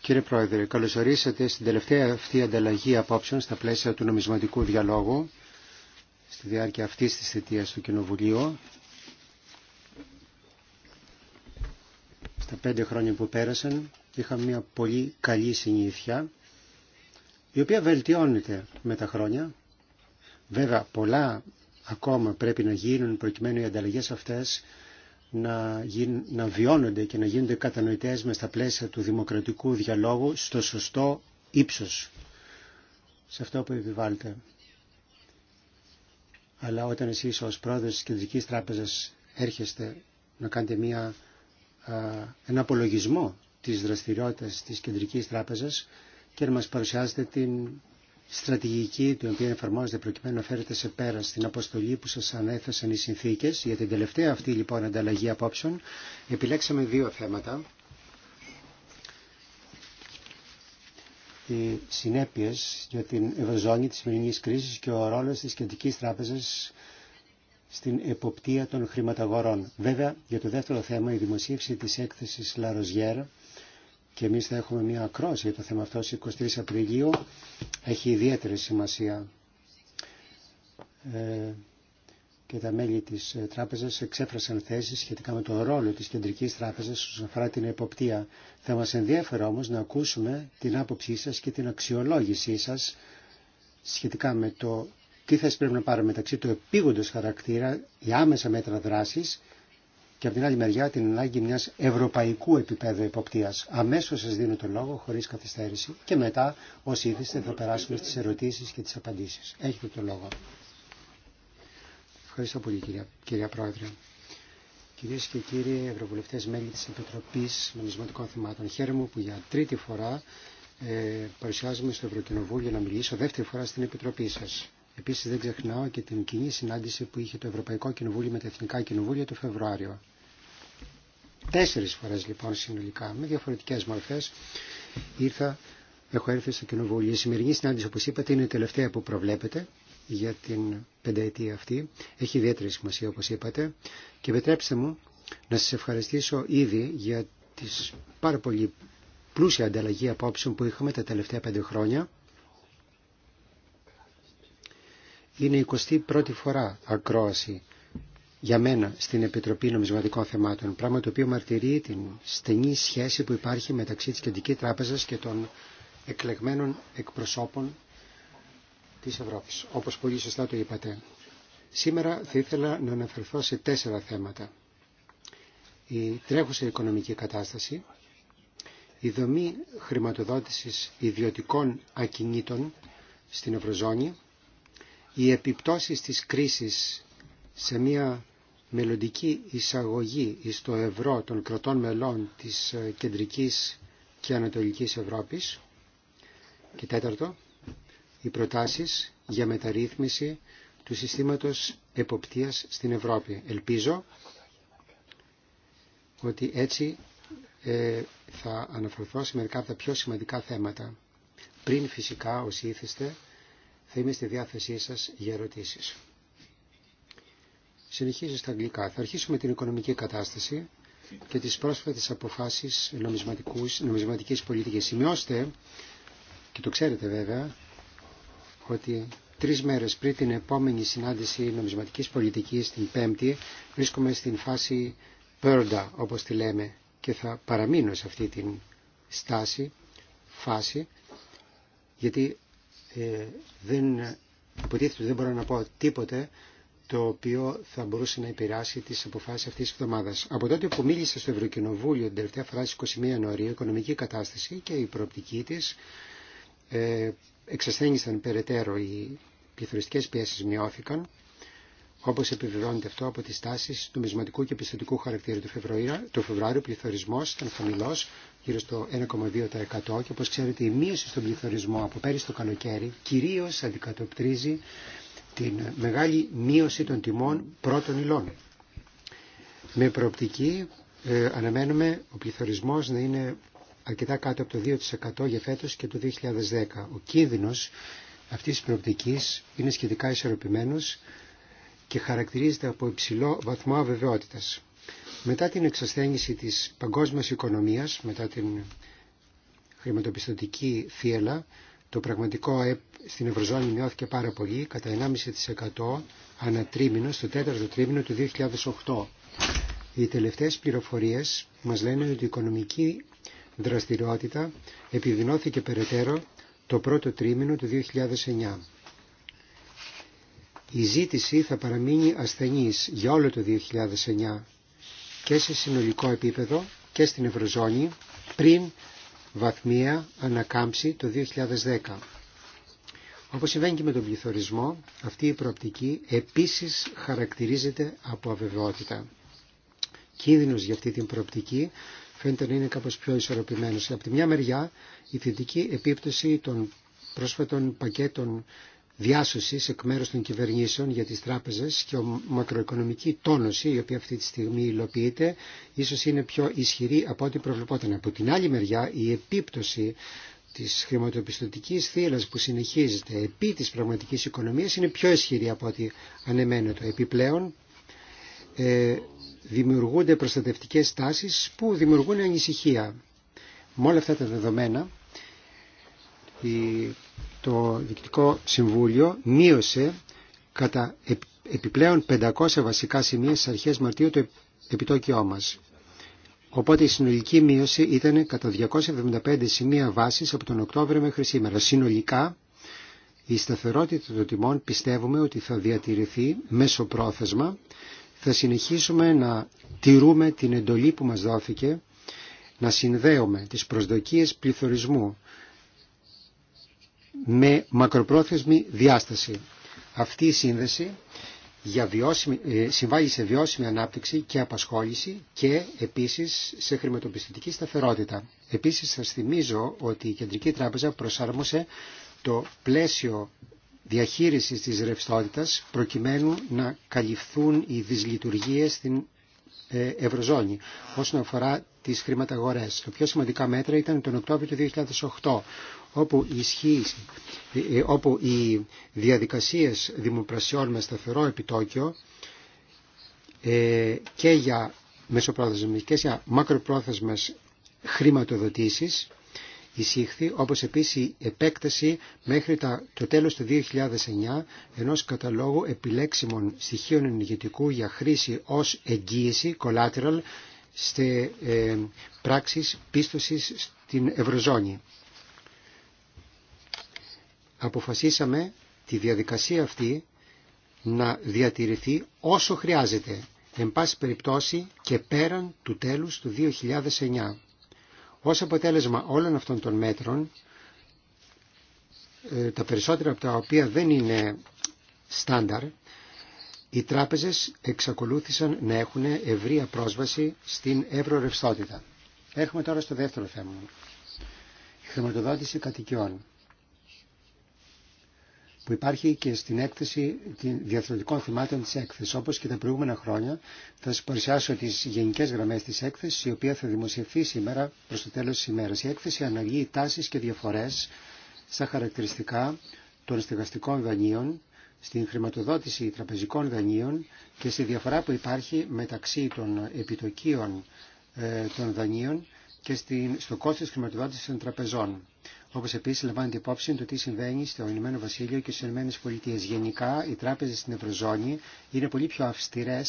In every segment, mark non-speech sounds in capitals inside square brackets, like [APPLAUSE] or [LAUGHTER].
Κύριε Πρόεδρε, καλωσορίσατε στην τελευταία αυτή ανταλλαγή απόψεων στα πλαίσια του νομισματικού διαλόγου στη διάρκεια αυτής της θετίας του Κοινοβουλίου. Στα πέντε χρόνια που πέρασαν είχαμε μια πολύ καλή συνήθεια η οποία βελτιώνεται με τα χρόνια. Βέβαια πολλά ακόμα πρέπει να γίνουν προκειμένου οι ανταλλαγές αυτές να, γι... να βιώνονται και να γίνονται κατανοητές μες στα πλαίσια του δημοκρατικού διαλόγου στο σωστό ύψος σε αυτό που επιβάλλετε. Αλλά όταν εσείς ως πρόεδρος της Κεντρικής Τράπεζας έρχεστε να κάνετε μια, ένα απολογισμό της δραστηριότητας της Κεντρικής Τράπεζας και να μας παρουσιάσετε την στρατηγική την οποία εφαρμόζεται προκειμένου να φέρετε σε πέρα στην αποστολή που σας ανέθεσαν οι συνθήκες. Για την τελευταία αυτή λοιπόν ανταλλαγή απόψεων επιλέξαμε δύο θέματα. Οι συνέπειες για την ευρωζώνη της σημερινής κρίσης και ο ρόλος της κεντρική Τράπεζας στην εποπτεία των χρηματαγορών. Βέβαια, για το δεύτερο θέμα, η δημοσίευση της έκθεσης Λαροζιέρα και εμείς θα έχουμε μια ακρόαση για το θέμα αυτό στις 23 Απριλίου έχει ιδιαίτερη σημασία ε, και τα μέλη της ε, τράπεζας εξέφρασαν θέσεις σχετικά με το ρόλο της κεντρικής τράπεζας όσον αφορά την εποπτεία. Θα μας ενδιαφέρει όμως να ακούσουμε την άποψή σας και την αξιολόγησή σας σχετικά με το τι θέση πρέπει να πάρουμε μεταξύ του επίγοντος χαρακτήρα, οι άμεσα μέτρα δράσης και από την άλλη μεριά την ανάγκη μια ευρωπαϊκού επίπεδου εποπτείας. Αμέσω σα δίνω το λόγο χωρί καθυστέρηση και μετά όσοι ήθεστε, θα περάσουμε στι ερωτήσει και τι απαντήσει. Έχετε το λόγο. Ευχαριστώ πολύ κυρία, κυρία Πρόεδρε. Κυρίε και κύριοι ευρωβουλευτέ μέλη τη Επιτροπή Νομισματικών Θεμάτων, χαίρομαι που για τρίτη φορά ε, παρουσιάζομαι στο Ευρωκοινοβούλιο να μιλήσω δεύτερη φορά στην Επιτροπή σα. Επίση, δεν ξεχνάω και την κοινή συνάντηση που είχε το Ευρωπαϊκό Κοινοβούλιο με τα Εθνικά Κοινοβούλια το Φεβρουάριο. Τέσσερις φορές λοιπόν συνολικά με διαφορετικές μορφές ήρθα, έχω έρθει στο κοινοβούλιο. Η σημερινή συνάντηση όπως είπατε είναι η τελευταία που προβλέπετε για την πενταετία αυτή. Έχει ιδιαίτερη σημασία όπως είπατε και επιτρέψτε μου να σας ευχαριστήσω ήδη για τις πάρα πολύ πλούσια ανταλλαγή απόψεων που είχαμε τα τελευταία πέντε χρόνια. Είναι η 21η φορά ακρόαση για μένα στην Επιτροπή Νομισματικών Θεμάτων, πράγμα το οποίο μαρτυρεί την στενή σχέση που υπάρχει μεταξύ της Κεντρικής Τράπεζας και των εκλεγμένων εκπροσώπων της Ευρώπης, όπως πολύ σωστά το είπατε. Σήμερα θα ήθελα να αναφερθώ σε τέσσερα θέματα. Η τρέχουσα οικονομική κατάσταση, η δομή χρηματοδότησης ιδιωτικών ακινήτων στην Ευρωζώνη, οι επιπτώσεις της κρίσης σε μια μελλοντική εισαγωγή στο ευρώ των κρατών μελών της ε, κεντρικής και ανατολικής Ευρώπης και τέταρτο, οι προτάσεις για μεταρρύθμιση του συστήματος εποπτείας στην Ευρώπη. Ελπίζω ότι έτσι ε, θα αναφερθώ σε μερικά από τα πιο σημαντικά θέματα. Πριν φυσικά όσοι ήθεστε θα είμαι στη διάθεσή σας για ερωτήσεις. Συνεχίζει στα αγγλικά. Θα αρχίσουμε την οικονομική κατάσταση και τις πρόσφατες αποφάσεις νομισματικής πολιτικής. Σημειώστε, και το ξέρετε βέβαια, ότι τρεις μέρες πριν την επόμενη συνάντηση νομισματικής πολιτικής, την Πέμπτη, βρίσκομαι στην φάση πέρντα, όπως τη λέμε, και θα παραμείνω σε αυτή την στάση, φάση, γιατί ε, δεν, υποτίθεται δεν μπορώ να πω τίποτε το οποίο θα μπορούσε να επηρεάσει τι αποφάσει αυτή τη εβδομάδα. Από τότε που μίλησε στο Ευρωκοινοβούλιο την τελευταία φορά στι 21 Ιανουαρίου, η οικονομική κατάσταση και η προοπτική τη ε, εξασθένησαν περαιτέρω. Οι πληθωριστικέ πιέσει μειώθηκαν, όπω επιβεβαιώνεται αυτό από τι τάσει του μισματικού και πιστοτικού χαρακτήρα του Φεβρουάριου. Το Φεβρουάριο ο πληθωρισμό ήταν χαμηλό, γύρω στο 1,2% και όπω ξέρετε η μείωση στον πληθωρισμό από πέρυσι το καλοκαίρι κυρίω αντικατοπτρίζει την μεγάλη μείωση των τιμών πρώτων υλών. Με προοπτική ε, αναμένουμε ο πληθωρισμός να είναι αρκετά κάτω από το 2% για φέτος και το 2010. Ο κίνδυνος αυτής της προοπτικής είναι σχετικά ισορροπημένος και χαρακτηρίζεται από υψηλό βαθμό αβεβαιότητας. Μετά την εξασθένιση της παγκόσμιας οικονομίας, μετά την χρηματοπιστωτική θύελα, το πραγματικό ΑΕΠ στην Ευρωζώνη μειώθηκε πάρα πολύ, κατά 1,5% ανά τρίμηνο, στο τέταρτο τρίμηνο του 2008. Οι τελευταίες πληροφορίες μας λένε ότι η οικονομική δραστηριότητα επιδεινώθηκε περαιτέρω το πρώτο τρίμηνο του 2009. Η ζήτηση θα παραμείνει ασθενής για όλο το 2009 και σε συνολικό επίπεδο και στην Ευρωζώνη πριν βαθμία ανακάμψη το 2010. Όπως συμβαίνει και με τον πληθωρισμό, αυτή η προοπτική επίσης χαρακτηρίζεται από αβεβαιότητα. Κίνδυνος για αυτή την προοπτική φαίνεται να είναι κάπως πιο ισορροπημένος. Από τη μια μεριά, η θετική επίπτωση των πρόσφατων πακέτων διάσωση εκ μέρου των κυβερνήσεων για τις τράπεζες και ο μακροοικονομική τόνωση η οποία αυτή τη στιγμή υλοποιείται ίσως είναι πιο ισχυρή από ό,τι προβλεπόταν. Από την άλλη μεριά η επίπτωση της χρηματοπιστωτικής θύελας που συνεχίζεται επί της πραγματικής οικονομίας είναι πιο ισχυρή από ό,τι το Επιπλέον ε, δημιουργούνται προστατευτικέ τάσει που δημιουργούν ανησυχία. Με όλα αυτά τα δεδομένα η το Διοικητικό Συμβούλιο μείωσε κατά επιπλέον 500 βασικά σημεία στις αρχές Μαρτίου το επιτόκιό μας. Οπότε η συνολική μείωση ήταν κατά 275 σημεία βάσης από τον Οκτώβριο μέχρι σήμερα. Συνολικά η σταθερότητα των τιμών πιστεύουμε ότι θα διατηρηθεί μέσω πρόθεσμα. Θα συνεχίσουμε να τηρούμε την εντολή που μας δόθηκε να συνδέουμε τις προσδοκίες πληθωρισμού με μακροπρόθεσμη διάσταση. Αυτή η σύνδεση για βιώσιμη, ε, συμβάλλει σε βιώσιμη ανάπτυξη και απασχόληση και επίσης σε χρηματοπιστωτική σταθερότητα. Επίσης σας θυμίζω ότι η Κεντρική Τράπεζα προσάρμοσε το πλαίσιο διαχείρισης της ρευστότητα προκειμένου να καλυφθούν οι δυσλειτουργίες στην ε, Ευρωζώνη όσον αφορά τις χρηματαγορές. Το πιο σημαντικά μέτρα ήταν τον Οκτώβριο του 2008 όπου, ισχύει, ε, όπου οι διαδικασίες δημοπρασιών με σταθερό επιτόκιο ε, και για μεσοπρόθεσμες και για μακροπρόθεσμες χρηματοδοτήσεις εισήχθη, όπως επίσης η επέκταση μέχρι το τέλος του 2009 ενός καταλόγου επιλέξιμων στοιχείων ενεργητικού για χρήση ως εγγύηση, collateral, σε ε, πράξεις πίστοσης στην Ευρωζώνη αποφασίσαμε τη διαδικασία αυτή να διατηρηθεί όσο χρειάζεται, εν πάση περιπτώσει και πέραν του τέλους του 2009. Ως αποτέλεσμα όλων αυτών των μέτρων, ε, τα περισσότερα από τα οποία δεν είναι στάνταρ, οι τράπεζες εξακολούθησαν να έχουν ευρεία πρόσβαση στην ευρωρευστότητα. Έρχομαι τώρα στο δεύτερο θέμα. Η χρηματοδότηση κατοικιών που υπάρχει και στην έκθεση διαθροτικών θυμάτων της έκθεσης. Όπως και τα προηγούμενα χρόνια θα σα παρουσιάσω τις γενικές γραμμές της έκθεσης, η οποία θα δημοσιευθεί σήμερα προς το τέλος τη ημέρα. Η έκθεση αναλύει τάσεις και διαφορές στα χαρακτηριστικά των στεγαστικών δανείων, στην χρηματοδότηση τραπεζικών δανείων και στη διαφορά που υπάρχει μεταξύ των επιτοκίων ε, των δανείων και στο κόστος χρηματοδότησης των τραπεζών. Όπω επίση λαμβάνεται υπόψη το τι συμβαίνει στο Ηνωμένο Βασίλειο και στι Ηνωμένε Πολιτείε. Γενικά, οι τράπεζε στην Ευρωζώνη είναι πολύ πιο αυστηρέ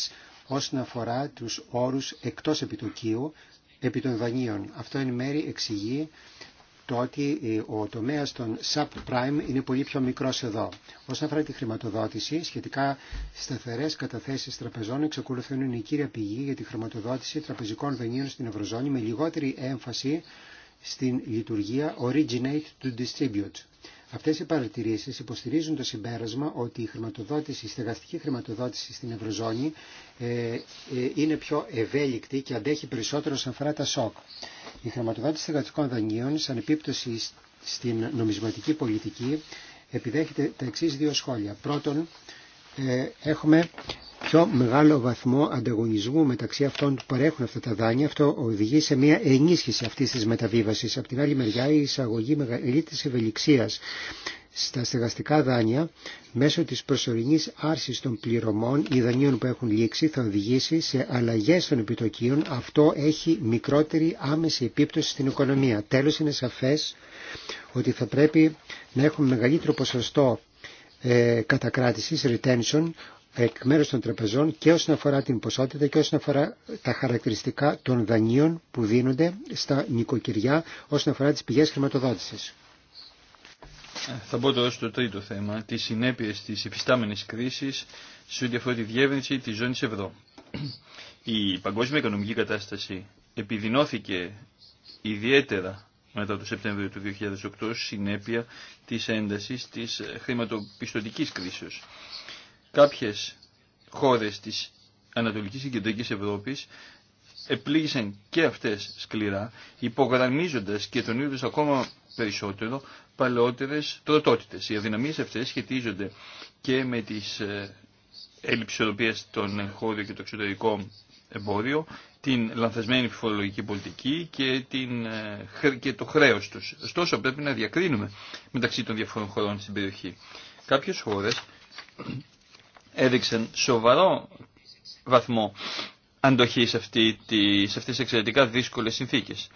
όσον αφορά του όρου εκτό επιτοκίου επί των δανείων. Αυτό εν μέρη εξηγεί το ότι ε, ο τομέας των subprime είναι πολύ πιο μικρός εδώ. Όσον αφορά τη χρηματοδότηση, σχετικά σταθερές καταθέσεις τραπεζών εξακολουθούν η κύρια πηγή για τη χρηματοδότηση τραπεζικών δανείων στην Ευρωζώνη με λιγότερη έμφαση στην λειτουργία Originate to Distribute. Αυτέ οι παρατηρήσει υποστηρίζουν το συμπέρασμα ότι η, χρηματοδότηση, η στεγαστική χρηματοδότηση στην Ευρωζώνη ε, ε, είναι πιο ευέλικτη και αντέχει περισσότερο σαν αφορά τα σοκ. Η χρηματοδότηση στεγαστικών δανείων σαν επίπτωση στην νομισματική πολιτική επιδέχεται τα εξή δύο σχόλια. Πρώτον, ε, έχουμε πιο μεγάλο βαθμό ανταγωνισμού μεταξύ αυτών που παρέχουν αυτά τα δάνεια. Αυτό οδηγεί σε μια ενίσχυση αυτής της μεταβίβασης. Από την άλλη μεριά η εισαγωγή μεγαλύτερης ευελιξίας στα στεγαστικά δάνεια μέσω της προσωρινής άρσης των πληρωμών ή δανείων που έχουν λήξει θα οδηγήσει σε αλλαγές των επιτοκίων. Αυτό έχει μικρότερη άμεση επίπτωση στην οικονομία. Τέλος είναι σαφές ότι θα πρέπει να έχουμε μεγαλύτερο ποσοστό ε, κατακράτησης, retention, εκ μέρους των τραπεζών και όσον αφορά την ποσότητα και όσον αφορά τα χαρακτηριστικά των δανείων που δίνονται στα νοικοκυριά όσον αφορά τις πηγές χρηματοδότησης. Ε, θα μπω τώρα στο τρίτο θέμα, τις συνέπειες της υφιστάμενης κρίσης σε ό,τι αφορά τη διεύρυνση της ζώνης ευρώ. Η παγκόσμια οικονομική κατάσταση επιδεινώθηκε ιδιαίτερα μετά το Σεπτέμβριο του 2008 συνέπεια της έντασης της χρηματοπιστωτικής κρίσεως. Κάποιες χώρες της Ανατολικής και Κεντρικής Ευρώπης επλήγησαν και αυτές σκληρά, υπογραμμίζοντας και ίδιο ακόμα περισσότερο παλαιότερες τροτότητες. Οι αδυναμίες αυτές σχετίζονται και με τις ε, έλλειψη ισορροπίας των χώριων και των εξωτερικών εμπόριο, την λανθασμένη φορολογική πολιτική και, την, ε, και το χρέος τους. Ωστόσο πρέπει να διακρίνουμε μεταξύ των διαφορών χωρών στην περιοχή. Κάποιες χώρες έδειξαν σοβαρό βαθμό αντοχή σε, αυτή, σε αυτές τις εξαιρετικά δύσκολες συνθήκες.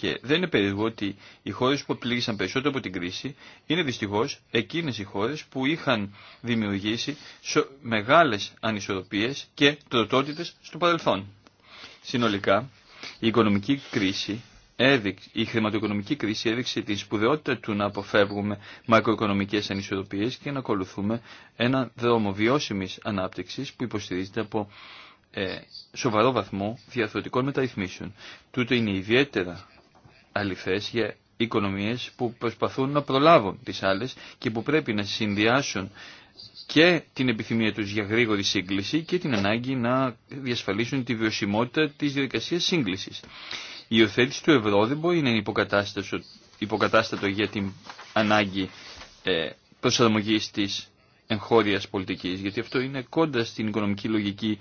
Και δεν είναι περίεργο ότι οι χώρε που πλήγησαν περισσότερο από την κρίση είναι δυστυχώ εκείνε οι χώρε που είχαν δημιουργήσει μεγάλε ανισορροπίε και τροτότητε στο παρελθόν. Συνολικά, η, οικονομική κρίση έδειξε, η χρηματοοικονομική κρίση έδειξε τη σπουδαιότητα του να αποφεύγουμε μακροοικονομικές ανισορροπίες και να ακολουθούμε έναν δρόμο βιώσιμης ανάπτυξης που υποστηρίζεται από ε, σοβαρό βαθμό διαθροτικών μεταρρυθμίσεων. Τούτο είναι ιδιαίτερα αληθές για οικονομίες που προσπαθούν να προλάβουν τις άλλες και που πρέπει να συνδυάσουν και την επιθυμία τους για γρήγορη σύγκληση και την ανάγκη να διασφαλίσουν τη βιωσιμότητα της διαδικασίας σύγκλησης. Η υιοθέτηση του ευρώ δεν μπορεί να είναι υποκατάστατο για την ανάγκη ε, προσαρμογής της εγχώριας πολιτικής, γιατί αυτό είναι κόντρα στην οικονομική λογική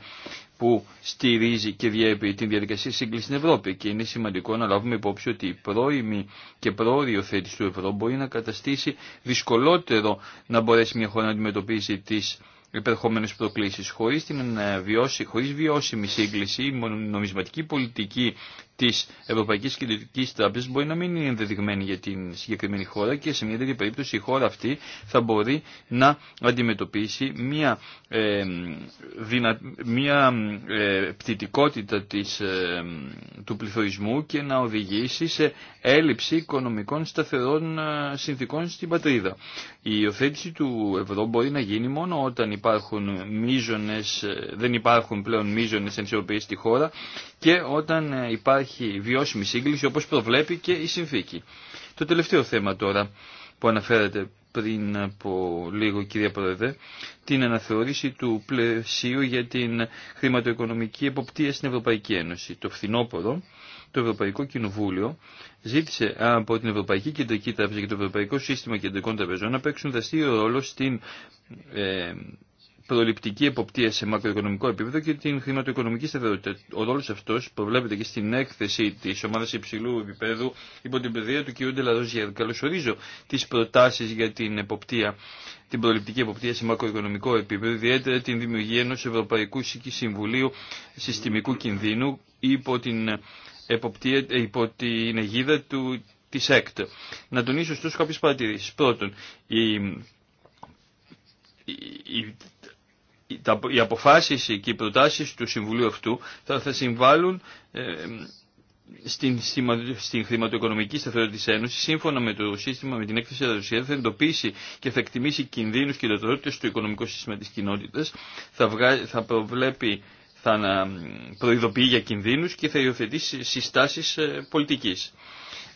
που στηρίζει και διέπει την διαδικασία σύγκλησης στην Ευρώπη και είναι σημαντικό να λάβουμε υπόψη ότι η πρώιμη και πρόοριο θέτηση του ευρώ μπορεί να καταστήσει δυσκολότερο να μπορέσει μια χώρα να αντιμετωπίσει τις υπερχόμενες προκλήσεις. Χωρίς, την ε, χωρίς βιώσιμη σύγκληση η νομισματική πολιτική Τη Ευρωπαϊκή Κεντρική Τράπεζα μπορεί να μην είναι ενδεδειγμένη για την συγκεκριμένη χώρα και σε μια τέτοια περίπτωση η χώρα αυτή θα μπορεί να αντιμετωπίσει μια, ε, μια ε, πτυτικότητα της, ε, του πληθωρισμού και να οδηγήσει σε έλλειψη οικονομικών σταθερών ε, συνθήκων στην πατρίδα. Η υιοθέτηση του ευρώ μπορεί να γίνει μόνο όταν υπάρχουν ε, δεν υπάρχουν πλέον μίζωνες ενισορροπίες στη χώρα και όταν ε, υπάρχει υπάρχει βιώσιμη σύγκληση όπως προβλέπει και η συνθήκη. Το τελευταίο θέμα τώρα που αναφέρατε πριν από λίγο κυρία Πρόεδρε, την αναθεώρηση του πλαισίου για την χρηματοοικονομική εποπτεία στην Ευρωπαϊκή Ένωση. Το φθινόπωρο το Ευρωπαϊκό Κοινοβούλιο ζήτησε από την Ευρωπαϊκή Κεντρική Τράπεζα και το Ευρωπαϊκό Σύστημα Κεντρικών Τραπεζών να παίξουν δραστήριο ρόλο στην ε, προληπτική εποπτεία σε μακροοικονομικό επίπεδο και την χρηματοοικονομική σταθερότητα. Ο ρόλο αυτό προβλέπεται και στην έκθεση τη ομάδα υψηλού επίπεδου υπό την παιδεία του κ. Ντελαροζιέρ. Καλωσορίζω τι προτάσει για την εποπτεία, την προληπτική εποπτεία σε μακροοικονομικό επίπεδο, ιδιαίτερα την δημιουργία ενό Ευρωπαϊκού Συμβουλίου Συστημικού Κινδύνου υπό την, εποπτεία, υπό την αιγίδα του, της ΕΚΤ. Να τονίσω στους κάποιε παρατηρήσεις. Πρώτον, η, η, οι αποφάσεις και οι προτάσεις του Συμβουλίου αυτού θα, θα συμβάλλουν ε, στην, στην χρηματοοικονομική σταθερότητα της Ένωση, σύμφωνα με το σύστημα, με την έκθεση τη Ρωσία, θα εντοπίσει και θα εκτιμήσει κινδύνου και ιδιωτερότητες του οικονομικού σύστημα της κοινότητα, θα, θα προβλέπει, θα προειδοποιεί για κινδύνους και θα υιοθετήσει συστάσεις ε, πολιτική.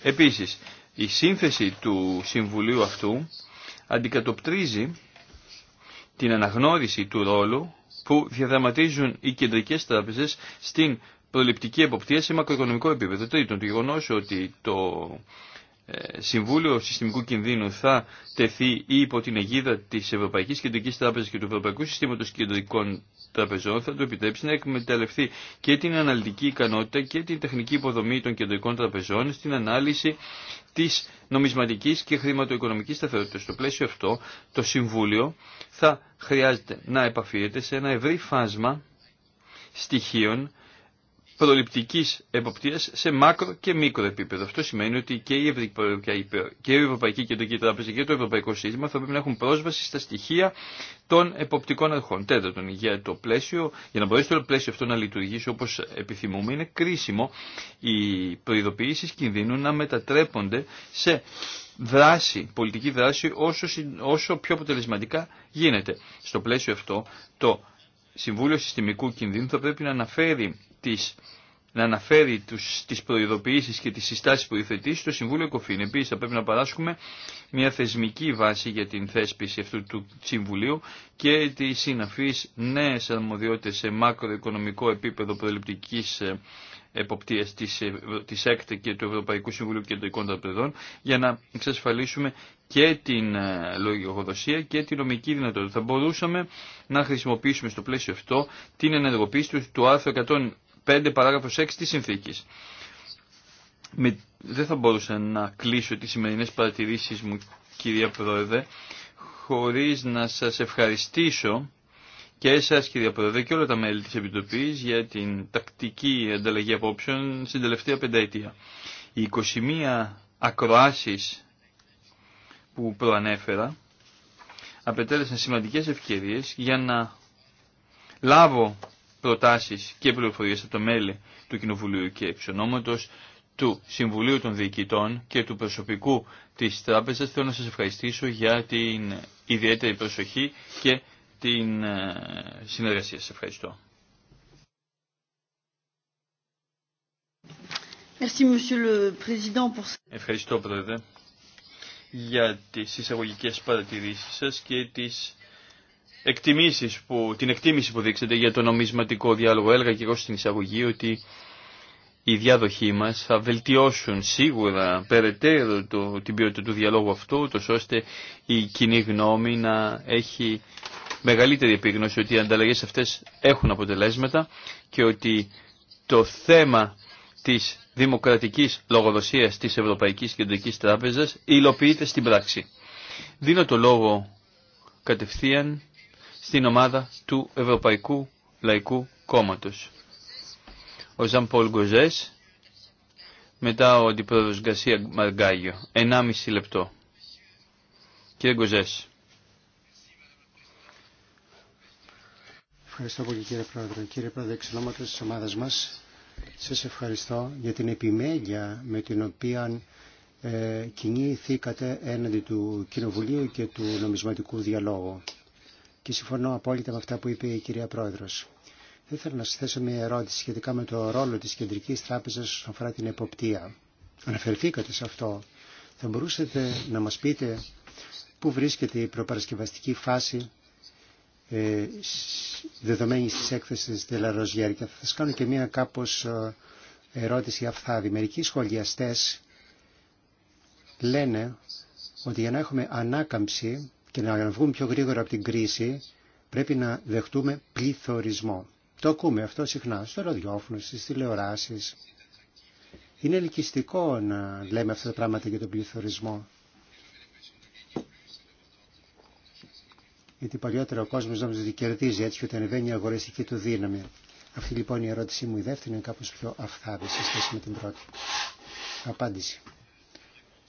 Επίσης, η σύνθεση του συμβουλίου αυτού αντικατοπτρίζει την αναγνώριση του ρόλου που διαδραματίζουν οι κεντρικές τράπεζες στην προληπτική εποπτεία σε μακροοικονομικό επίπεδο. Τρίτον, το γεγονό ότι το ε, Συμβούλιο Συστημικού Κινδύνου θα τεθεί ή υπό την αιγίδα της Ευρωπαϊκής Κεντρικής Τράπεζας και του Ευρωπαϊκού Συστήματος Κεντρικών τραπεζών θα του επιτρέψει να εκμεταλλευτεί και την αναλυτική ικανότητα και την τεχνική υποδομή των κεντρικών τραπεζών στην ανάλυση τη νομισματική και χρηματοοικονομική σταθερότητας. Στο πλαίσιο αυτό, το Συμβούλιο θα χρειάζεται να επαφίεται σε ένα ευρύ φάσμα στοιχείων προληπτικής εποπτείας σε μάκρο και μικρο επίπεδο. Αυτό σημαίνει ότι και η, Ευρωπαϊκή, και η Ευρωπαϊκή Κεντρική Τράπεζα και το Ευρωπαϊκό Σύστημα θα πρέπει να έχουν πρόσβαση στα στοιχεία των εποπτικών αρχών. Τέταρτον, για, το πλαίσιο, για να μπορέσει το πλαίσιο αυτό να λειτουργήσει όπως επιθυμούμε, είναι κρίσιμο οι προειδοποιήσεις κινδύνου να μετατρέπονται σε δράση, πολιτική δράση όσο, όσο πιο αποτελεσματικά γίνεται. Στο πλαίσιο αυτό το Συμβούλιο Συστημικού Κινδύνου θα πρέπει να αναφέρει της να αναφέρει τους, τις προειδοποιήσεις και τις συστάσεις που υιοθετεί στο Συμβούλιο Κοφίν. Επίσης θα πρέπει να παράσχουμε μια θεσμική βάση για την θέσπιση αυτού του Συμβουλίου και τι συναφής νέες αρμοδιότητες σε μακροοικονομικό επίπεδο προληπτικής ε, εποπτείας της, ε, της ΕΚΤ και του Ευρωπαϊκού Συμβουλίου Κεντρικών Τραπεδών για να εξασφαλίσουμε και την ε, λογοδοσία και την νομική δυνατότητα. Θα μπορούσαμε να χρησιμοποιήσουμε στο πλαίσιο αυτό την ενεργοποίηση του, άρθρου 5 παράγραφος 6 της συνθήκης. Με, δεν θα μπορούσα να κλείσω τις σημερινές παρατηρήσεις μου κυρία Πρόεδρε χωρίς να σας ευχαριστήσω και εσάς κυρία Πρόεδρε και όλα τα μέλη της Επιτροπής για την τακτική ανταλλαγή απόψεων στην τελευταία πενταετία. Οι 21 ακροάσεις που προανέφερα απαιτέλεσαν σημαντικές ευκαιρίες για να λάβω προτάσεις και πληροφορίες από το μέλη του Κοινοβουλίου και Ψωνόματος, του Συμβουλίου των Διοικητών και του προσωπικού της Τράπεζας θέλω να σας ευχαριστήσω για την ιδιαίτερη προσοχή και την ε, συνεργασία σας. Ευχαριστώ. Ευχαριστώ, Πρόεδρε, για τις εισαγωγικές παρατηρήσεις σας και τις εκτιμήσεις που, την εκτίμηση που δείξατε για το νομισματικό διάλογο. Έλεγα και εγώ στην εισαγωγή ότι οι διάδοχοί μας θα βελτιώσουν σίγουρα περαιτέρω το, την ποιότητα του διαλόγου αυτού, τόσο ώστε η κοινή γνώμη να έχει μεγαλύτερη επίγνωση ότι οι ανταλλαγές αυτές έχουν αποτελέσματα και ότι το θέμα της δημοκρατικής λογοδοσίας της Ευρωπαϊκής Κεντρικής Τράπεζας υλοποιείται στην πράξη. Δίνω το λόγο κατευθείαν στην ομάδα του Ευρωπαϊκού Λαϊκού Κόμματος. Ο Ζαν Πολ Γκοζές, μετά ο αντιπρόεδρος Γκασία Μαργκάγιο. 1,5 λεπτό. Κύριε Γκοζές. Ευχαριστώ πολύ κύριε Πρόεδρε. Κύριε Πρόεδρε, εξ ονόματος της ομάδας μας, σας ευχαριστώ για την επιμέλεια με την οποία ε, κινήθηκατε έναντι του Κοινοβουλίου και του νομισματικού διαλόγου και συμφωνώ απόλυτα με αυτά που είπε η κυρία Πρόεδρος. Θα ήθελα να σα θέσω μια ερώτηση σχετικά με το ρόλο της Κεντρικής Τράπεζας όσον αφορά την εποπτεία. Αναφερθήκατε σε αυτό. Θα μπορούσατε να μας πείτε πού βρίσκεται η προπαρασκευαστική φάση ε, δεδομένη της έκθεσης Τελαροζιέρ και θα σας κάνω και μια κάπως ε, ερώτηση αφθάδη. Μερικοί σχολιαστές λένε ότι για να έχουμε ανάκαμψη και να βγούμε πιο γρήγορα από την κρίση, πρέπει να δεχτούμε πληθωρισμό. Το ακούμε αυτό συχνά στο ραδιόφωνο, στι τηλεοράσει. Είναι ελκυστικό να λέμε αυτά τα πράγματα για τον πληθωρισμό. Γιατί παλιότερα ο κόσμο νόμιζε ότι κερδίζει έτσι και ότι ανεβαίνει η αγοραστική του δύναμη. Αυτή λοιπόν η ερώτησή μου η δεύτερη είναι κάπω πιο αυθάδη σε σχέση με την πρώτη. Απάντηση.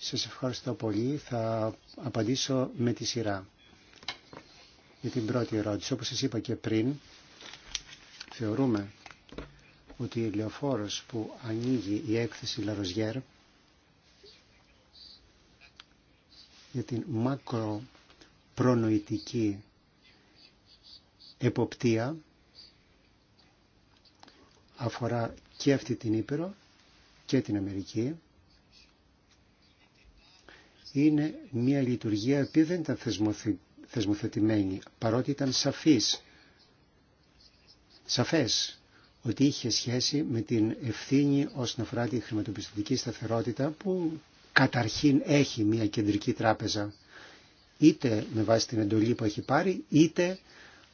Σας ευχαριστώ πολύ. Θα απαντήσω με τη σειρά. Για την πρώτη ερώτηση, όπως σας είπα και πριν, θεωρούμε ότι η λεωφόρος που ανοίγει η έκθεση Λαροζιέρ για την μακροπρονοητική εποπτεία αφορά και αυτή την Ήπειρο και την Αμερική είναι μια λειτουργία που δεν ήταν θεσμοθετημένη, παρότι ήταν σαφής, σαφές ότι είχε σχέση με την ευθύνη όσον αφορά τη χρηματοπιστωτική σταθερότητα που καταρχήν έχει μια κεντρική τράπεζα είτε με βάση την εντολή που έχει πάρει είτε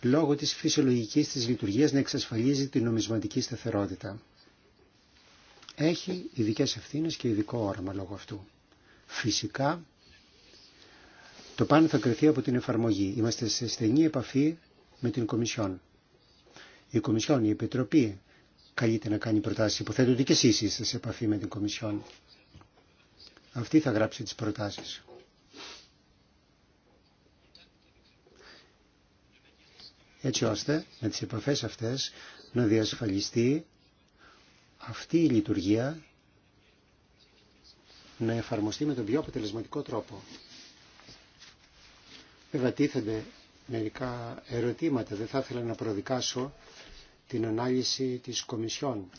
λόγω της φυσιολογικής της λειτουργίας να εξασφαλίζει την νομισματική σταθερότητα. Έχει ειδικέ ευθύνες και ειδικό όραμα λόγω αυτού. Φυσικά, το πάνω θα κρυθεί από την εφαρμογή. Είμαστε σε στενή επαφή με την Κομισιόν. Η Κομισιόν, η Επιτροπή, καλείται να κάνει προτάσεις. Υποθέτω ότι και εσείς είστε σε επαφή με την Κομισιόν. Αυτή θα γράψει τις προτάσεις. Έτσι ώστε με τις επαφές αυτές να διασφαλιστεί αυτή η λειτουργία να εφαρμοστεί με τον πιο αποτελεσματικό τρόπο. Βέβαια μερικά ερωτήματα. Δεν θα ήθελα να προδικάσω την ανάλυση της Κομισιόν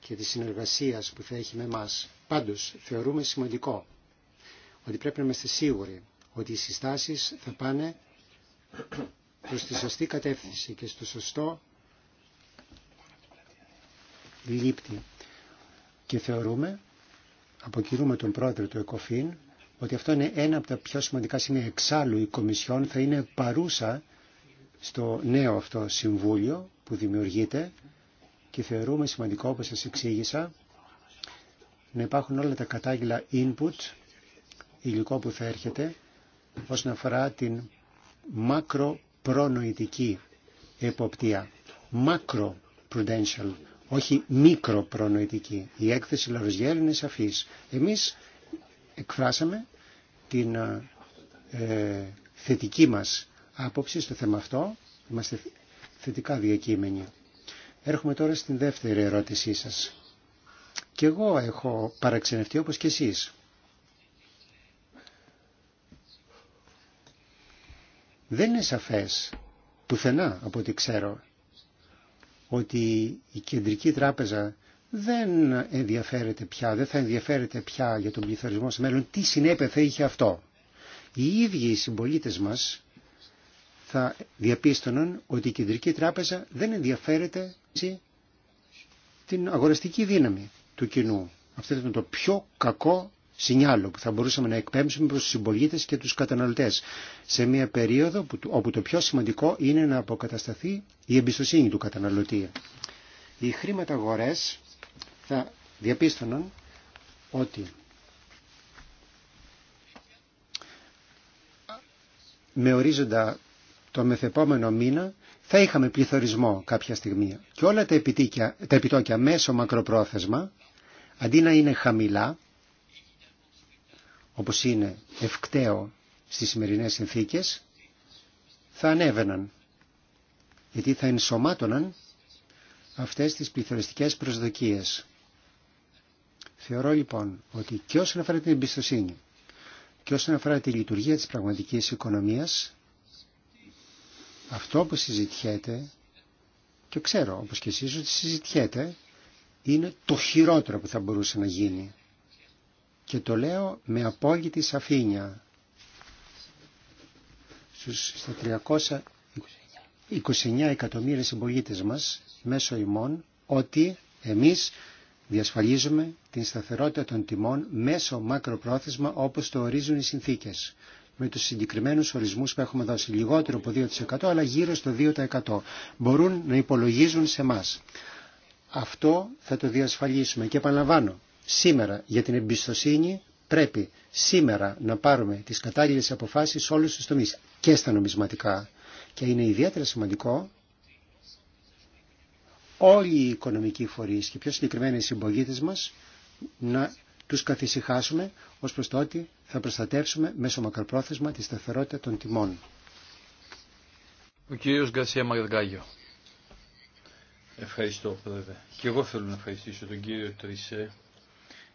και της συνεργασίας που θα έχει με εμά. Πάντως, θεωρούμε σημαντικό ότι πρέπει να είμαστε σίγουροι ότι οι συστάσεις θα πάνε προς τη σωστή κατεύθυνση και στο σωστό λήπτη. Και θεωρούμε αποκηρούμε τον πρόεδρο του ΕΚΟΦΗΝ ότι αυτό είναι ένα από τα πιο σημαντικά σημεία. Εξάλλου η Κομισιόν θα είναι παρούσα στο νέο αυτό συμβούλιο που δημιουργείται και θεωρούμε σημαντικό, όπως σας εξήγησα, να υπάρχουν όλα τα κατάλληλα input, υλικό που θα έρχεται, όσον αφορά την μακροπρονοητική εποπτεία όχι μικροπρονοητική. Η έκθεση Λαροζιέρ είναι σαφής. Εμείς εκφράσαμε την ε, θετική μας άποψη στο θέμα αυτό. Είμαστε θετικά διακείμενοι. Έρχομαι τώρα στην δεύτερη ερώτησή σας. Και εγώ έχω παραξενευτεί όπως και εσείς. Δεν είναι σαφές πουθενά από ό,τι ξέρω ότι η κεντρική τράπεζα δεν ενδιαφέρεται πια, δεν θα ενδιαφέρεται πια για τον πληθωρισμό στο μέλλον, τι συνέπεια θα είχε αυτό. Οι ίδιοι οι συμπολίτε μας θα διαπίστωναν ότι η κεντρική τράπεζα δεν ενδιαφέρεται την αγοραστική δύναμη του κοινού. Αυτό ήταν το πιο κακό Συνιάλο που θα μπορούσαμε να εκπέμψουμε προς τους συμπολίτες και τους καταναλωτές σε μια περίοδο όπου το πιο σημαντικό είναι να αποκατασταθεί η εμπιστοσύνη του καταναλωτή. Οι χρήματα αγορές θα διαπίστωναν ότι με ορίζοντα το μεθεπόμενο μήνα θα είχαμε πληθωρισμό κάποια στιγμή και όλα τα, επιτόκια μέσω μακροπρόθεσμα αντί να είναι χαμηλά όπως είναι ευκταίο στις σημερινές συνθήκες, θα ανέβαιναν, γιατί θα ενσωμάτωναν αυτές τις πληθωριστικές προσδοκίες. Θεωρώ λοιπόν ότι και όσον αφορά την εμπιστοσύνη και όσον αφορά τη λειτουργία της πραγματικής οικονομίας, αυτό που συζητιέται, και ξέρω όπως και εσείς ότι συζητιέται, είναι το χειρότερο που θα μπορούσε να γίνει και το λέω με απόλυτη σαφήνεια. Στους, 329 εκατομμύρια συμπολίτε μας μέσω ημών ότι εμείς διασφαλίζουμε την σταθερότητα των τιμών μέσω μακροπρόθεσμα όπως το ορίζουν οι συνθήκες με τους συγκεκριμένους ορισμούς που έχουμε δώσει λιγότερο από 2% αλλά γύρω στο 2% μπορούν να υπολογίζουν σε μας. Αυτό θα το διασφαλίσουμε και επαναλαμβάνω σήμερα για την εμπιστοσύνη πρέπει σήμερα να πάρουμε τις κατάλληλες αποφάσεις σε όλους τους τομείς και στα νομισματικά. Και είναι ιδιαίτερα σημαντικό όλοι οι οικονομικοί φορείς και πιο συγκεκριμένα οι συμπογίτες μας να τους καθησυχάσουμε ως προς το ότι θα προστατεύσουμε μέσω μακροπρόθεσμα τη σταθερότητα των τιμών. Ο κύριος Ευχαριστώ, Πρόεδρε. Και εγώ θέλω να ευχαριστήσω τον κύριο Τρισέ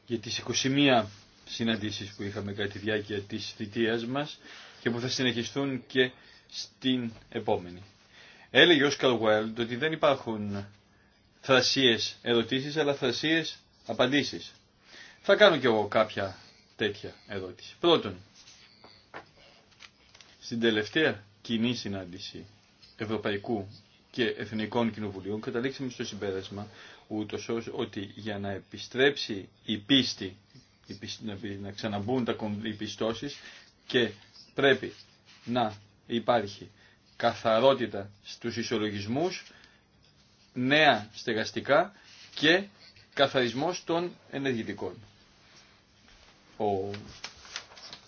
για τις 21 συναντήσεις που είχαμε κατά τη διάρκεια της θητείας μας και που θα συνεχιστούν και στην επόμενη. Έλεγε ο Σκαρουέλντ ότι δεν υπάρχουν θρασίες ερωτήσεις αλλά θρασίες απαντήσεις. Θα κάνω κι εγώ κάποια τέτοια ερώτηση. Πρώτον, στην τελευταία κοινή συνάντηση Ευρωπαϊκού και Εθνικών Κοινοβουλίων καταλήξαμε στο συμπέρασμα ούτως ότι για να επιστρέψει η πίστη, να ξαναμπούν τα, οι και πρέπει να υπάρχει καθαρότητα στους ισολογισμούς, νέα στεγαστικά και καθαρισμός των ενεργητικών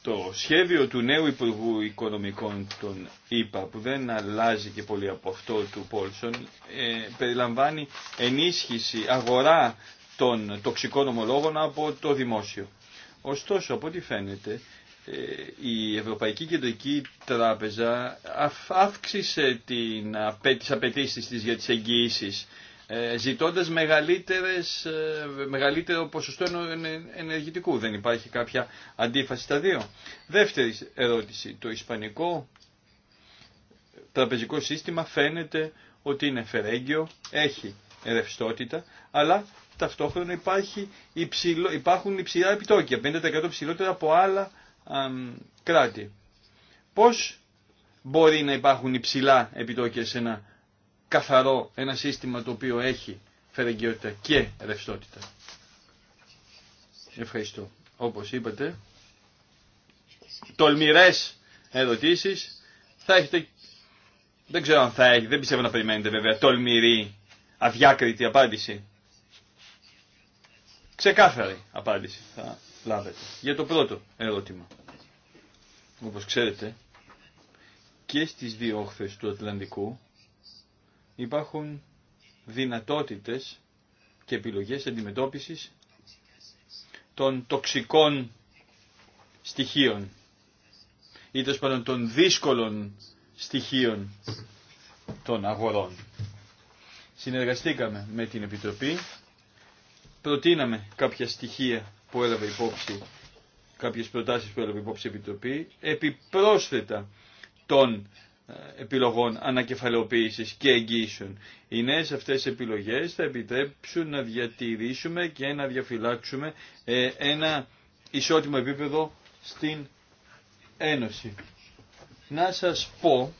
το σχέδιο του νέου Υπουργού Οικονομικών των ΗΠΑ που δεν αλλάζει και πολύ από αυτό του Πόλσον ε, περιλαμβάνει ενίσχυση, αγορά των τοξικών ομολόγων από το δημόσιο. Ωστόσο, από ό,τι φαίνεται, ε, η Ευρωπαϊκή Κεντρική Τράπεζα αύξησε την, τις απαιτήσεις της για τις εγγυήσεις ε, ζητώντας ε, μεγαλύτερο ποσοστό ενεργητικού. Δεν υπάρχει κάποια αντίφαση στα δύο. Δεύτερη ερώτηση. Το ισπανικό τραπεζικό σύστημα φαίνεται ότι είναι φερέγγιο, έχει ρευστότητα, αλλά ταυτόχρονα υπάρχει υψηλό, υπάρχουν υψηλά επιτόκια, 50% ψηλότερα από άλλα κράτη. Πώς μπορεί να υπάρχουν υψηλά επιτόκια σε ένα καθαρό ένα σύστημα το οποίο έχει φερεγγιότητα και ρευστότητα. Ευχαριστώ. Όπως είπατε, τολμηρές ερωτήσεις θα έχετε, δεν ξέρω αν θα έχει, δεν πιστεύω να περιμένετε βέβαια, τολμηρή, αδιάκριτη απάντηση. Ξεκάθαρη απάντηση θα λάβετε. Για το πρώτο ερώτημα. Όπως ξέρετε, και στις δύο όχθες του Ατλαντικού υπάρχουν δυνατότητες και επιλογές αντιμετώπισης των τοξικών στοιχείων ή τόσο πάντων των δύσκολων στοιχείων των αγορών. Συνεργαστήκαμε με την Επιτροπή, προτείναμε κάποια στοιχεία που έλαβε υπόψη, κάποιες προτάσεις που έλαβε υπόψη η Επιτροπή, επιπρόσθετα των ε, επιλογών ανακεφαλαιοποίησης και εγγύσεων. Οι νέες αυτές επιλογές θα επιτρέψουν να διατηρήσουμε και να διαφυλάξουμε ε, ένα ισότιμο επίπεδο στην Ένωση. Να σας πω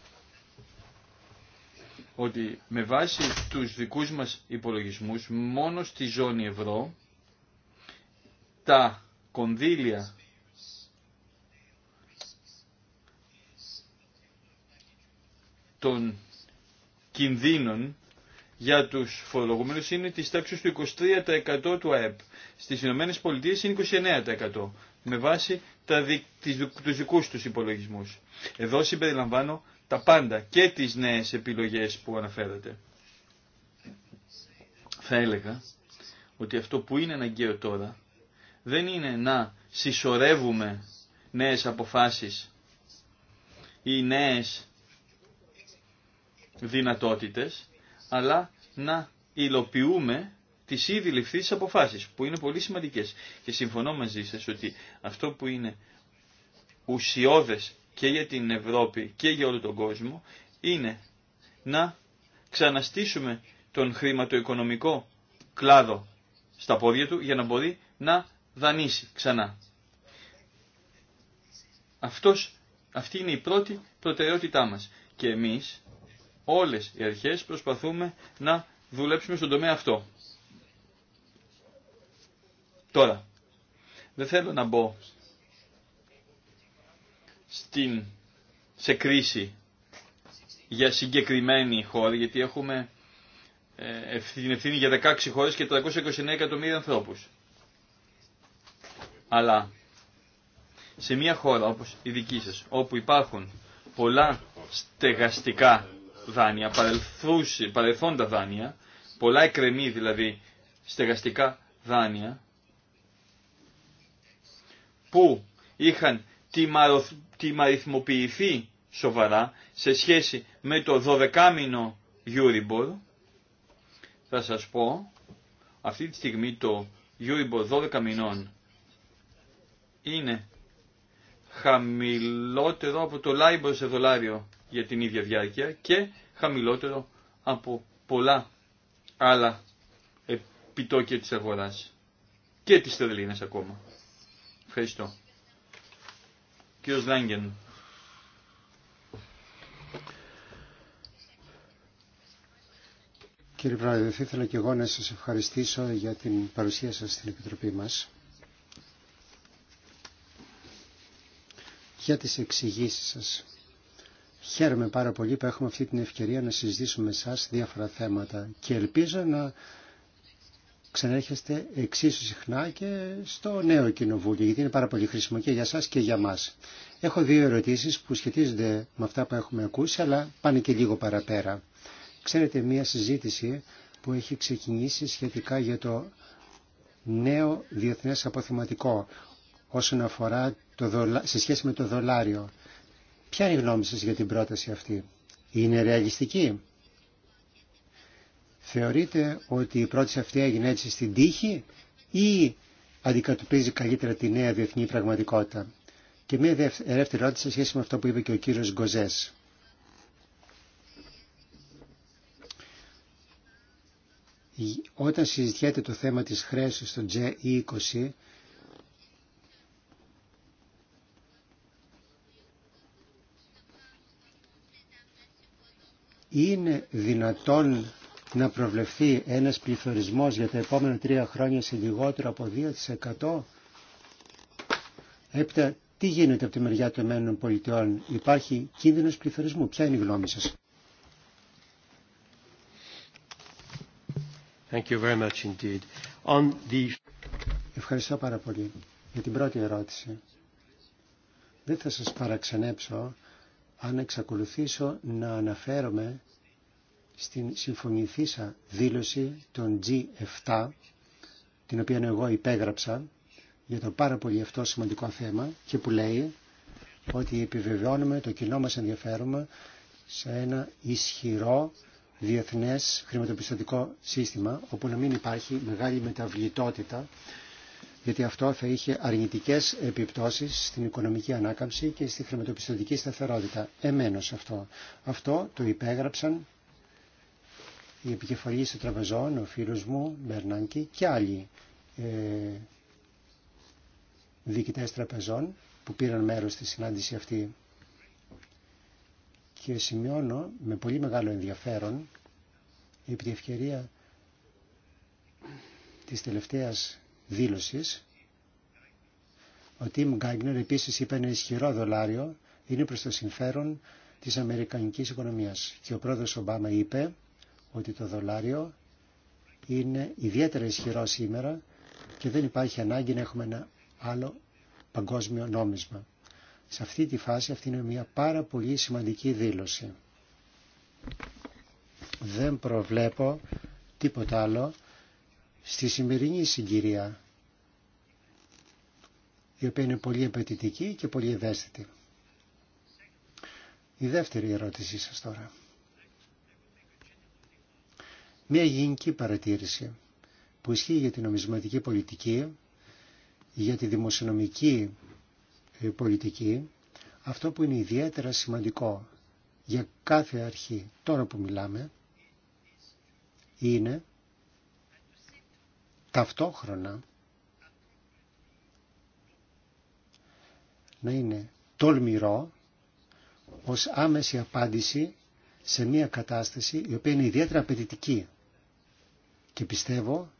ότι με βάση τους δικούς μας υπολογισμούς μόνο στη ζώνη ευρώ τα κονδύλια των κινδύνων για τους φορολογούμενους είναι της τάξης του 23% του ΑΕΠ. Στις Ηνωμένες Πολιτείες είναι 29% με βάση τα δικού τους δικούς τους υπολογισμούς. Εδώ συμπεριλαμβάνω τα πάντα και τις νέες επιλογές που αναφέρατε. Θα έλεγα ότι αυτό που είναι αναγκαίο τώρα δεν είναι να συσσωρεύουμε νέες αποφάσεις ή νέες δυνατότητες, αλλά να υλοποιούμε τις ήδη ληφθείς αποφάσεις, που είναι πολύ σημαντικές. Και συμφωνώ μαζί σας ότι αυτό που είναι ουσιώδες και για την Ευρώπη και για όλο τον κόσμο, είναι να ξαναστήσουμε τον χρηματοοικονομικό κλάδο στα πόδια του για να μπορεί να δανείσει ξανά. Αυτός, αυτή είναι η πρώτη προτεραιότητά μας. Και εμείς όλες οι αρχές προσπαθούμε να δουλέψουμε στον τομέα αυτό. Τώρα, δεν θέλω να μπω στην, σε κρίση για συγκεκριμένη χώρα, γιατί έχουμε ε, την ευθύνη για 16 χώρες και 329 εκατομμύρια ανθρώπους. Αλλά σε μια χώρα όπως η δική σας, όπου υπάρχουν πολλά στεγαστικά δάνεια, παρελθόντα δάνεια, πολλά έκρεμη, δηλαδή στεγαστικά δάνεια, που είχαν τιμαριθμοποιηθεί σοβαρά σε σχέση με το 12μηνο Euribor, θα σας πω, αυτή τη στιγμή το Euribor 12 μηνών είναι χαμηλότερο από το LIBOR σε δολάριο για την ίδια διάρκεια και χαμηλότερο από πολλά άλλα επιτόκια της αγοράς και της Τερλίνας ακόμα. Ευχαριστώ. Κύριος Λάγκεν. Κύριε Πρόεδρε, θα ήθελα και εγώ να σας ευχαριστήσω για την παρουσία σας στην Επιτροπή μας. Για τις εξηγήσεις σας. Χαίρομαι πάρα πολύ που έχουμε αυτή την ευκαιρία να συζητήσουμε με εσάς διάφορα θέματα και ελπίζω να ξανέρχεστε εξίσου συχνά και στο νέο κοινοβούλιο, γιατί είναι πάρα πολύ χρήσιμο και για σας και για μας. Έχω δύο ερωτήσεις που σχετίζονται με αυτά που έχουμε ακούσει, αλλά πάνε και λίγο παραπέρα. Ξέρετε, μία συζήτηση που έχει ξεκινήσει σχετικά για το νέο διεθνές αποθεματικό όσον αφορά το σε σχέση με το δολάριο. Ποια είναι η γνώμη σας για την πρόταση αυτή. Είναι ρεαλιστική. Θεωρείτε ότι η πρόταση αυτή έγινε έτσι στην τύχη ή αντικατοπίζει καλύτερα τη νέα διεθνή πραγματικότητα. Και μια δεύτερη ερώτηση σε σχέση με αυτό που είπε και ο κύριος Γκοζές. Όταν συζητιέται το θέμα της χρέωσης στο G20, είναι δυνατόν να προβλεφθεί ένας πληθωρισμός για τα επόμενα τρία χρόνια σε λιγότερο από 2%. Έπειτα, τι γίνεται από τη μεριά των πολιτιών; υπάρχει κίνδυνος πληθωρισμού. Ποια είναι η γνώμη σας. Thank you very much indeed. On the... Ευχαριστώ πάρα πολύ για την πρώτη ερώτηση. Δεν θα σας παραξενέψω αν εξακολουθήσω να αναφέρομαι στην συμφωνηθήσα δήλωση των G7, την οποία εγώ υπέγραψα για το πάρα πολύ αυτό σημαντικό θέμα και που λέει ότι επιβεβαιώνουμε το κοινό μας ενδιαφέρον σε ένα ισχυρό διεθνές χρηματοπιστωτικό σύστημα όπου να μην υπάρχει μεγάλη μεταβλητότητα γιατί αυτό θα είχε αρνητικές επιπτώσεις στην οικονομική ανάκαμψη και στη χρηματοπιστωτική σταθερότητα. Εμένως αυτό. Αυτό το υπέγραψαν οι επικεφαλής των τραπεζών, ο φίλος μου, Μπερνάνκι και άλλοι ε, διοικητές τραπεζών που πήραν μέρος στη συνάντηση αυτή. Και σημειώνω με πολύ μεγάλο ενδιαφέρον επί τη ευκαιρία της τελευταίας ο Τιμ Γκάγκνερ επίση είπε ένα ισχυρό δολάριο είναι προ το συμφέρον της Αμερικανικής οικονομίας. Και ο πρόεδρος Ομπάμα είπε ότι το δολάριο είναι ιδιαίτερα ισχυρό σήμερα και δεν υπάρχει ανάγκη να έχουμε ένα άλλο παγκόσμιο νόμισμα. Σε αυτή τη φάση αυτή είναι μια πάρα πολύ σημαντική δήλωση. Δεν προβλέπω τίποτα άλλο στη σημερινή συγκυρία, η οποία είναι πολύ απαιτητική και πολύ ευαίσθητη. Η δεύτερη ερώτησή σας τώρα. Μια γενική παρατήρηση που ισχύει για την νομισματική πολιτική, για τη δημοσιονομική ε, πολιτική, αυτό που είναι ιδιαίτερα σημαντικό για κάθε αρχή τώρα που μιλάμε, είναι ταυτόχρονα να είναι τολμηρό ως άμεση απάντηση σε μια κατάσταση η οποία είναι ιδιαίτερα απαιτητική. Και πιστεύω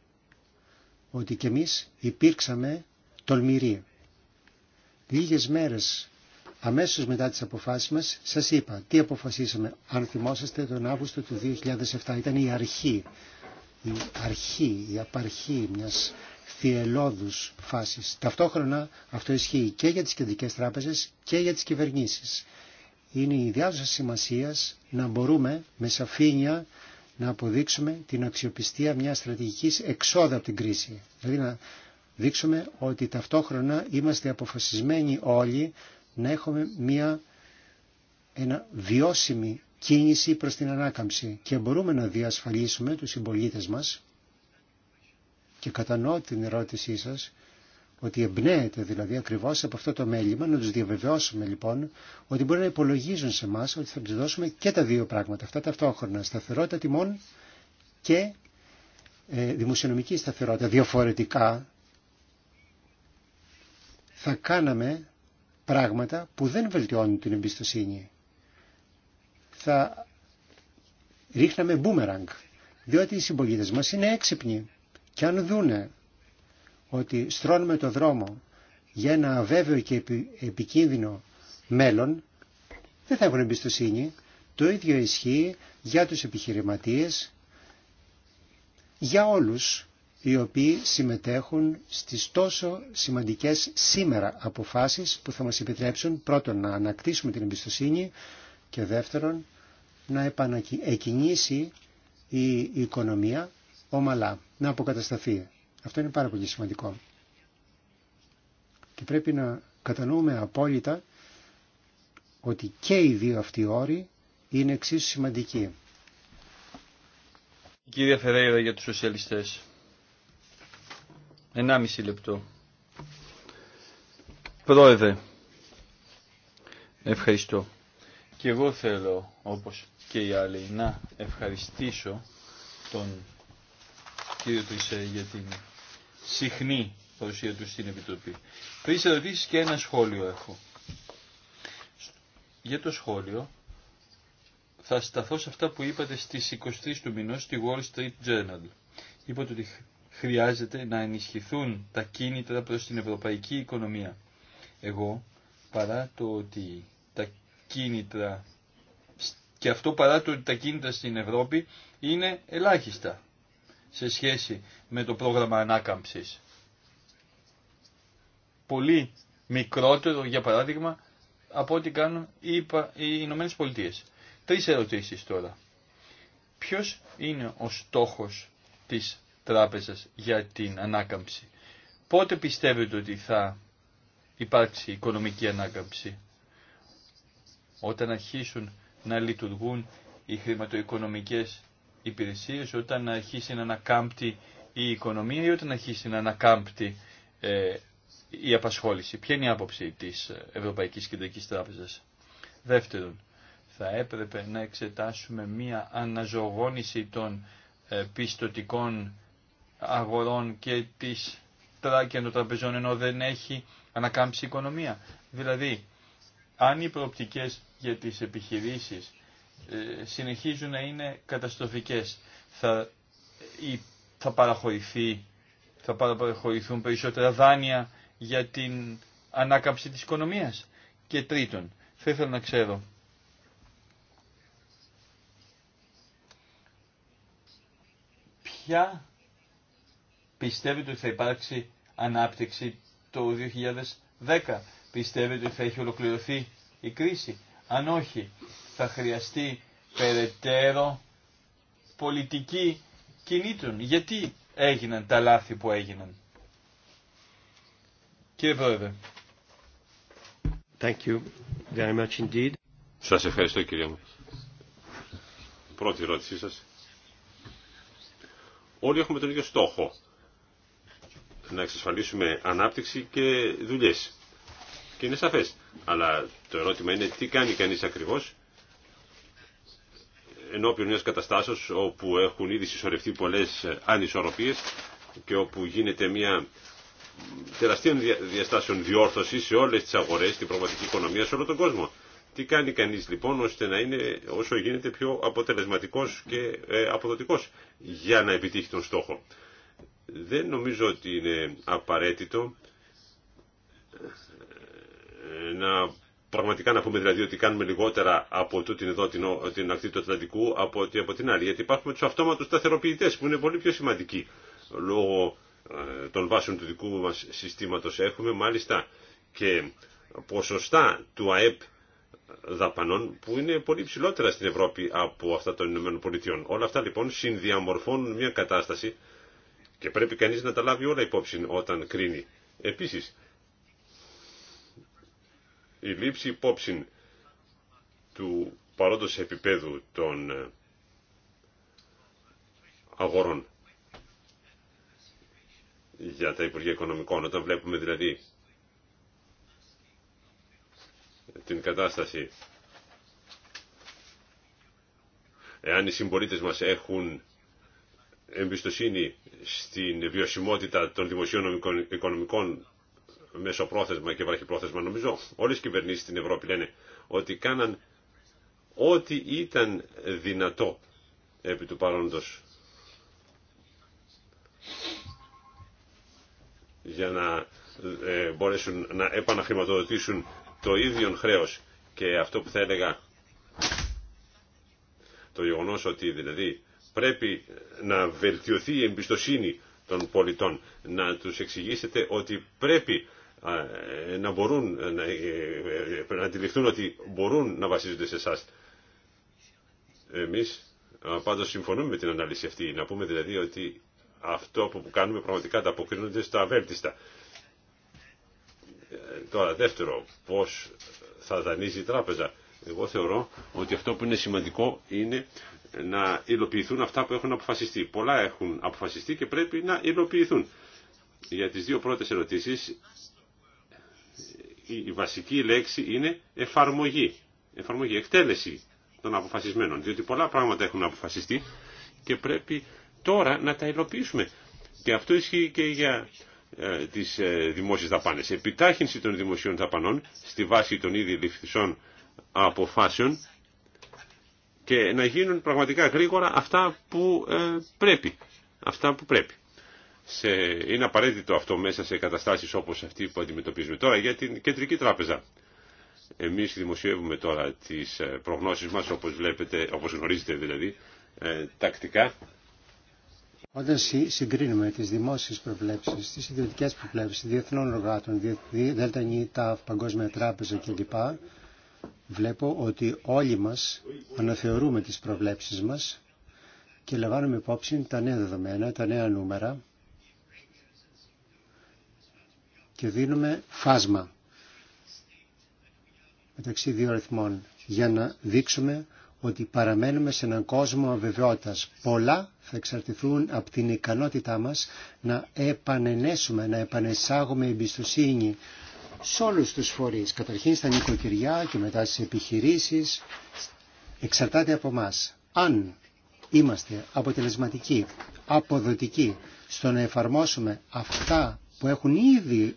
ότι κι εμείς υπήρξαμε τολμηροί. Λίγες μέρες αμέσως μετά τις αποφάσεις μας σας είπα τι αποφασίσαμε. Αν θυμόσαστε τον Αύγουστο του 2007 ήταν η αρχή η αρχή, η απαρχή μιας θυελώδους φάσης. Ταυτόχρονα αυτό ισχύει και για τις κεντρικές τράπεζες και για τις κυβερνήσεις. Είναι η διάδοση σημασίας να μπορούμε με σαφήνεια να αποδείξουμε την αξιοπιστία μιας στρατηγικής εξόδου από την κρίση. Δηλαδή να δείξουμε ότι ταυτόχρονα είμαστε αποφασισμένοι όλοι να έχουμε μια, ένα βιώσιμη κίνηση προς την ανάκαμψη και μπορούμε να διασφαλίσουμε τους συμπολίτε μας και κατανοώ την ερώτησή σας ότι εμπνέεται δηλαδή ακριβώς από αυτό το μέλημα, να τους διαβεβαιώσουμε λοιπόν ότι μπορεί να υπολογίζουν σε εμά ότι θα τους δώσουμε και τα δύο πράγματα αυτά ταυτόχρονα, σταθερότητα τιμών και ε, δημοσιονομική σταθερότητα. Διαφορετικά θα κάναμε πράγματα που δεν βελτιώνουν την εμπιστοσύνη θα ρίχναμε μπούμεραγκ. Διότι οι συμπολίτε μα είναι έξυπνοι. Και αν δούνε ότι στρώνουμε το δρόμο για ένα αβέβαιο και επικίνδυνο μέλλον, δεν θα έχουν εμπιστοσύνη. Το ίδιο ισχύει για τους επιχειρηματίες, για όλους οι οποίοι συμμετέχουν στις τόσο σημαντικές σήμερα αποφάσεις που θα μας επιτρέψουν πρώτον να ανακτήσουμε την εμπιστοσύνη και δεύτερον να επανακινήσει η οικονομία ομαλά, να αποκατασταθεί. Αυτό είναι πάρα πολύ σημαντικό. Και πρέπει να κατανοούμε απόλυτα ότι και οι δύο αυτοί όροι είναι εξίσου σημαντικοί. Κύριε για τους σοσιαλιστές. 1,5 λεπτό. Πρόεδρε, ευχαριστώ. Και εγώ θέλω, όπως και οι άλλοι, να ευχαριστήσω τον κύριο Τρισέ για την συχνή παρουσία του στην Επιτροπή. σε ρωτήσεις και ένα σχόλιο έχω. Για το σχόλιο θα σταθώ σε αυτά που είπατε στις 23 του μηνός στη Wall Street Journal. Είπατε ότι χρειάζεται να ενισχυθούν τα κίνητρα προς την ευρωπαϊκή οικονομία. Εγώ, παρά το ότι κίνητρα. Και αυτό παρά το ότι τα κίνητρα στην Ευρώπη είναι ελάχιστα σε σχέση με το πρόγραμμα ανάκαμψης. Πολύ μικρότερο, για παράδειγμα, από ό,τι κάνουν οι Ηνωμένε Πολιτείε. Τρεις ερωτήσεις τώρα. Ποιος είναι ο στόχος της τράπεζας για την ανάκαμψη. Πότε πιστεύετε ότι θα υπάρξει οικονομική ανάκαμψη όταν αρχίσουν να λειτουργούν οι χρηματοοικονομικές υπηρεσίες, όταν αρχίσει να ανακάμπτει η οικονομία ή όταν αρχίσει να ανακάμπτει ε, η απασχόληση. Ποια είναι η άποψη της Ευρωπαϊκής Κεντρικής Τράπεζας. Δεύτερον, θα έπρεπε να εξετάσουμε μία αναζωογόνηση των ε, πιστοτικών αγορών και της τράκια των τραπεζών ενώ δεν έχει ανακάμψει η οικονομία. Δηλαδή, αν οι προοπτικές για τις επιχειρήσεις ε, συνεχίζουν να είναι καταστροφικές, θα, ή, θα παραχωρηθεί, θα παραχωρηθούν περισσότερα δάνεια για την ανάκαμψη της οικονομίας. Και τρίτον, θα ήθελα να ξέρω, ποια πιστεύετε ότι θα υπάρξει ανάπτυξη το 2010. Πιστεύετε ότι θα έχει ολοκληρωθεί η κρίση. Αν όχι, θα χρειαστεί περαιτέρω πολιτική κινήτρων. Γιατί έγιναν τα λάθη που έγιναν. Κύριε Πρόεδρε. Thank you much indeed. Σας ευχαριστώ κύριε μου. Πρώτη ερώτησή σας. Όλοι έχουμε τον ίδιο στόχο. Να εξασφαλίσουμε ανάπτυξη και δουλειές είναι σαφές. Αλλά το ερώτημα είναι τι κάνει κανείς ακριβώς ενώπιον μιας καταστάσεως όπου έχουν ήδη συσσωρευτεί πολλές ανισορροπίες και όπου γίνεται μια τεραστιά διαστάσεων διόρθωση σε όλες τις αγορές, στην πραγματική οικονομία, σε όλο τον κόσμο. Τι κάνει κανείς λοιπόν ώστε να είναι όσο γίνεται πιο αποτελεσματικός και ε, αποδοτικός για να επιτύχει τον στόχο. Δεν νομίζω ότι είναι απαραίτητο να πραγματικά να πούμε δηλαδή ότι κάνουμε λιγότερα από τούτην εδώ την, την ακτή του Ατλαντικού από ότι από την άλλη. Γιατί υπάρχουν του αυτόματου σταθεροποιητέ που είναι πολύ πιο σημαντικοί λόγω ε, των βάσεων του δικού μα συστήματο. Έχουμε μάλιστα και ποσοστά του ΑΕΠ δαπανών που είναι πολύ ψηλότερα στην Ευρώπη από αυτά των Ηνωμένων Πολιτειών. Όλα αυτά λοιπόν συνδιαμορφώνουν μια κατάσταση και πρέπει κανείς να τα λάβει όλα υπόψη όταν κρίνει. Επίσης, η λήψη υπόψη του παρόντος επίπεδου των ε, αγορών για τα Υπουργεία Οικονομικών, όταν βλέπουμε δηλαδή την κατάσταση εάν οι συμπολίτες μας έχουν εμπιστοσύνη στην βιωσιμότητα των δημοσίων οικονομικών μεσοπρόθεσμα και βραχυπρόθεσμα νομίζω όλες οι κυβερνήσεις στην Ευρώπη λένε ότι κάναν ό,τι ήταν δυνατό επί του παρόντος για να ε, μπορέσουν να επαναχρηματοδοτήσουν το ίδιο χρέος και αυτό που θα έλεγα το γεγονός ότι δηλαδή πρέπει να βελτιωθεί η εμπιστοσύνη των πολιτών να τους εξηγήσετε ότι πρέπει ε, να μπορούν να, ε, ε, να αντιληφθούν ότι μπορούν να βασίζονται σε εσά. Εμείς πάντως συμφωνούμε με την ανάλυση αυτή. Να πούμε δηλαδή ότι αυτό που κάνουμε πραγματικά τα αποκρίνονται στα αβέλτιστα. Τώρα δεύτερο, πώς θα δανείζει η τράπεζα. Εγώ θεωρώ ότι αυτό που είναι σημαντικό είναι να υλοποιηθούν αυτά που έχουν αποφασιστεί. Πολλά έχουν αποφασιστεί και πρέπει να υλοποιηθούν. Για τις δύο πρώτες ερωτήσεις η βασική λέξη είναι εφαρμογή. Εφαρμογή, εκτέλεση των αποφασισμένων. Διότι πολλά πράγματα έχουν αποφασιστεί και πρέπει τώρα να τα υλοποιήσουμε. Και αυτό ισχύει και για ε, τις ε, δημόσιες δαπάνες. Επιτάχυνση των δημοσίων δαπανών στη βάση των ήδη ληφθησών αποφάσεων και να γίνουν πραγματικά γρήγορα αυτά που ε, πρέπει. Αυτά που πρέπει σε, είναι απαραίτητο αυτό μέσα σε καταστάσεις όπως αυτή που αντιμετωπίζουμε τώρα για την Κεντρική Τράπεζα. Εμείς δημοσιεύουμε τώρα τις ε, προγνώσεις μας όπως, βλέπετε, όπως γνωρίζετε δηλαδή ε, τακτικά. Όταν συγκρίνουμε τις δημόσιες προβλέψεις, τις ιδιωτικές προβλέψεις διεθνών οργάτων, ΔΝΤ, ΤΑΦ, Παγκόσμια Τράπεζα κλπ. Βλέπω ότι όλοι μας αναθεωρούμε τις προβλέψεις μας και λαμβάνουμε υπόψη τα νέα δεδομένα, τα νέα νούμερα και δίνουμε φάσμα μεταξύ δύο αριθμών για να δείξουμε ότι παραμένουμε σε έναν κόσμο αβεβαιότητας. Πολλά θα εξαρτηθούν από την ικανότητά μας να επανενέσουμε, να επανεσάγουμε εμπιστοσύνη σε όλους τους φορείς. Καταρχήν στα νοικοκυριά και μετά στις επιχειρήσεις. Εξαρτάται από μας. Αν είμαστε αποτελεσματικοί, αποδοτικοί στο να εφαρμόσουμε αυτά που έχουν ήδη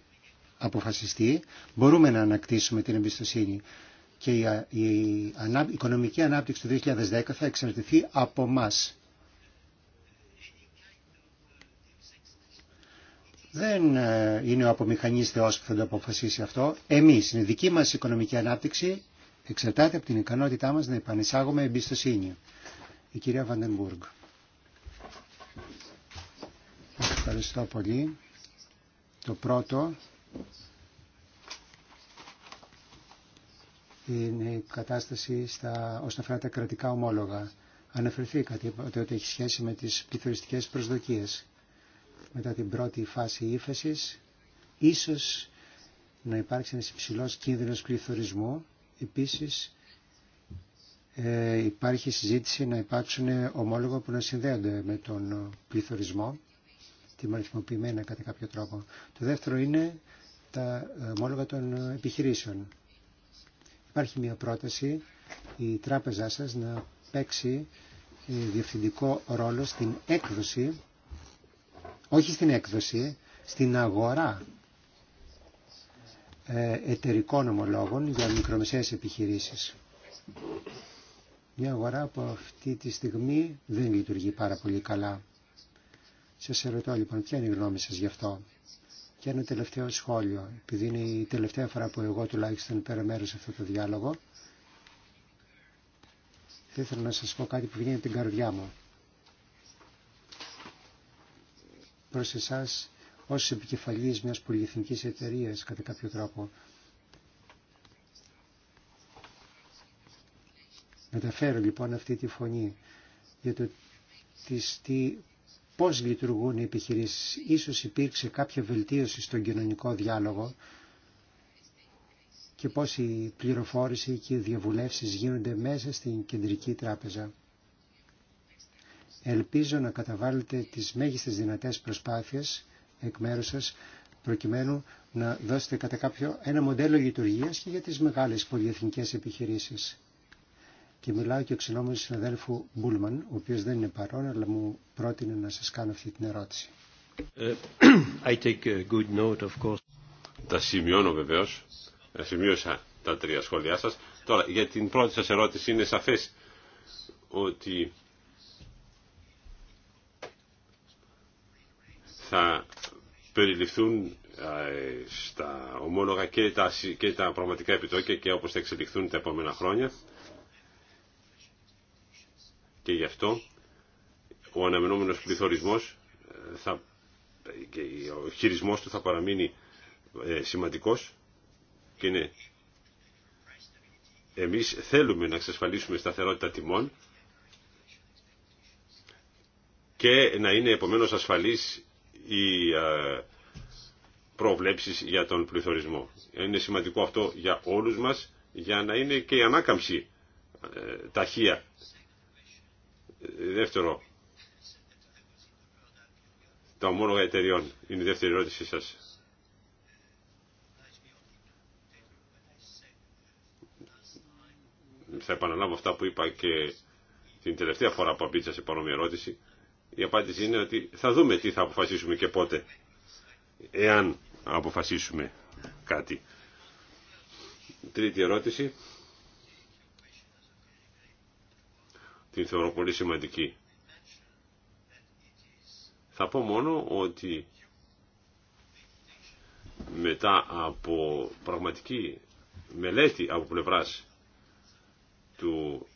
αποφασιστεί, μπορούμε να ανακτήσουμε την εμπιστοσύνη. Και η οικονομική ανάπτυξη του 2010 θα εξαρτηθεί από εμά. Δεν ε, είναι ο απομηχανής Θεός που θα το αποφασίσει αυτό. Εμείς, η δική μας οικονομική ανάπτυξη εξαρτάται από την ικανότητά μας να επανεισάγουμε εμπιστοσύνη. Η κυρία Βαντεμπούργκ. Ευχαριστώ πολύ. Το πρώτο είναι κατάσταση στα, όσον αφορά τα κρατικά ομόλογα. Αναφερθήκατε ότι έχει σχέση με τις πληθωριστικές προσδοκίες. Μετά την πρώτη φάση ύφεση, ίσως να υπάρξει ένας υψηλός κίνδυνος πληθωρισμού. Επίσης, ε, υπάρχει συζήτηση να υπάρξουν ομόλογα που να συνδέονται με τον πληθωρισμό τιμαριθμοποιημένα κατά κάποιο τρόπο. Το δεύτερο είναι τα ε, ομόλογα των ε, επιχειρήσεων. Υπάρχει μια πρόταση η τράπεζά σας να παίξει ε, διευθυντικό ρόλο στην έκδοση, όχι στην έκδοση, στην αγορά εταιρικών ομολόγων για μικρομεσαίες επιχειρήσεις. Μια αγορά που αυτή τη στιγμή δεν λειτουργεί πάρα πολύ καλά. Σα ερωτώ λοιπόν ποια είναι η γνώμη σα γι' αυτό. Και ένα τελευταίο σχόλιο, επειδή είναι η τελευταία φορά που εγώ τουλάχιστον πέρα μέρο σε αυτό το διάλογο, θα ήθελα να σα πω κάτι που βγαίνει την καρδιά μου. Προς εσάς, ω επικεφαλή μιας πολυεθνική εταιρεία, κατά κάποιο τρόπο, μεταφέρω λοιπόν αυτή τη φωνή για το τι πώς λειτουργούν οι επιχειρήσεις. Ίσως υπήρξε κάποια βελτίωση στον κοινωνικό διάλογο και πώς η πληροφόρηση και οι διαβουλεύσεις γίνονται μέσα στην κεντρική τράπεζα. Ελπίζω να καταβάλλετε τις μέγιστες δυνατές προσπάθειες εκ μέρους σας προκειμένου να δώσετε κατά κάποιο ένα μοντέλο λειτουργίας και για τις μεγάλες πολυεθνικές επιχειρήσεις και μιλάω και ο του συναδέλφου Μπούλμαν, ο οποίος δεν είναι παρόν, αλλά μου πρότεινε να σας κάνω αυτή την ερώτηση. Ε, [CLEARS THROAT] I take good note, of course. Τα σημειώνω βεβαίως. Τα ε, σημείωσα τα τρία σχόλιά σας. Τώρα, για την πρώτη σας ερώτηση είναι σαφές ότι θα περιληφθούν ε, στα ομόλογα και τα, και τα πραγματικά επιτόκια και όπως θα εξελιχθούν τα επόμενα χρόνια. Και γι' αυτό ο αναμενόμενος πληθωρισμός ε, και ο χειρισμός του θα παραμείνει ε, σημαντικός και είναι εμείς θέλουμε να εξασφαλίσουμε σταθερότητα τιμών και να είναι επομένως ασφαλής οι ε, προβλέψεις για τον πληθωρισμό. Είναι σημαντικό αυτό για όλους μας για να είναι και η ανάκαμψη ταχεία Δεύτερο, τα ομόλογα εταιριών είναι η δεύτερη ερώτησή σας. Θα επαναλάβω αυτά που είπα και την τελευταία φορά που απήντησα σε παρόμοια ερώτηση. Η απάντηση είναι ότι θα δούμε τι θα αποφασίσουμε και πότε, εάν αποφασίσουμε κάτι. Τρίτη ερώτηση. την θεωρώ πολύ σημαντική. Θα πω μόνο ότι μετά από πραγματική μελέτη από πλευράς του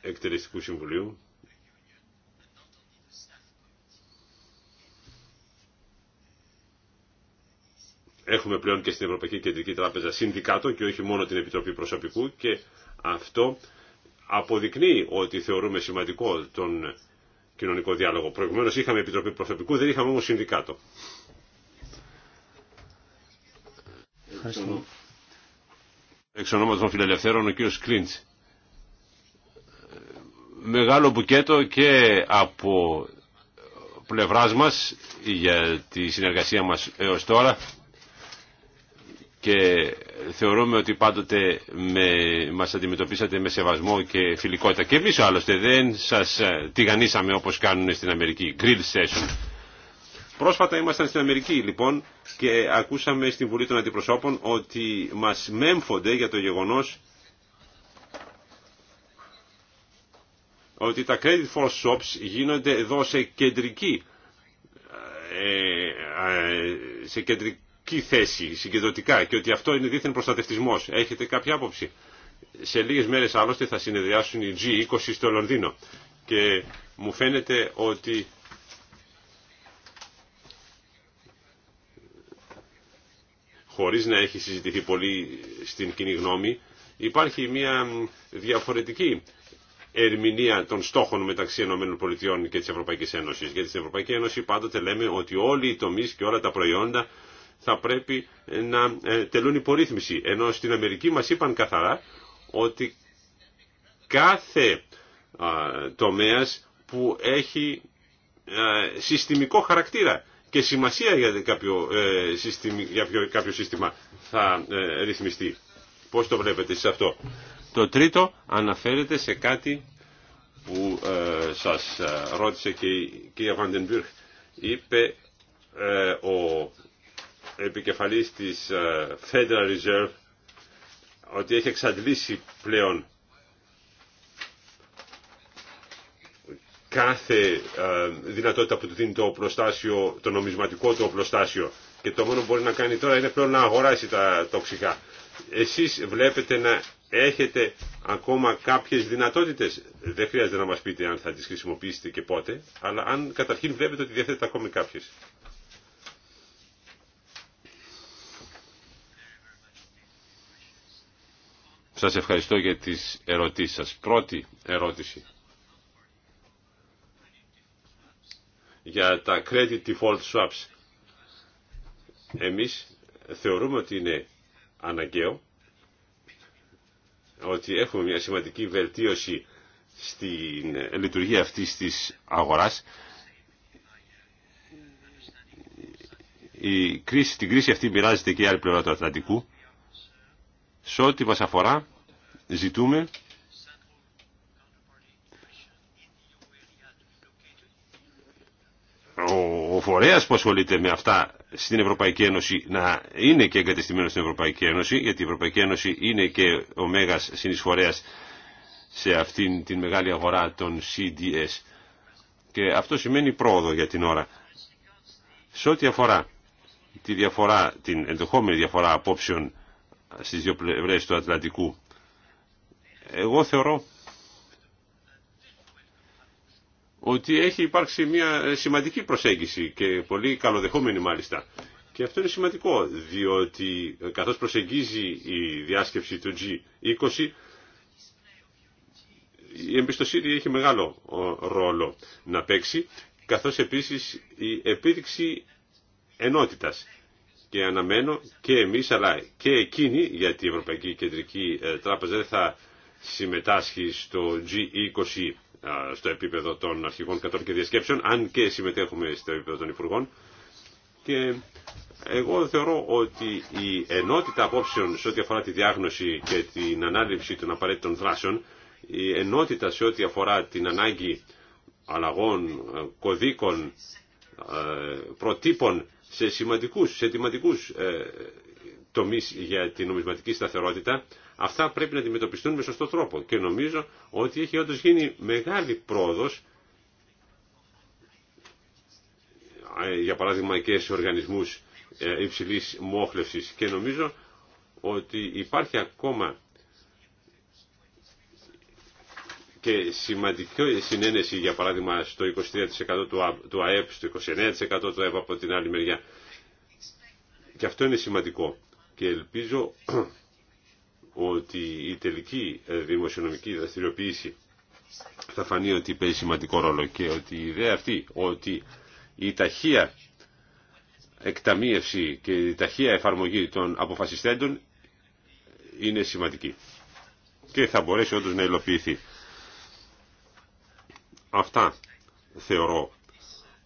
Εκτελεστικού Συμβουλίου έχουμε πλέον και στην Ευρωπαϊκή Κεντρική Τράπεζα συνδικάτο και όχι μόνο την Επιτροπή Προσωπικού και αυτό αποδεικνύει ότι θεωρούμε σημαντικό τον κοινωνικό διάλογο. Προηγουμένως είχαμε Επιτροπή Προσωπικού, δεν είχαμε όμως συνδικάτο. Εξ ονόματος των φιλελευθέρων ο κύριος Κλίντς. Μεγάλο μπουκέτο και από πλευράς μας για τη συνεργασία μας έως τώρα και θεωρούμε ότι πάντοτε με, μας αντιμετωπίσατε με σεβασμό και φιλικότητα και εμείς άλλωστε δεν σας ε, τηγανίσαμε όπως κάνουν στην Αμερική grill session πρόσφατα ήμασταν στην Αμερική λοιπόν και ακούσαμε στην Βουλή των Αντιπροσώπων ότι μας μέμφονται για το γεγονός ότι τα credit for shops γίνονται εδώ σε κεντρική ε, ε, σε κεντρική συγκεντρωτική θέση, συγκεντρωτικά και ότι αυτό είναι δίθεν προστατευτισμός. Έχετε κάποια άποψη. Σε λίγες μέρες άλλωστε θα συνεδριάσουν οι G20 στο Λονδίνο και μου φαίνεται ότι χωρίς να έχει συζητηθεί πολύ στην κοινή γνώμη, υπάρχει μια διαφορετική ερμηνεία των στόχων μεταξύ ΗΠΑ και της Ευρωπαϊκής Ένωσης. Γιατί στην Ευρωπαϊκή Ένωση πάντοτε λέμε ότι όλοι οι τομείς και όλα τα προϊόντα θα πρέπει ε, να ε, τελούν υπορρύθμιση. Ενώ στην Αμερική μας είπαν καθαρά ότι κάθε τομέας που έχει συστημικό χαρακτήρα και σημασία για κάποιο, ε, για σύστημα θα ρυθμιστεί. Πώς το βλέπετε σε αυτό. Το τρίτο αναφέρεται σε κάτι που σας ρώτησε και η κυρία Βαντενμπύρχ. Είπε ο επικεφαλής της ε, Federal Reserve ότι έχει εξαντλήσει πλέον κάθε ε, δυνατότητα που του δίνει το, προστάσιο, το νομισματικό του προστάσιο και το μόνο που μπορεί να κάνει τώρα είναι πλέον να αγοράσει τα τοξικά. Εσείς βλέπετε να έχετε ακόμα κάποιες δυνατότητες. Δεν χρειάζεται να μας πείτε αν θα τις χρησιμοποιήσετε και πότε, αλλά αν καταρχήν βλέπετε ότι διαθέτετε ακόμη κάποιες. Σας ευχαριστώ για τις ερωτήσεις σας. Πρώτη ερώτηση. Για τα credit default swaps. Εμείς θεωρούμε ότι είναι αναγκαίο ότι έχουμε μια σημαντική βελτίωση στην λειτουργία αυτής της αγοράς. Η κρίση, την κρίση αυτή μοιράζεται και η άλλη πλευρά του Ατλαντικού σε ό,τι μας αφορά ζητούμε ο φορέας που ασχολείται με αυτά στην Ευρωπαϊκή Ένωση να είναι και εγκατεστημένος στην Ευρωπαϊκή Ένωση, γιατί η Ευρωπαϊκή Ένωση είναι και ο μέγας συνεισφορέας σε αυτήν την μεγάλη αγορά των CDS. Και αυτό σημαίνει πρόοδο για την ώρα. Σε ό,τι αφορά τη διαφορά, την ενδεχόμενη διαφορά απόψεων στις δύο πλευρές του Ατλαντικού. Εγώ θεωρώ ότι έχει υπάρξει μια σημαντική προσέγγιση και πολύ καλοδεχόμενη μάλιστα. Και αυτό είναι σημαντικό, διότι καθώς προσεγγίζει η διάσκεψη του G20, η εμπιστοσύνη έχει μεγάλο ρόλο να παίξει, καθώς επίσης η επίδειξη ενότητας και αναμένω και εμείς αλλά και εκείνοι γιατί η Ευρωπαϊκή Κεντρική ε, Τράπεζα δεν θα συμμετάσχει στο G20 στο επίπεδο των αρχηγών κατών και διασκέψεων αν και συμμετέχουμε στο επίπεδο των Υπουργών και εγώ θεωρώ ότι η ενότητα απόψεων σε ό,τι αφορά τη διάγνωση και την ανάληψη των απαραίτητων δράσεων η ενότητα σε ό,τι αφορά την ανάγκη αλλαγών, ε, κωδίκων, ε, προτύπων σε σημαντικούς, σε τιματικούς ε, τομείς για την νομισματική σταθερότητα, αυτά πρέπει να αντιμετωπιστούν με σωστό τρόπο. Και νομίζω ότι έχει όντως γίνει μεγάλη πρόοδος, ε, για παράδειγμα και σε οργανισμούς ε, υψηλής μόχλευσης και νομίζω ότι υπάρχει ακόμα και σημαντική συνένεση για παράδειγμα στο 23% του ΑΕΠ, στο 29% του ΑΕΠ από την άλλη μεριά. Και αυτό είναι σημαντικό και ελπίζω [CLEARS THROAT] ότι η τελική ε, δημοσιονομική δραστηριοποίηση θα φανεί ότι παίζει σημαντικό ρόλο και ότι η ιδέα αυτή ότι η ταχεία εκταμίευση και η ταχεία εφαρμογή των αποφασιστέντων είναι σημαντική και θα μπορέσει όντως να υλοποιηθεί. Αυτά θεωρώ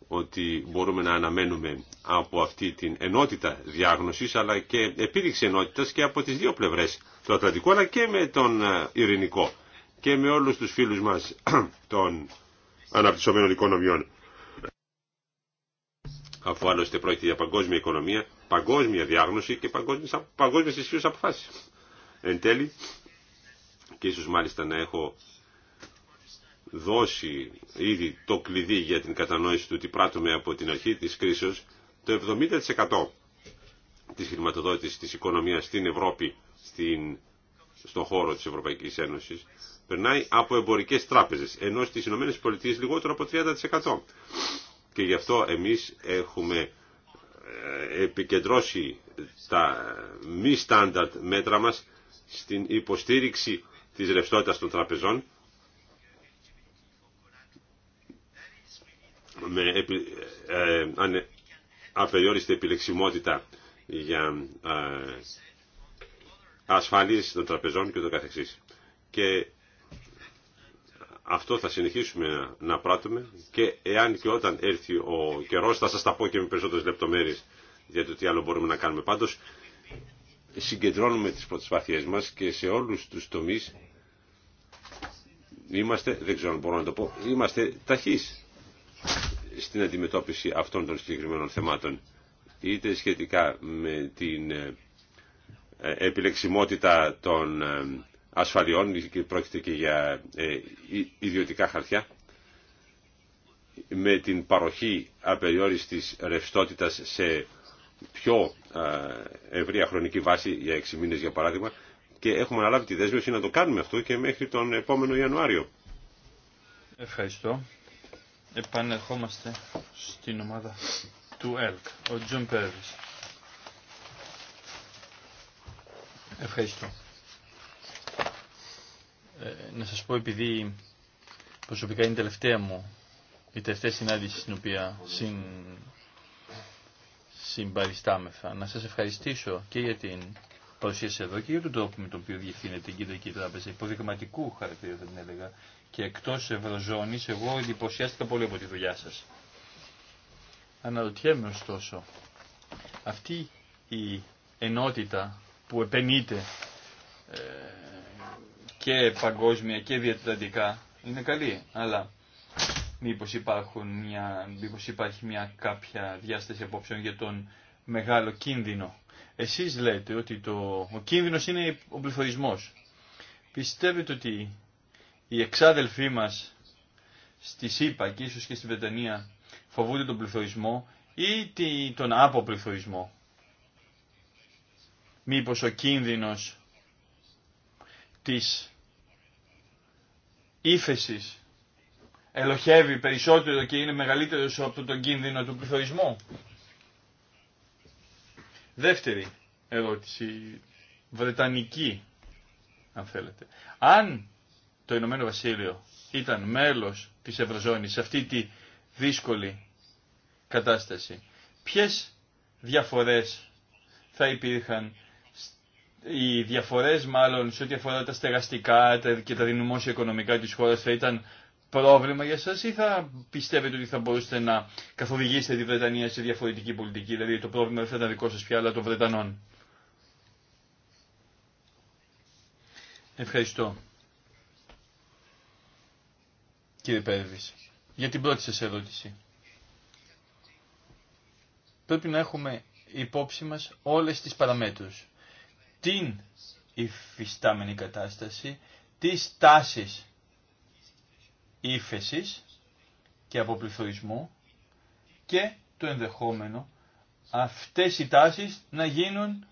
ότι μπορούμε να αναμένουμε από αυτή την ενότητα διάγνωσης αλλά και επίδειξη ενότητας και από τις δύο πλευρές, το Ατλαντικό αλλά και με τον ε, Ειρηνικό και με όλους τους φίλους μας [CLEARS THROAT] των αναπτυσσομένων οικονομιών. Αφού άλλωστε πρόκειται για παγκόσμια οικονομία, παγκόσμια διάγνωση και παγκόσμια ισχύους αποφάσεις. Εν τέλει, και ίσως μάλιστα να έχω δώσει ήδη το κλειδί για την κατανόηση του ότι πράττουμε από την αρχή της κρίσεως, το 70% της χρηματοδότησης της οικονομίας στην Ευρώπη, στην, στον χώρο της Ευρωπαϊκής Ένωσης, περνάει από εμπορικές τράπεζες, ενώ στις ΗΠΑ λιγότερο από 30%. Και γι' αυτό εμείς έχουμε ε, επικεντρώσει τα μη στάνταρτ μέτρα μας στην υποστήριξη της ρευστότητας των τραπεζών, με ε, απεριόριστη επιλεξιμότητα για ε, ασφάλιση των τραπεζών και το καθεξής. Και αυτό θα συνεχίσουμε να πράττουμε και εάν και όταν έρθει ο καιρός θα σας τα πω και με περισσότερες λεπτομέρειες για το τι άλλο μπορούμε να κάνουμε. Πάντως συγκεντρώνουμε τις προσπάθειές μας και σε όλους τους τομείς είμαστε, δεν ξέρω αν μπορώ να το πω, είμαστε ταχείς στην αντιμετώπιση αυτών των συγκεκριμένων θεμάτων είτε σχετικά με την ε, ε, επιλεξιμότητα των ε, ασφαλιών πρόκειται και για ιδιωτικά χαρτιά με την παροχή απεριόριστης ρευστότητας σε πιο ευρία χρονική βάση για 6 μήνες για παράδειγμα και έχουμε αναλάβει τη δέσμευση να το κάνουμε αυτό και μέχρι τον επόμενο Ιανουάριο. Ευχαριστώ επανερχόμαστε στην ομάδα του ΕΛΚ, ο Τζον Πέρβης. Ευχαριστώ. Ε, να σας πω επειδή προσωπικά είναι η τελευταία μου, η τελευταία συνάντηση στην οποία συν, συμπαριστάμεθα. Να σας ευχαριστήσω και για την παρουσίαση εδώ και για τον τρόπο με τον οποίο διευθύνεται η Κεντρική Τράπεζα, υποδειγματικού χαρακτήρα θα την έλεγα, και εκτός Ευρωζώνης, εγώ εντυπωσιάστηκα πολύ από τη δουλειά σας. Αναρωτιέμαι ωστόσο, αυτή η ενότητα που επενείται ε, και παγκόσμια και διατραντικά είναι καλή, αλλά μήπως, υπάρχουν μια, μήπως υπάρχει μια κάποια διάσταση απόψεων για τον μεγάλο κίνδυνο. Εσείς λέτε ότι το, ο κίνδυνος είναι ο πληθωρισμός. Πιστεύετε ότι οι εξάδελφοί μας στη ΣΥΠΑ και ίσως και στη Βρετανία φοβούνται τον πληθωρισμό ή τον αποπληθωρισμό. Μήπως ο κίνδυνος της ύφεση ελοχεύει περισσότερο και είναι μεγαλύτερος από τον κίνδυνο του πληθωρισμού. Δεύτερη ερώτηση, βρετανική αν θέλετε. Αν το Ηνωμένο Βασίλειο ήταν μέλος της Ευρωζώνης σε αυτή τη δύσκολη κατάσταση. Ποιες διαφορές θα υπήρχαν, οι διαφορές μάλλον σε ό,τι αφορά τα στεγαστικά και τα δημόσια οικονομικά της χώρας θα ήταν πρόβλημα για σας ή θα πιστεύετε ότι θα μπορούσατε να καθοδηγήσετε τη Βρετανία σε διαφορετική πολιτική, δηλαδή το πρόβλημα δεν θα ήταν δικό σας πια αλλά των Βρετανών. Ευχαριστώ κύριε Πέρβης, για την πρώτη σας ερώτηση. Πρέπει να έχουμε υπόψη μας όλες τις παραμέτρους. Την υφιστάμενη κατάσταση, τις τάσεις ύφεσης και αποπληθωρισμού και το ενδεχόμενο αυτές οι τάσεις να γίνουν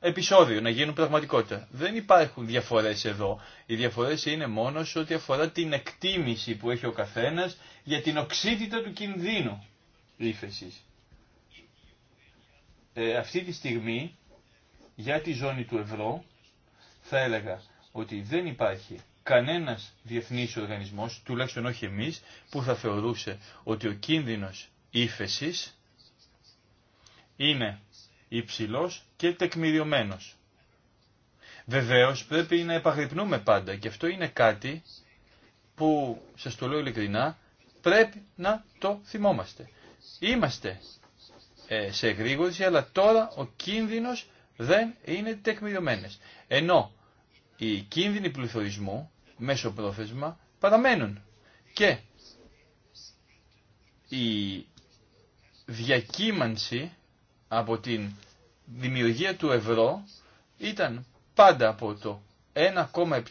επεισόδιο, να γίνουν πραγματικότητα. Δεν υπάρχουν διαφορές εδώ. Οι διαφορές είναι μόνο σε ό,τι αφορά την εκτίμηση που έχει ο καθένας για την οξύτητα του κινδύνου ύφεσης. Ε, αυτή τη στιγμή για τη ζώνη του ευρώ θα έλεγα ότι δεν υπάρχει κανένας διεθνής οργανισμός, τουλάχιστον όχι εμείς, που θα θεωρούσε ότι ο κίνδυνος ύφεσης είναι υψηλός και τεκμηριωμένος. Βεβαίως πρέπει να επαγρυπνούμε πάντα και αυτό είναι κάτι που, σε το λέω ειλικρινά, πρέπει να το θυμόμαστε. Είμαστε ε, σε εγρήγορση, αλλά τώρα ο κίνδυνος δεν είναι τεκμηριωμένος. Ενώ οι κίνδυνοι πληθωρισμού μέσω πρόθεσμα παραμένουν. Και η διακύμανση από την δημιουργία του ευρώ ήταν πάντα από το 1,7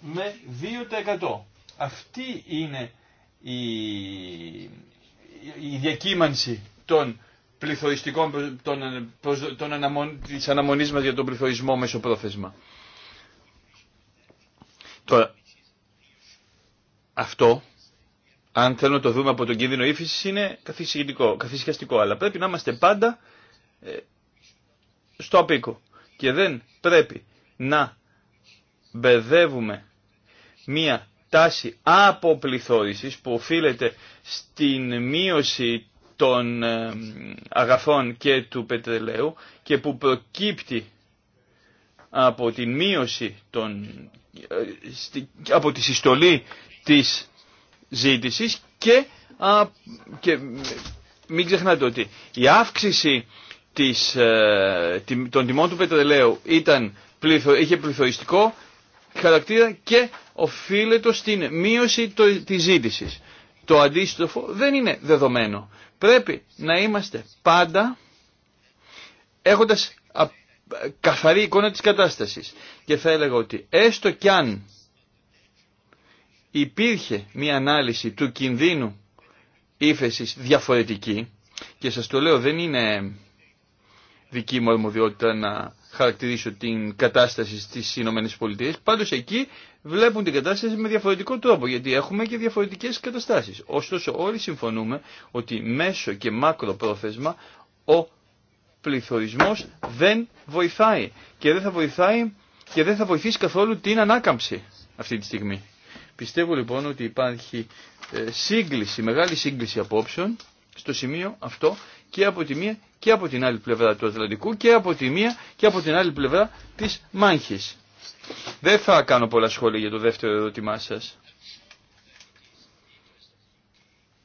με 2%. Αυτή είναι η, η διακύμανση των πληθωριστικών των, των αναμον, της αναμονής μας για τον πληθωρισμό μέσω πρόθεσμα. Τώρα, αυτό αν θέλουμε να το δούμε από τον κίνδυνο ύφηση είναι καθησυχαστικό, αλλά πρέπει να είμαστε πάντα ε, στο απίκο. Και δεν πρέπει να μπεδεύουμε μία τάση αποπληθώρησης που οφείλεται στην μείωση των ε, αγαθών και του πετρελαίου και που προκύπτει από την μείωση των, ε, από τη συστολή της Ζήτηση και, και μην ξεχνάτε ότι η αύξηση ε, των τιμών του πετρελαίου ήταν είχε πληθωριστικό χαρακτήρα και οφείλεται στην μείωση της ζήτησης. Το αντίστροφο δεν είναι δεδομένο. Πρέπει να είμαστε πάντα έχοντας καθαρή εικόνα της κατάστασης. Και θα έλεγα ότι έστω κι αν υπήρχε μια ανάλυση του κινδύνου ύφεση διαφορετική και σας το λέω δεν είναι δική μου αρμοδιότητα να χαρακτηρίσω την κατάσταση στις Ηνωμένες Πολιτείες, πάντως εκεί βλέπουν την κατάσταση με διαφορετικό τρόπο, γιατί έχουμε και διαφορετικές καταστάσεις. Ωστόσο όλοι συμφωνούμε ότι μέσο και μάκρο πρόθεσμα ο πληθωρισμός δεν βοηθάει και δεν θα βοηθάει και δεν θα βοηθήσει καθόλου την ανάκαμψη αυτή τη στιγμή. Πιστεύω λοιπόν ότι υπάρχει ε, σύγκληση, μεγάλη σύγκληση απόψεων στο σημείο αυτό και από τη μία και από την άλλη πλευρά του Ατλαντικού και από τη μία και από την άλλη πλευρά της Μάνχης. Δεν θα κάνω πολλά σχόλια για το δεύτερο ερώτημά σας.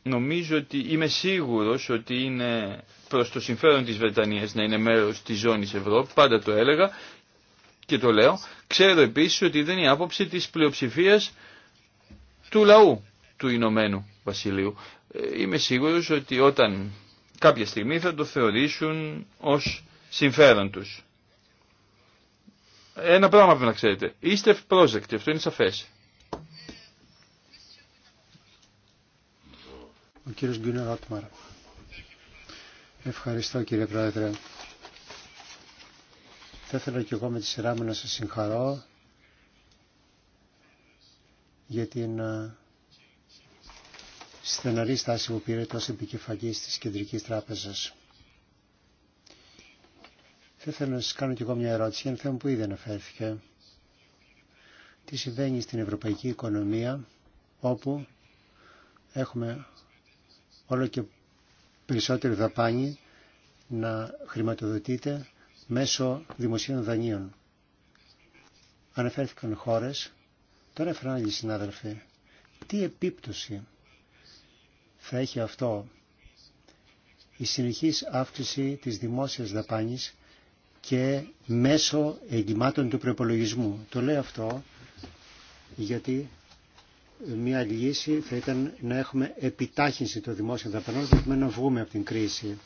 Νομίζω ότι είμαι σίγουρος ότι είναι προς το συμφέρον της Βρετανίας να είναι μέρος της ζώνης Ευρώπη, πάντα το έλεγα και το λέω. Ξέρω επίσης ότι δεν είναι η άποψη της πλειοψηφίας του λαού του Ηνωμένου Βασιλείου. Ε, είμαι σίγουρος ότι όταν κάποια στιγμή θα το θεωρήσουν ως συμφέρον τους. Ένα πράγμα πρέπει να ξέρετε. Είστε πρόσδεκτοι, αυτό είναι σαφές. Ο κύριος Γκίνερ Ευχαριστώ κύριε Πρόεδρε. Θα ήθελα και εγώ με τη σειρά μου να σας συγχαρώ για την ε, στεναρή στάση που πήρε τόσο επικεφαλής της Κεντρικής Τράπεζας. Θα ήθελα να σα κάνω και εγώ μια ερώτηση για ένα θέμα που ήδη αναφέρθηκε. Τι συμβαίνει στην ευρωπαϊκή οικονομία όπου έχουμε όλο και περισσότερο δαπάνη να χρηματοδοτείται μέσω δημοσίων δανείων. Αναφέρθηκαν χώρες Τώρα φράγει, συνάδελφοι, τι επίπτωση θα έχει αυτό η συνεχής αύξηση της δημόσιας δαπάνης και μέσω εγκυμάτων του προπολογισμού. Το λέω αυτό γιατί μια λύση θα ήταν να έχουμε επιτάχυνση των δημόσιων δαπανών δηλαδή να βγούμε από την κρίση.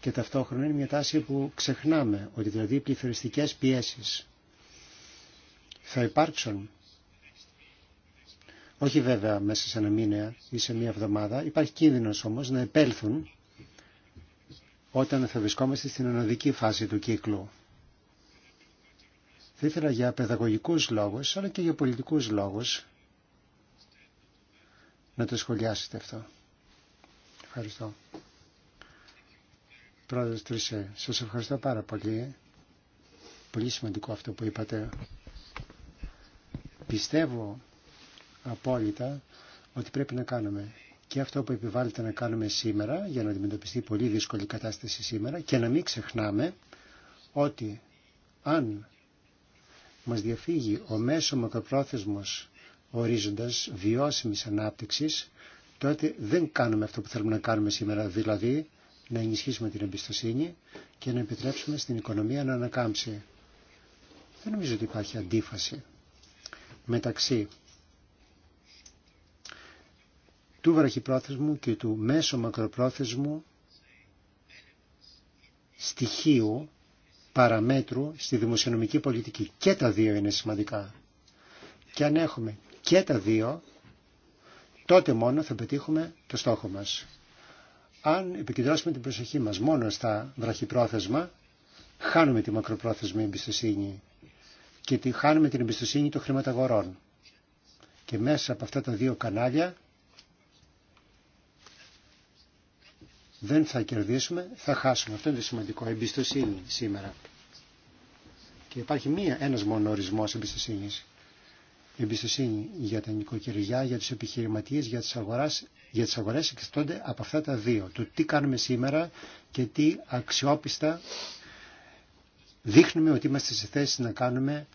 Και ταυτόχρονα είναι μια τάση που ξεχνάμε ότι δηλαδή οι πληθωριστικές πιέσεις θα υπάρξουν όχι βέβαια μέσα σε ένα μήνα ή σε μία εβδομάδα. Υπάρχει κίνδυνος όμως να επέλθουν όταν θα βρισκόμαστε στην αναδική φάση του κύκλου. Θα ήθελα για παιδαγωγικούς λόγους, αλλά και για πολιτικούς λόγους, να το σχολιάσετε αυτό. Ευχαριστώ. Πρόεδρος Τρισέ, σας ευχαριστώ πάρα πολύ. Πολύ σημαντικό αυτό που είπατε. Πιστεύω απόλυτα ότι πρέπει να κάνουμε και αυτό που επιβάλλεται να κάνουμε σήμερα για να αντιμετωπιστεί πολύ δύσκολη κατάσταση σήμερα και να μην ξεχνάμε ότι αν μας διαφύγει ο μέσο μακροπρόθεσμος ορίζοντας βιώσιμης ανάπτυξης, τότε δεν κάνουμε αυτό που θέλουμε να κάνουμε σήμερα, δηλαδή να ενισχύσουμε την εμπιστοσύνη και να επιτρέψουμε στην οικονομία να ανακάμψει. Δεν νομίζω ότι υπάρχει αντίφαση μεταξύ του βραχυπρόθεσμου και του μέσο μακροπρόθεσμου στοιχείου παραμέτρου στη δημοσιονομική πολιτική. Και τα δύο είναι σημαντικά. Και αν έχουμε και τα δύο, τότε μόνο θα πετύχουμε το στόχο μας. Αν επικεντρώσουμε την προσοχή μας μόνο στα βραχυπρόθεσμα, χάνουμε τη μακροπρόθεσμη εμπιστοσύνη και τη χάνουμε την εμπιστοσύνη των χρηματαγορών. Και μέσα από αυτά τα δύο κανάλια δεν θα κερδίσουμε, θα χάσουμε. Αυτό είναι το σημαντικό, εμπιστοσύνη σήμερα. Και υπάρχει μία, ένας μόνο ορισμός εμπιστοσύνης. Εμπιστοσύνη για τα νοικοκυριά, για τους επιχειρηματίες, για τις, αγοράς, για τις αγορές εξαρτώνται από αυτά τα δύο. Το τι κάνουμε σήμερα και τι αξιόπιστα δείχνουμε ότι είμαστε σε θέση να κάνουμε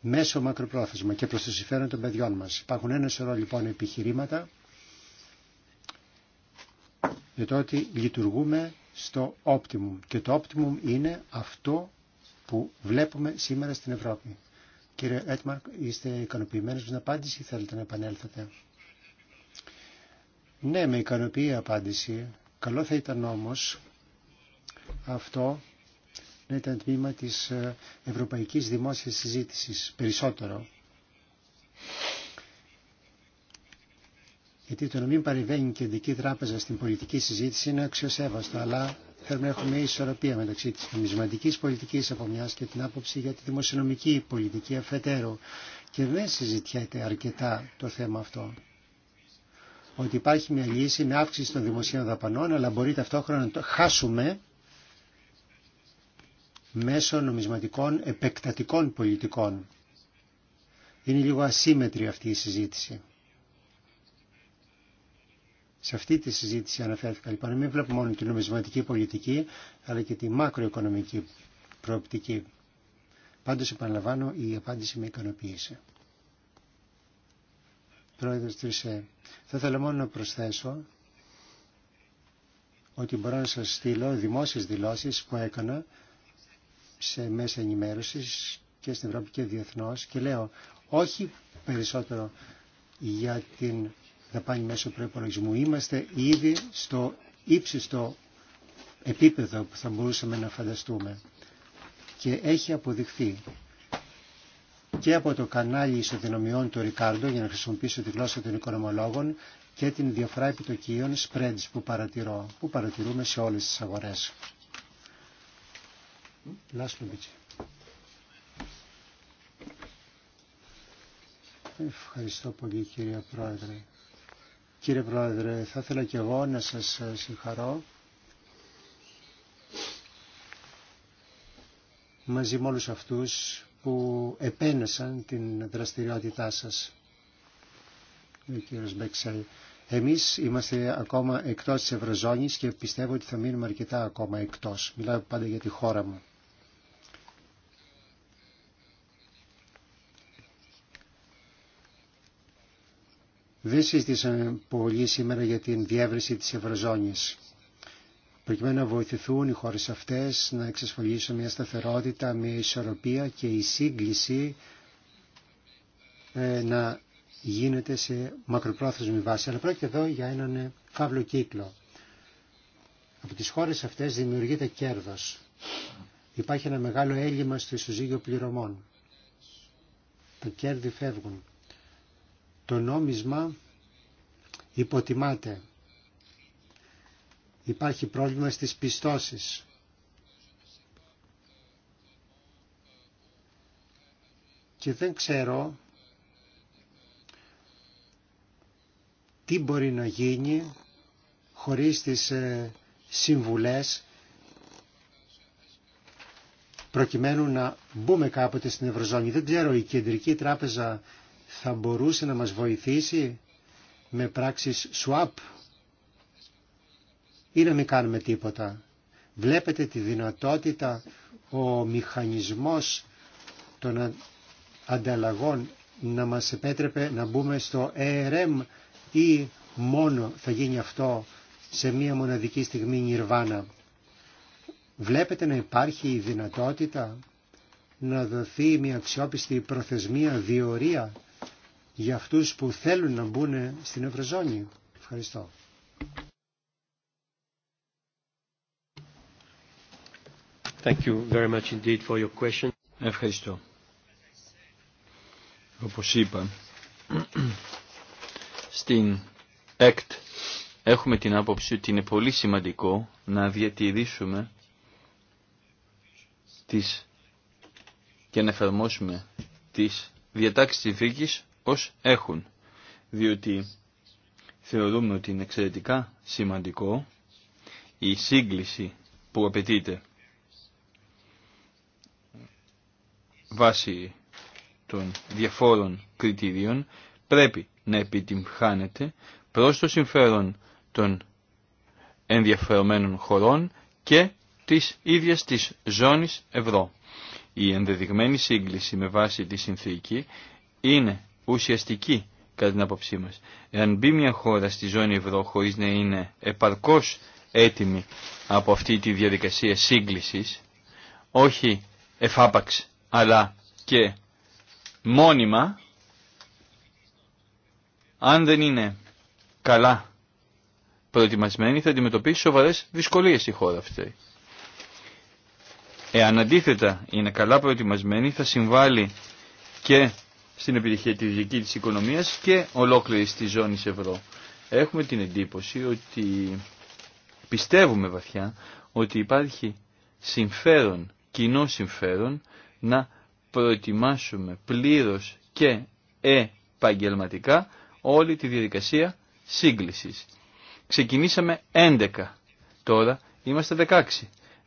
μέσω μακροπρόθεσμα και προς το συμφέρον των παιδιών μας. Υπάρχουν ένα σωρό λοιπόν επιχειρήματα για το ότι λειτουργούμε στο optimum. Και το optimum είναι αυτό που βλέπουμε σήμερα στην Ευρώπη. Κύριε Έτμαρκ, είστε ικανοποιημένο με την απάντηση ή θέλετε να επανέλθετε. Ναι, με ικανοποιεί η απάντηση. Καλό θα ήταν όμως αυτό να ήταν τμήμα της ε, ευρωπαϊκής δημόσιας συζήτησης περισσότερο γιατί το να μην παρεμβαίνει η Κεντρική Τράπεζα στην πολιτική συζήτηση είναι αξιοσέβαστο, αλλά θέλουμε να έχουμε ισορροπία μεταξύ τη νομισματική πολιτική από μια και την άποψη για τη δημοσιονομική πολιτική αφετέρου. Και δεν συζητιέται αρκετά το θέμα αυτό. Ότι υπάρχει μια λύση με αύξηση των δημοσίων δαπανών, αλλά μπορεί ταυτόχρονα να το χάσουμε μέσω νομισματικών επεκτατικών πολιτικών. Είναι λίγο ασύμετρη αυτή η συζήτηση. Σε αυτή τη συζήτηση αναφέρθηκα λοιπόν να μην βλέπουμε μόνο την νομισματική πολιτική αλλά και τη μακροοικονομική προοπτική. Πάντως επαναλαμβάνω η απάντηση με ικανοποίησε. Πρόεδρος Τρισέ, θα ήθελα μόνο να προσθέσω ότι μπορώ να σας στείλω δημόσιες δηλώσεις που έκανα σε μέσα ενημέρωσης και στην Ευρώπη και διεθνώς και λέω όχι περισσότερο για την δαπάνη μέσω προπολογισμού. Είμαστε ήδη στο ύψιστο επίπεδο που θα μπορούσαμε να φανταστούμε και έχει αποδειχθεί και από το κανάλι ισοδυναμιών του Ρικάρντο για να χρησιμοποιήσω τη γλώσσα των οικονομολόγων και την διαφορά επιτοκίων spreads που παρατηρώ, που παρατηρούμε σε όλες τις αγορές. Ευχαριστώ πολύ κύριε Πρόεδρε. Κύριε Πρόεδρε, θα ήθελα και εγώ να σας ε, συγχαρώ. μαζί με όλους αυτούς που επένεσαν την δραστηριότητά σας. Ο κύριος Μπέξελ. Εμείς είμαστε ακόμα εκτός της Ευρωζώνης και πιστεύω ότι θα μείνουμε αρκετά ακόμα εκτός. Μιλάω πάντα για τη χώρα μου. δεν συζητήσαμε πολύ σήμερα για την διεύρυνση της Ευρωζώνης προκειμένου να βοηθηθούν οι χώρες αυτές να εξασφαλίσουν μια σταθερότητα, μια ισορροπία και η σύγκληση ε, να γίνεται σε μακροπρόθεσμη βάση. Αλλά πρόκειται εδώ για έναν ε, φαύλο κύκλο. Από τις χώρες αυτές δημιουργείται κέρδος. Υπάρχει ένα μεγάλο έλλειμμα στο ισοζύγιο πληρωμών. Τα κέρδη φεύγουν το νόμισμα υποτιμάται. Υπάρχει πρόβλημα στις πιστώσεις. Και δεν ξέρω τι μπορεί να γίνει χωρίς τις ε, συμβουλές προκειμένου να μπούμε κάποτε στην Ευρωζώνη. Δεν ξέρω, η Κεντρική Τράπεζα θα μπορούσε να μας βοηθήσει με πράξεις swap ή να μην κάνουμε τίποτα. Βλέπετε τη δυνατότητα ο μηχανισμός των ανταλλαγών να μας επέτρεπε να μπούμε στο ERM ή μόνο θα γίνει αυτό σε μία μοναδική στιγμή νιρβάνα. Βλέπετε να υπάρχει η δυνατότητα να δοθεί μια αξιόπιστη προθεσμία διορία για αυτούς που θέλουν να μπουν στην Ευρωζώνη. Ευχαριστώ. Thank you very Ευχαριστώ. Όπως είπα, στην ΕΚΤ έχουμε την άποψη ότι είναι πολύ σημαντικό να διατηρήσουμε τις και να εφαρμόσουμε τις διατάξεις της ως έχουν, διότι θεωρούμε ότι είναι εξαιρετικά σημαντικό η σύγκληση που απαιτείται βάσει των διαφόρων κριτηρίων πρέπει να επιτυγχάνεται προς το συμφέρον των ενδιαφερομένων χωρών και της ίδιας της ζώνης ευρώ. Η ενδεδειγμένη σύγκληση με βάση τη συνθήκη είναι ουσιαστική κατά την άποψή μας. Εάν μπει μια χώρα στη ζώνη ευρώ να είναι επαρκώς έτοιμη από αυτή τη διαδικασία σύγκλησης, όχι εφάπαξ αλλά και μόνιμα, αν δεν είναι καλά προετοιμασμένη θα αντιμετωπίσει σοβαρές δυσκολίες η χώρα αυτή. Εάν αντίθετα είναι καλά προετοιμασμένη θα συμβάλλει και στην επιτυχιακή της οικονομίας και ολόκληρης της ζώνης ευρώ. Έχουμε την εντύπωση ότι πιστεύουμε βαθιά ότι υπάρχει συμφέρον, κοινό συμφέρον να προετοιμάσουμε πλήρως και επαγγελματικά όλη τη διαδικασία σύγκλησης. Ξεκινήσαμε 11, τώρα είμαστε 16.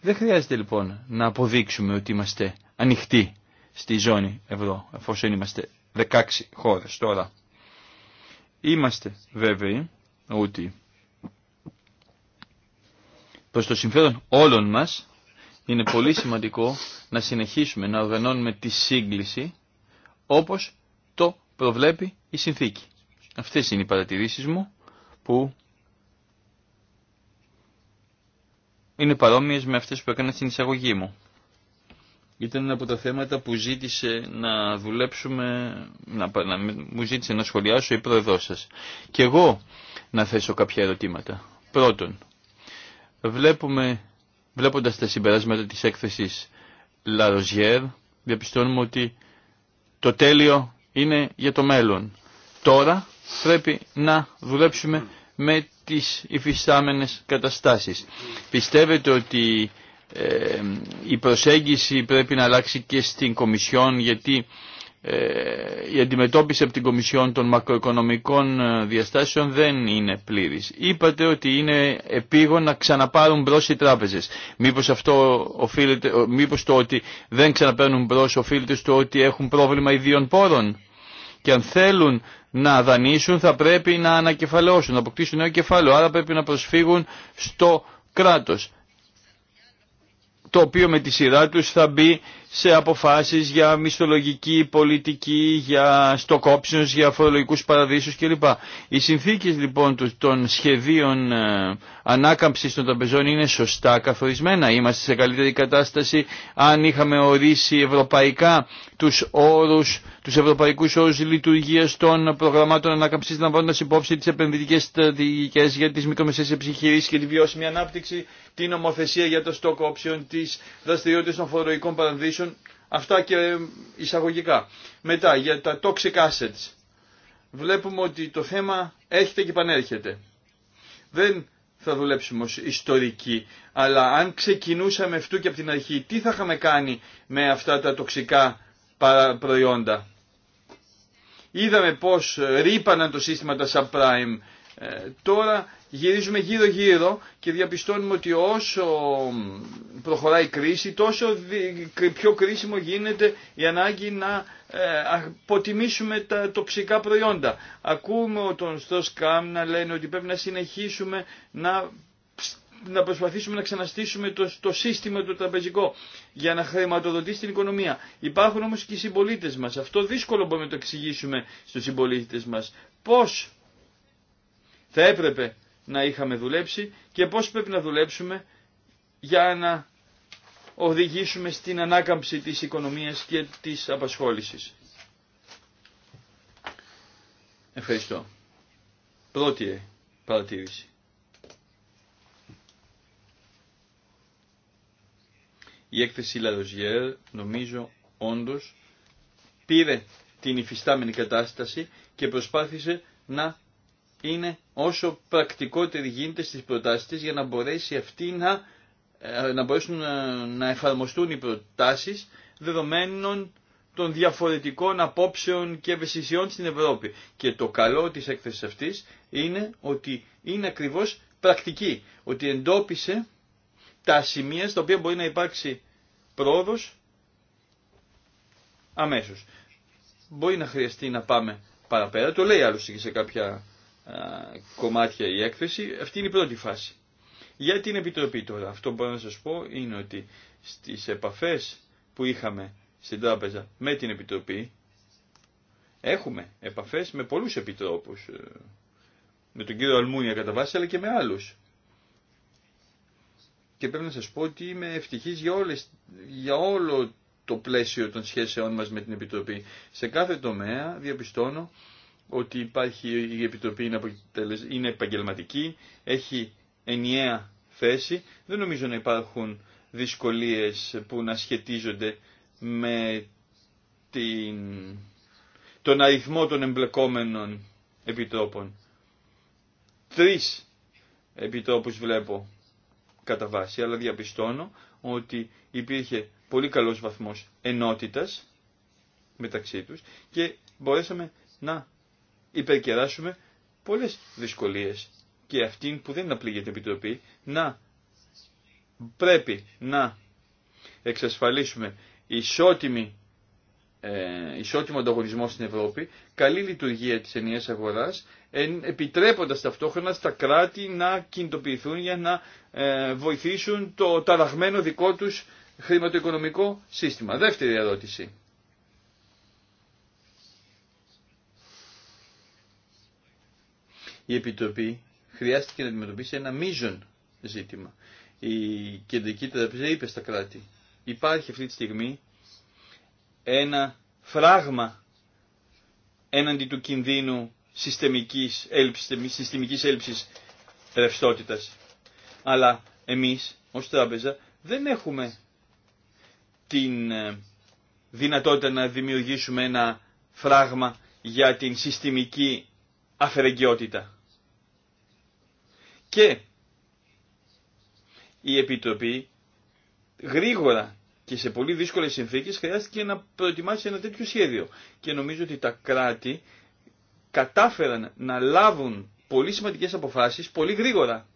Δεν χρειάζεται λοιπόν να αποδείξουμε ότι είμαστε ανοιχτοί στη ζώνη ευρώ, εφόσον είμαστε 16 χώρες. Τώρα, είμαστε βέβαιοι ότι προς το συμφέρον όλων μας είναι πολύ σημαντικό να συνεχίσουμε να οργανώνουμε τη σύγκληση όπως το προβλέπει η συνθήκη. Αυτές είναι οι παρατηρήσεις μου που είναι παρόμοιες με αυτές που έκανα στην εισαγωγή μου ήταν ένα από τα θέματα που ζήτησε να δουλέψουμε, να, να, μου ζήτησε να σχολιάσω η πρόεδρό σας. Και εγώ να θέσω κάποια ερωτήματα. Πρώτον, βλέπουμε, βλέποντας τα συμπεράσματα της έκθεσης Λαροζιέρ, διαπιστώνουμε ότι το τέλειο είναι για το μέλλον. Τώρα πρέπει να δουλέψουμε με τις υφιστάμενες καταστάσεις. Πιστεύετε ότι ε, η προσέγγιση πρέπει να αλλάξει και στην Κομισιόν γιατί ε, η αντιμετώπιση από την Κομισιόν των μακροοικονομικών ε, διαστάσεων δεν είναι πλήρης. Είπατε ότι είναι επίγον να ξαναπάρουν μπρος οι τράπεζες. Μήπως, αυτό οφείλεται, μήπως το ότι δεν ξαναπαίρνουν μπρος οφείλεται στο ότι έχουν πρόβλημα ιδίων πόρων. Και αν θέλουν να δανείσουν θα πρέπει να ανακεφαλαιώσουν, να αποκτήσουν νέο κεφάλαιο. Άρα πρέπει να προσφύγουν στο κράτος το οποίο με τη σειρά του θα μπει σε αποφάσεις για μισθολογική πολιτική, για stock για φορολογικούς παραδείσους κλπ. Οι συνθήκες λοιπόν των σχεδίων ε, ανάκαμψης των τραπεζών είναι σωστά καθορισμένα. Είμαστε σε καλύτερη κατάσταση αν είχαμε ορίσει ευρωπαϊκά τους όρους, τους ευρωπαϊκούς όρους λειτουργίας των προγραμμάτων ανάκαμψης λαμβάνοντα υπόψη τις επενδυτικές στρατηγικές για τις μικρομεσαίες επιχειρήσεις και τη βιώσιμη ανάπτυξη, την ομοθεσία για το stock option, τις των φορολογικών παραδείσων αυτά και ε, εισαγωγικά. Μετά για τα toxic assets. Βλέπουμε ότι το θέμα έρχεται και πανέρχεται. Δεν θα δουλέψουμε ως ιστορικοί, αλλά αν ξεκινούσαμε αυτού και από την αρχή, τι θα είχαμε κάνει με αυτά τα τοξικά προϊόντα. Είδαμε πώς ρήπαναν το σύστημα τα subprime ε, τώρα γυρίζουμε γύρω-γύρω και διαπιστώνουμε ότι όσο προχωράει η κρίση, τόσο πιο κρίσιμο γίνεται η ανάγκη να ε, αποτιμήσουμε τα τοξικά προϊόντα. Ακούμε τον Στροσκάμ να λένε ότι πρέπει να συνεχίσουμε να να προσπαθήσουμε να ξαναστήσουμε το, το σύστημα το τραπεζικό για να χρηματοδοτήσει την οικονομία. Υπάρχουν όμως και οι συμπολίτε μας. Αυτό δύσκολο μπορούμε να το εξηγήσουμε στους συμπολίτε μας. Πώς θα έπρεπε να είχαμε δουλέψει και πώς πρέπει να δουλέψουμε για να οδηγήσουμε στην ανάκαμψη της οικονομίας και της απασχόλησης. Ευχαριστώ. Πρώτη παρατήρηση. Η έκθεση Λαροζιέρ νομίζω όντως πήρε την υφιστάμενη κατάσταση και προσπάθησε να είναι όσο πρακτικότερη γίνεται στις προτάσεις της για να μπορέσει αυτή να, ε, να μπορέσουν ε, να, εφαρμοστούν οι προτάσεις δεδομένων των διαφορετικών απόψεων και ευαισθησιών στην Ευρώπη. Και το καλό της έκθεσης αυτής είναι ότι είναι ακριβώς πρακτική, ότι εντόπισε τα σημεία στα οποία μπορεί να υπάρξει πρόοδος αμέσως. Μπορεί να χρειαστεί να πάμε παραπέρα, το λέει άλλωστε και σε κάποια κομμάτια η έκθεση. Αυτή είναι η πρώτη φάση. Για την Επιτροπή τώρα, αυτό που μπορώ να σας πω είναι ότι στις επαφές που είχαμε στην τράπεζα με την Επιτροπή, έχουμε επαφές με πολλούς επιτρόπους, ε, με τον κύριο Αλμούνια κατά βάση, αλλά και με άλλους. Και πρέπει να σας πω ότι είμαι ευτυχής για, όλες, για όλο το πλαίσιο των σχέσεών μας με την Επιτροπή. Σε κάθε τομέα διαπιστώνω ότι υπάρχει η Επιτροπή είναι, είναι επαγγελματική, έχει ενιαία θέση. Δεν νομίζω να υπάρχουν δυσκολίες που να σχετίζονται με την... τον αριθμό των εμπλεκόμενων επιτρόπων. Τρεις επιτρόπους βλέπω κατά βάση, αλλά διαπιστώνω ότι υπήρχε πολύ καλός βαθμός ενότητας μεταξύ τους και μπορέσαμε να υπερκεράσουμε πολλές δυσκολίες και αυτήν που δεν είναι απλή για την Επιτροπή να πρέπει να εξασφαλίσουμε ισότιμη ε, ισότιμο ανταγωνισμό στην Ευρώπη, καλή λειτουργία της ενιαίας αγοράς, εν, επιτρέποντας ταυτόχρονα στα κράτη να κινητοποιηθούν για να ε, βοηθήσουν το ταραγμένο δικό τους χρηματοοικονομικό σύστημα. Δεύτερη ερώτηση. η Επιτροπή χρειάστηκε να αντιμετωπίσει ένα μείζον ζήτημα. Η Κεντρική Τραπεζα είπε στα κράτη υπάρχει αυτή τη στιγμή ένα φράγμα έναντι του κινδύνου συστημικής έλψης συστημικής έλλειψης ρευστότητας. Αλλά εμείς ως τράπεζα δεν έχουμε την ε, δυνατότητα να δημιουργήσουμε ένα φράγμα για την συστημική αφαιρεγκαιότητα και η Επιτροπή γρήγορα και σε πολύ δύσκολες συνθήκες χρειάστηκε να προετοιμάσει ένα τέτοιο σχέδιο. Και νομίζω ότι τα κράτη κατάφεραν να λάβουν πολύ σημαντικές αποφάσεις πολύ γρήγορα.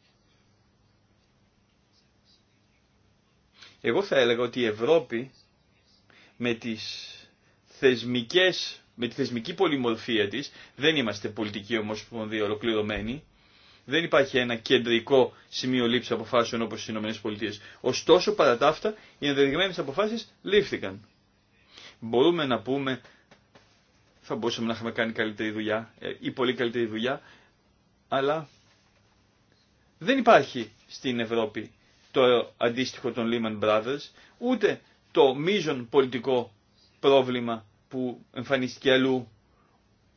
Εγώ θα έλεγα ότι η Ευρώπη με, τις θεσμικές, με τη θεσμική πολυμορφία της, δεν είμαστε πολιτική ομοσπονδία ολοκληρωμένοι, δεν υπάρχει ένα κεντρικό σημείο λήψη αποφάσεων όπω στι ΗΠΑ. Ωστόσο, παρά τα αυτά, οι ενδεδειγμένε αποφάσει λήφθηκαν. Μπορούμε να πούμε, θα μπορούσαμε να είχαμε κάνει καλύτερη δουλειά ε, ή πολύ καλύτερη δουλειά, αλλά δεν υπάρχει στην Ευρώπη το αντίστοιχο των Lehman Brothers, ούτε το μείζον πολιτικό πρόβλημα που εμφανίστηκε αλλού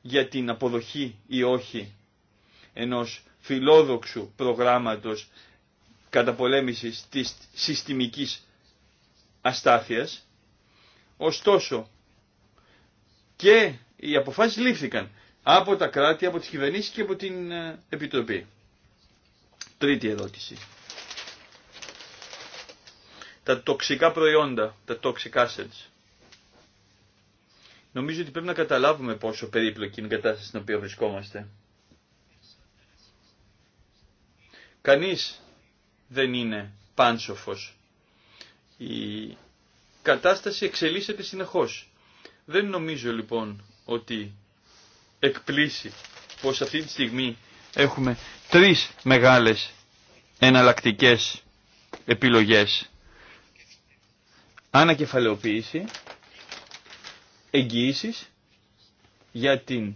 για την αποδοχή ή όχι ενός φιλόδοξου προγράμματος καταπολέμησης της συστημικής αστάθειας. Ωστόσο και οι αποφάσεις λήφθηκαν από τα κράτη, από τις κυβερνήσεις και από την ε, Επιτροπή. Τρίτη ερώτηση. Τα τοξικά προϊόντα, τα toxic assets. Νομίζω ότι πρέπει να καταλάβουμε πόσο περίπλοκη είναι η κατάσταση στην οποία βρισκόμαστε. Κανείς δεν είναι πάνσοφος. Η κατάσταση εξελίσσεται συνεχώς. Δεν νομίζω λοιπόν ότι εκπλήσει πως αυτή τη στιγμή έχουμε τρεις μεγάλες εναλλακτικές επιλογές. Ανακεφαλαιοποίηση, εγγύησεις για την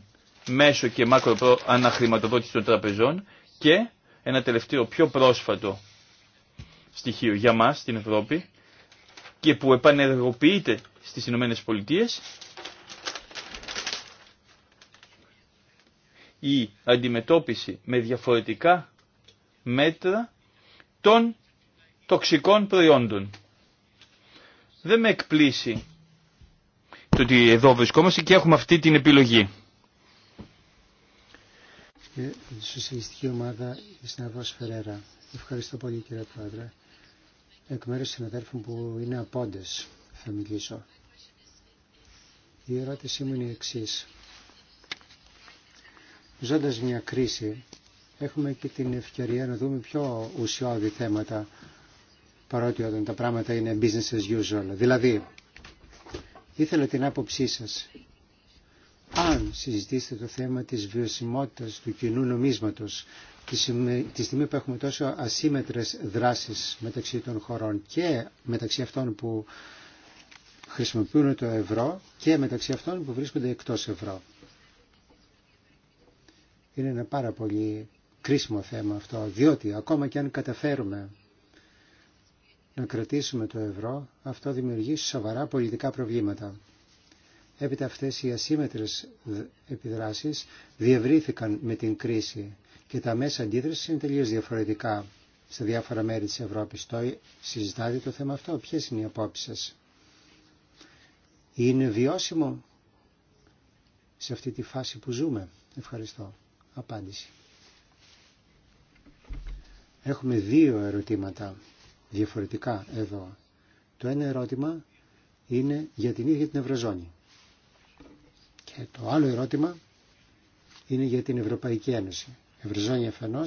μέσο και μακροπρο αναχρηματοδότηση των τραπεζών και ένα τελευταίο πιο πρόσφατο στοιχείο για μας στην Ευρώπη και που επανεργοποιείται στις Ηνωμένες Πολιτείες η αντιμετώπιση με διαφορετικά μέτρα των τοξικών προϊόντων. Δεν με εκπλήσει το ότι εδώ βρισκόμαστε και έχουμε αυτή την επιλογή η Σοσιαλιστική Ομάδα, στην Φερέρα. Ευχαριστώ πολύ κύριε Πρόεδρε. Εκ μέρους συναδέλφων που είναι απόντες θα μιλήσω. Η ερώτησή μου είναι η εξής. Ζώντας μια κρίση, έχουμε και την ευκαιρία να δούμε πιο ουσιώδη θέματα, παρότι όταν τα πράγματα είναι business as usual. Δηλαδή, ήθελα την άποψή σας αν συζητήσετε το θέμα της βιωσιμότητας του κοινού νομίσματος, τη στιγμή που έχουμε τόσο ασύμετρες δράσεις μεταξύ των χωρών και μεταξύ αυτών που χρησιμοποιούν το ευρώ και μεταξύ αυτών που βρίσκονται εκτός ευρώ. Είναι ένα πάρα πολύ κρίσιμο θέμα αυτό, διότι ακόμα και αν καταφέρουμε να κρατήσουμε το ευρώ, αυτό δημιουργεί σοβαρά πολιτικά προβλήματα. Έπειτα αυτές οι ασύμετρες επιδράσεις διευρύθηκαν με την κρίση και τα μέσα αντίδρασης είναι τελείως διαφορετικά σε διάφορα μέρη της Ευρώπης. Το συζητάτε το θέμα αυτό. Ποιες είναι οι απόψεις Είναι βιώσιμο σε αυτή τη φάση που ζούμε. Ευχαριστώ. Απάντηση. Έχουμε δύο ερωτήματα διαφορετικά εδώ. Το ένα ερώτημα είναι για την ίδια την Ευρωζώνη. Και ε, το άλλο ερώτημα είναι για την Ευρωπαϊκή Ένωση. Ευρωζώνη αφενό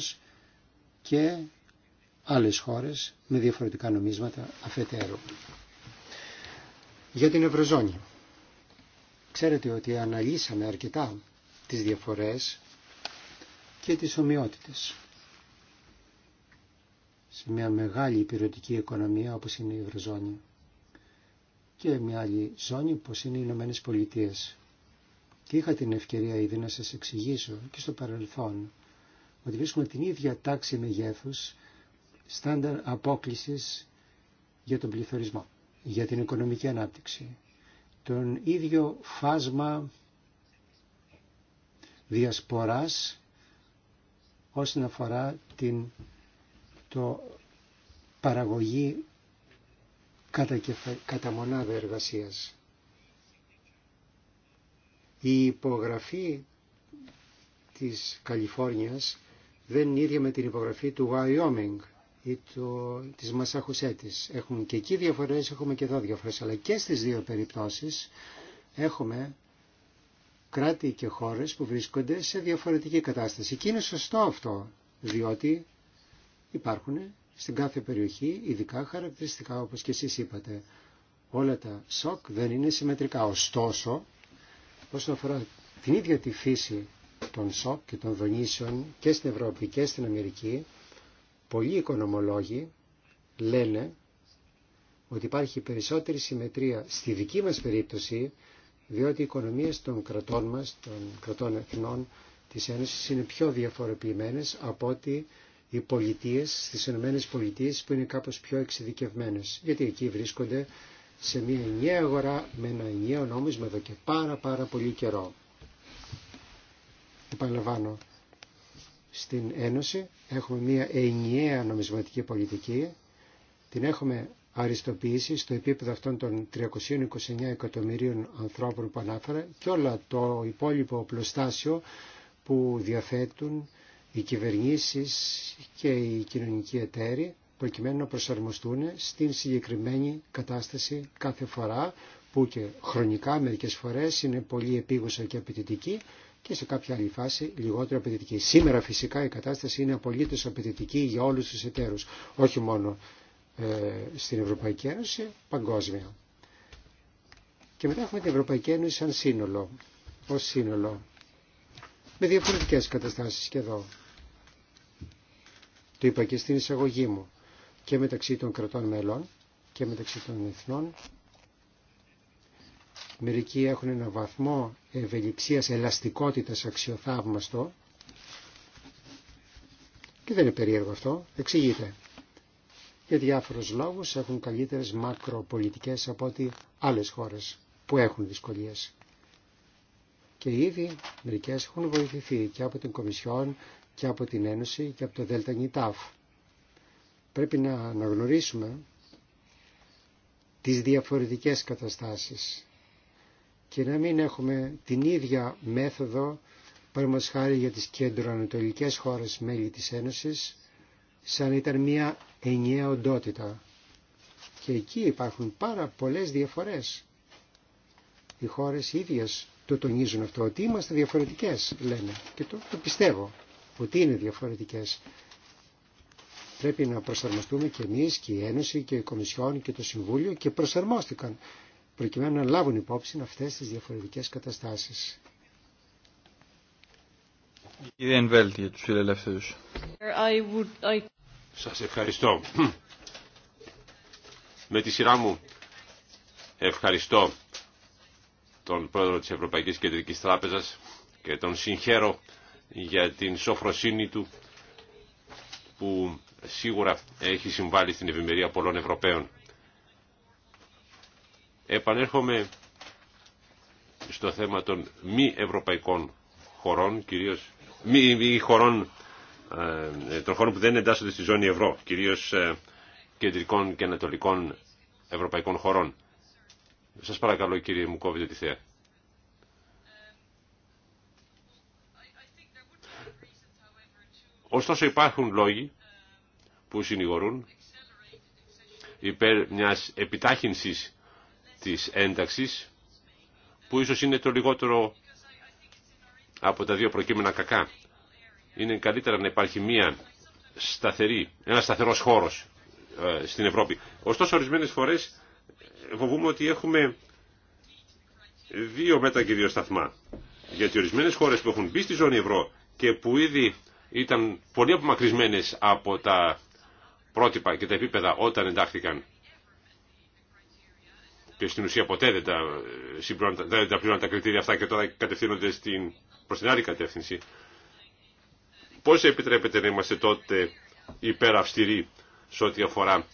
και άλλες χώρες με διαφορετικά νομίσματα αφετέρου. Για την Ευρωζώνη. Ξέρετε ότι αναλύσαμε αρκετά τις διαφορές και τις ομοιότητες. Σε μια μεγάλη υπηρετική οικονομία όπως είναι η Ευρωζώνη και μια άλλη ζώνη όπως είναι οι Ηνωμένε Πολιτείες. Και είχα την ευκαιρία ήδη να σας εξηγήσω και στο παρελθόν ότι βρίσκουμε την ίδια τάξη μεγέθους στάνταρ απόκλησης για τον πληθωρισμό, για την οικονομική ανάπτυξη. Τον ίδιο φάσμα διασποράς όσον αφορά την, το παραγωγή κατά, κατά μονάδα εργασίας. Η υπογραφή της Καλιφόρνιας δεν είναι ίδια με την υπογραφή του Wyoming ή το, της Μασάχουσέτης. Έχουμε και εκεί διαφορές, έχουμε και εδώ διαφορές, αλλά και στις δύο περιπτώσεις έχουμε κράτη και χώρες που βρίσκονται σε διαφορετική κατάσταση. Και είναι σωστό αυτό, διότι υπάρχουν στην κάθε περιοχή ειδικά χαρακτηριστικά, όπως και εσείς είπατε. Όλα τα σοκ δεν είναι συμμετρικά. Ωστόσο, όσον αφορά την ίδια τη φύση των σοκ και των δονήσεων και στην Ευρώπη και στην Αμερική, πολλοί οικονομολόγοι λένε ότι υπάρχει περισσότερη συμμετρία στη δική μας περίπτωση, διότι οι οικονομίες των κρατών μας, των κρατών εθνών της Ένωσης είναι πιο διαφοροποιημένες από ότι οι πολιτείες στις ΗΠΑ που είναι κάπως πιο εξειδικευμένες, γιατί εκεί βρίσκονται σε μια ενιαία αγορά με ένα ενιαίο νόμισμα εδώ και πάρα πάρα πολύ καιρό. Επαναλαμβάνω, στην Ένωση έχουμε μια ενιαία νομισματική πολιτική, την έχουμε αριστοποιήσει στο επίπεδο αυτών των 329 εκατομμυρίων ανθρώπων που ανάφερα και όλα το υπόλοιπο πλωστάσιο που διαθέτουν οι κυβερνήσεις και οι κοινωνικοί εταίροι προκειμένου να προσαρμοστούν στην συγκεκριμένη κατάσταση κάθε φορά που και χρονικά μερικές φορές είναι πολύ επίγουσα και απαιτητική και σε κάποια άλλη φάση λιγότερο απαιτητική. Σήμερα φυσικά η κατάσταση είναι απολύτως απαιτητική για όλους τους εταίρους, όχι μόνο ε, στην Ευρωπαϊκή Ένωση, παγκόσμια. Και μετά έχουμε την Ευρωπαϊκή Ένωση σαν σύνολο, ως σύνολο, με διαφορετικές καταστάσεις και εδώ. Το είπα και στην εισαγωγή μου και μεταξύ των κρατών μελών και μεταξύ των εθνών. Μερικοί έχουν ένα βαθμό ευελιξίας, ελαστικότητας αξιοθαύμαστο και δεν είναι περίεργο αυτό, εξηγείται. Για διάφορους λόγους έχουν καλύτερες μακροπολιτικές από ότι άλλες χώρες που έχουν δυσκολίες. Και ήδη μερικές έχουν βοηθηθεί και από την Κομισιόν και από την Ένωση και από το ΔΕΛΤΑ πρέπει να αναγνωρίσουμε τις διαφορετικές καταστάσεις και να μην έχουμε την ίδια μέθοδο παραδείγματος χάρη για τις κέντρο-ανατολικές χώρες μέλη της Ένωσης σαν ήταν μια ενιαία οντότητα. Και εκεί υπάρχουν πάρα πολλές διαφορές. Οι χώρες ίδιες το τονίζουν αυτό, ότι είμαστε διαφορετικές λένε και το, το πιστεύω ότι είναι διαφορετικές. Πρέπει να προσαρμοστούμε και εμείς και η Ένωση και η Κομισιόν και το Συμβούλιο και προσαρμόστηκαν προκειμένου να λάβουν υπόψη αυτές τις διαφορετικές καταστάσεις. Κύριε Σας ευχαριστώ. Με τη σειρά μου ευχαριστώ τον πρόεδρο της Ευρωπαϊκής Κεντρικής Τράπεζας και τον συγχαίρω για την σοφροσύνη του που σίγουρα έχει συμβάλει στην ευημερία πολλών Ευρωπαίων. Επανέρχομαι στο θέμα των μη ευρωπαϊκών χωρών, κυρίως μη, χωρών, ε, των χωρών που δεν εντάσσονται στη ζώνη ευρώ, κυρίως ε, κεντρικών και ανατολικών ευρωπαϊκών χωρών. Σας παρακαλώ κύριε μου κόβετε τη θέα. Ωστόσο υπάρχουν λόγοι που συνηγορούν υπέρ μιας επιτάχυνσης της ένταξης που ίσως είναι το λιγότερο από τα δύο προκείμενα κακά. Είναι καλύτερα να υπάρχει μία σταθερή, ένα σταθερός χώρος ε, στην Ευρώπη. Ωστόσο ορισμένες φορές ε, φοβούμε ότι έχουμε δύο μέτρα και δύο σταθμά. Γιατί ορισμένες χώρες που έχουν μπει στη ζώνη ευρώ και που ήδη ήταν πολύ απομακρυσμένες από τα πρότυπα και τα επίπεδα όταν εντάχθηκαν και στην ουσία ποτέ δεν τα, δεν τα κριτήρια αυτά και τώρα κατευθύνονται στην, προς την άλλη κατεύθυνση. Πώς επιτρέπεται να είμαστε τότε υπεραυστηροί σε ό,τι αφορά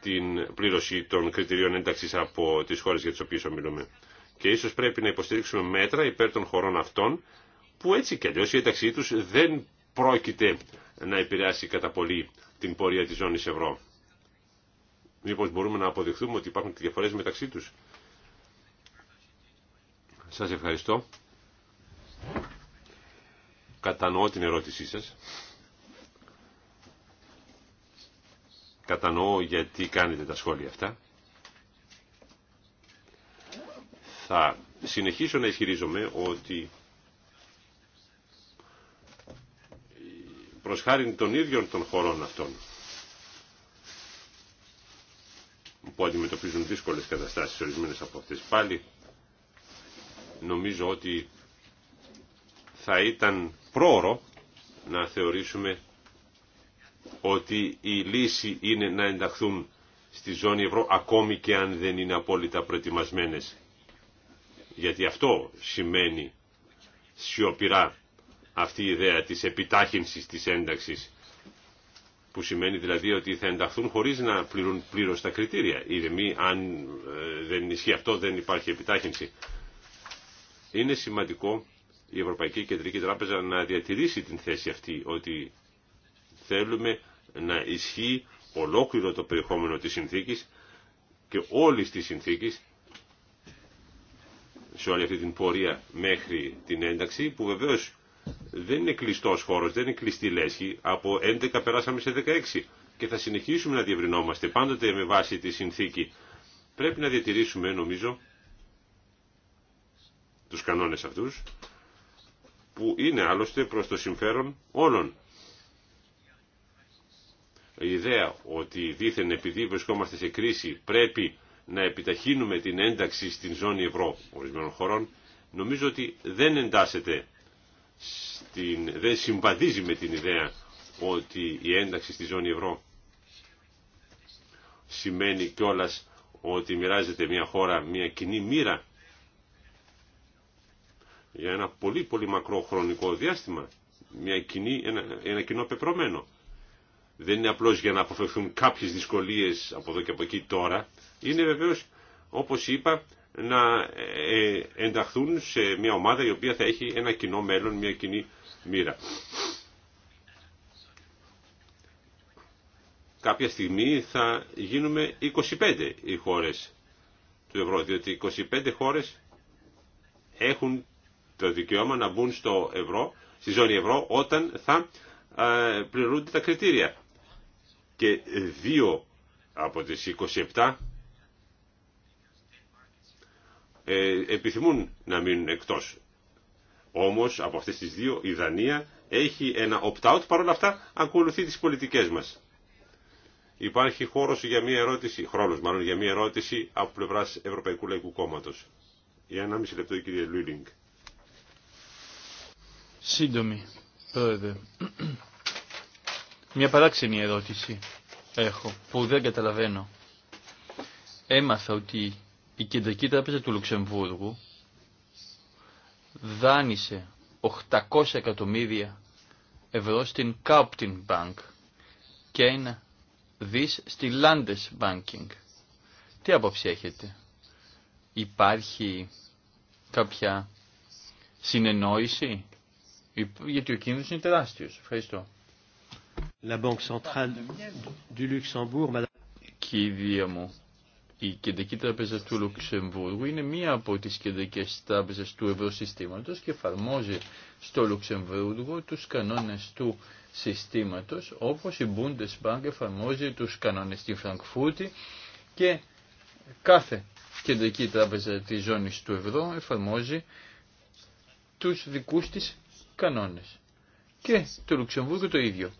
την πλήρωση των κριτηρίων ένταξης από τις χώρες για τις οποίες ομιλούμε. Και ίσως πρέπει να υποστηρίξουμε μέτρα υπέρ των χωρών αυτών που έτσι κι αλλιώς η ένταξή τους δεν πρόκειται να επηρεάσει κατά πολύ την πορεία της ζώνης ευρώ. Μήπως μπορούμε να αποδειχθούμε ότι υπάρχουν διαφορές μεταξύ τους. Σας ευχαριστώ. Κατανοώ την ερώτησή σας. Κατανοώ γιατί κάνετε τα σχόλια αυτά. Θα συνεχίσω να ισχυρίζομαι ότι προς χάρη των ίδιων των χωρών αυτών που αντιμετωπίζουν δύσκολες καταστάσεις ορισμένες από αυτές. Πάλι νομίζω ότι θα ήταν πρόωρο να θεωρήσουμε ότι η λύση είναι να ενταχθούν στη ζώνη ευρώ ακόμη και αν δεν είναι απόλυτα προετοιμασμένες. Γιατί αυτό σημαίνει σιωπηρά αυτή η ιδέα της επιτάχυνσης της ένταξης που σημαίνει δηλαδή ότι θα ενταχθούν χωρίς να πληρούν πλήρως τα κριτήρια. Ήδη μη, αν ε, δεν ισχύει αυτό δεν υπάρχει επιτάχυνση. Είναι σημαντικό η Ευρωπαϊκή Κεντρική Τράπεζα να διατηρήσει την θέση αυτή ότι θέλουμε να ισχύει ολόκληρο το περιεχόμενο της συνθήκης και όλης της συνθήκης σε όλη αυτή την πορεία μέχρι την ένταξη που βεβαίως δεν είναι κλειστό χώρο, δεν είναι κλειστή λέσχη. Από 11 περάσαμε σε 16 και θα συνεχίσουμε να διευρυνόμαστε πάντοτε με βάση τη συνθήκη. Πρέπει να διατηρήσουμε νομίζω τους κανόνες αυτούς που είναι άλλωστε προς το συμφέρον όλων. Η ιδέα ότι δήθεν επειδή βρισκόμαστε σε κρίση πρέπει να επιταχύνουμε την ένταξη στην ζώνη ευρώ ορισμένων χωρών νομίζω ότι δεν εντάσσεται δεν συμβαδίζει με την ιδέα ότι η ένταξη στη ζώνη ευρώ σημαίνει κιόλας ότι μοιράζεται μια χώρα, μια κοινή μοίρα για ένα πολύ πολύ μακρό χρονικό διάστημα, μια κοινή, ένα, ένα κοινό πεπρωμένο. Δεν είναι απλώς για να αποφευθούν κάποιες δυσκολίες από εδώ και από εκεί τώρα, είναι βεβαίως όπως είπα να ε, ενταχθούν σε μια ομάδα η οποία θα έχει ένα κοινό μέλλον, μια κοινή μοίρα. Κάποια στιγμή θα γίνουμε 25 οι χώρες του ευρώ, διότι 25 χώρες έχουν το δικαίωμα να μπουν στο ευρώ, στη ζώνη ευρώ, όταν θα ε, πληρούνται τα κριτήρια. Και δύο από τις 27 ε, επιθυμούν να μείνουν εκτός. Όμως από αυτές τις δύο η Δανία έχει ένα opt-out, παρόλα αυτά ακολουθεί τις πολιτικές μας. Υπάρχει χώρος για μια ερώτηση, χρόνος μάλλον για μια ερώτηση από πλευράς Ευρωπαϊκού Λαϊκού Κόμματος. Για ένα μισή λεπτό η κυρία Λούλινγκ. Σύντομη, πρόεδρε. Μια παράξενη ερώτηση έχω, που δεν καταλαβαίνω. Έμαθα ότι η Κεντρική Τράπεζα του Λουξεμβούργου δάνεισε 800 εκατομμύρια ευρώ στην Κάουπτιν Bank και ένα δις στη Banking. Τι άποψη έχετε. Υπάρχει κάποια συνεννόηση, γιατί ο κίνδυνος είναι τεράστιος. Ευχαριστώ. La Banque Centrale μου, η Κεντρική Τράπεζα του Λουξεμβούργου είναι μία από τις κεντρικές τράπεζες του ευρωσυστήματος και εφαρμόζει στο Λουξεμβούργο τους κανόνες του συστήματος όπως η Bundesbank εφαρμόζει τους κανόνες στη Φραγκφούρτη και κάθε κεντρική τράπεζα της ζώνης του ευρώ εφαρμόζει τους δικούς της κανόνες. Και το Λουξεμβούργο το ίδιο.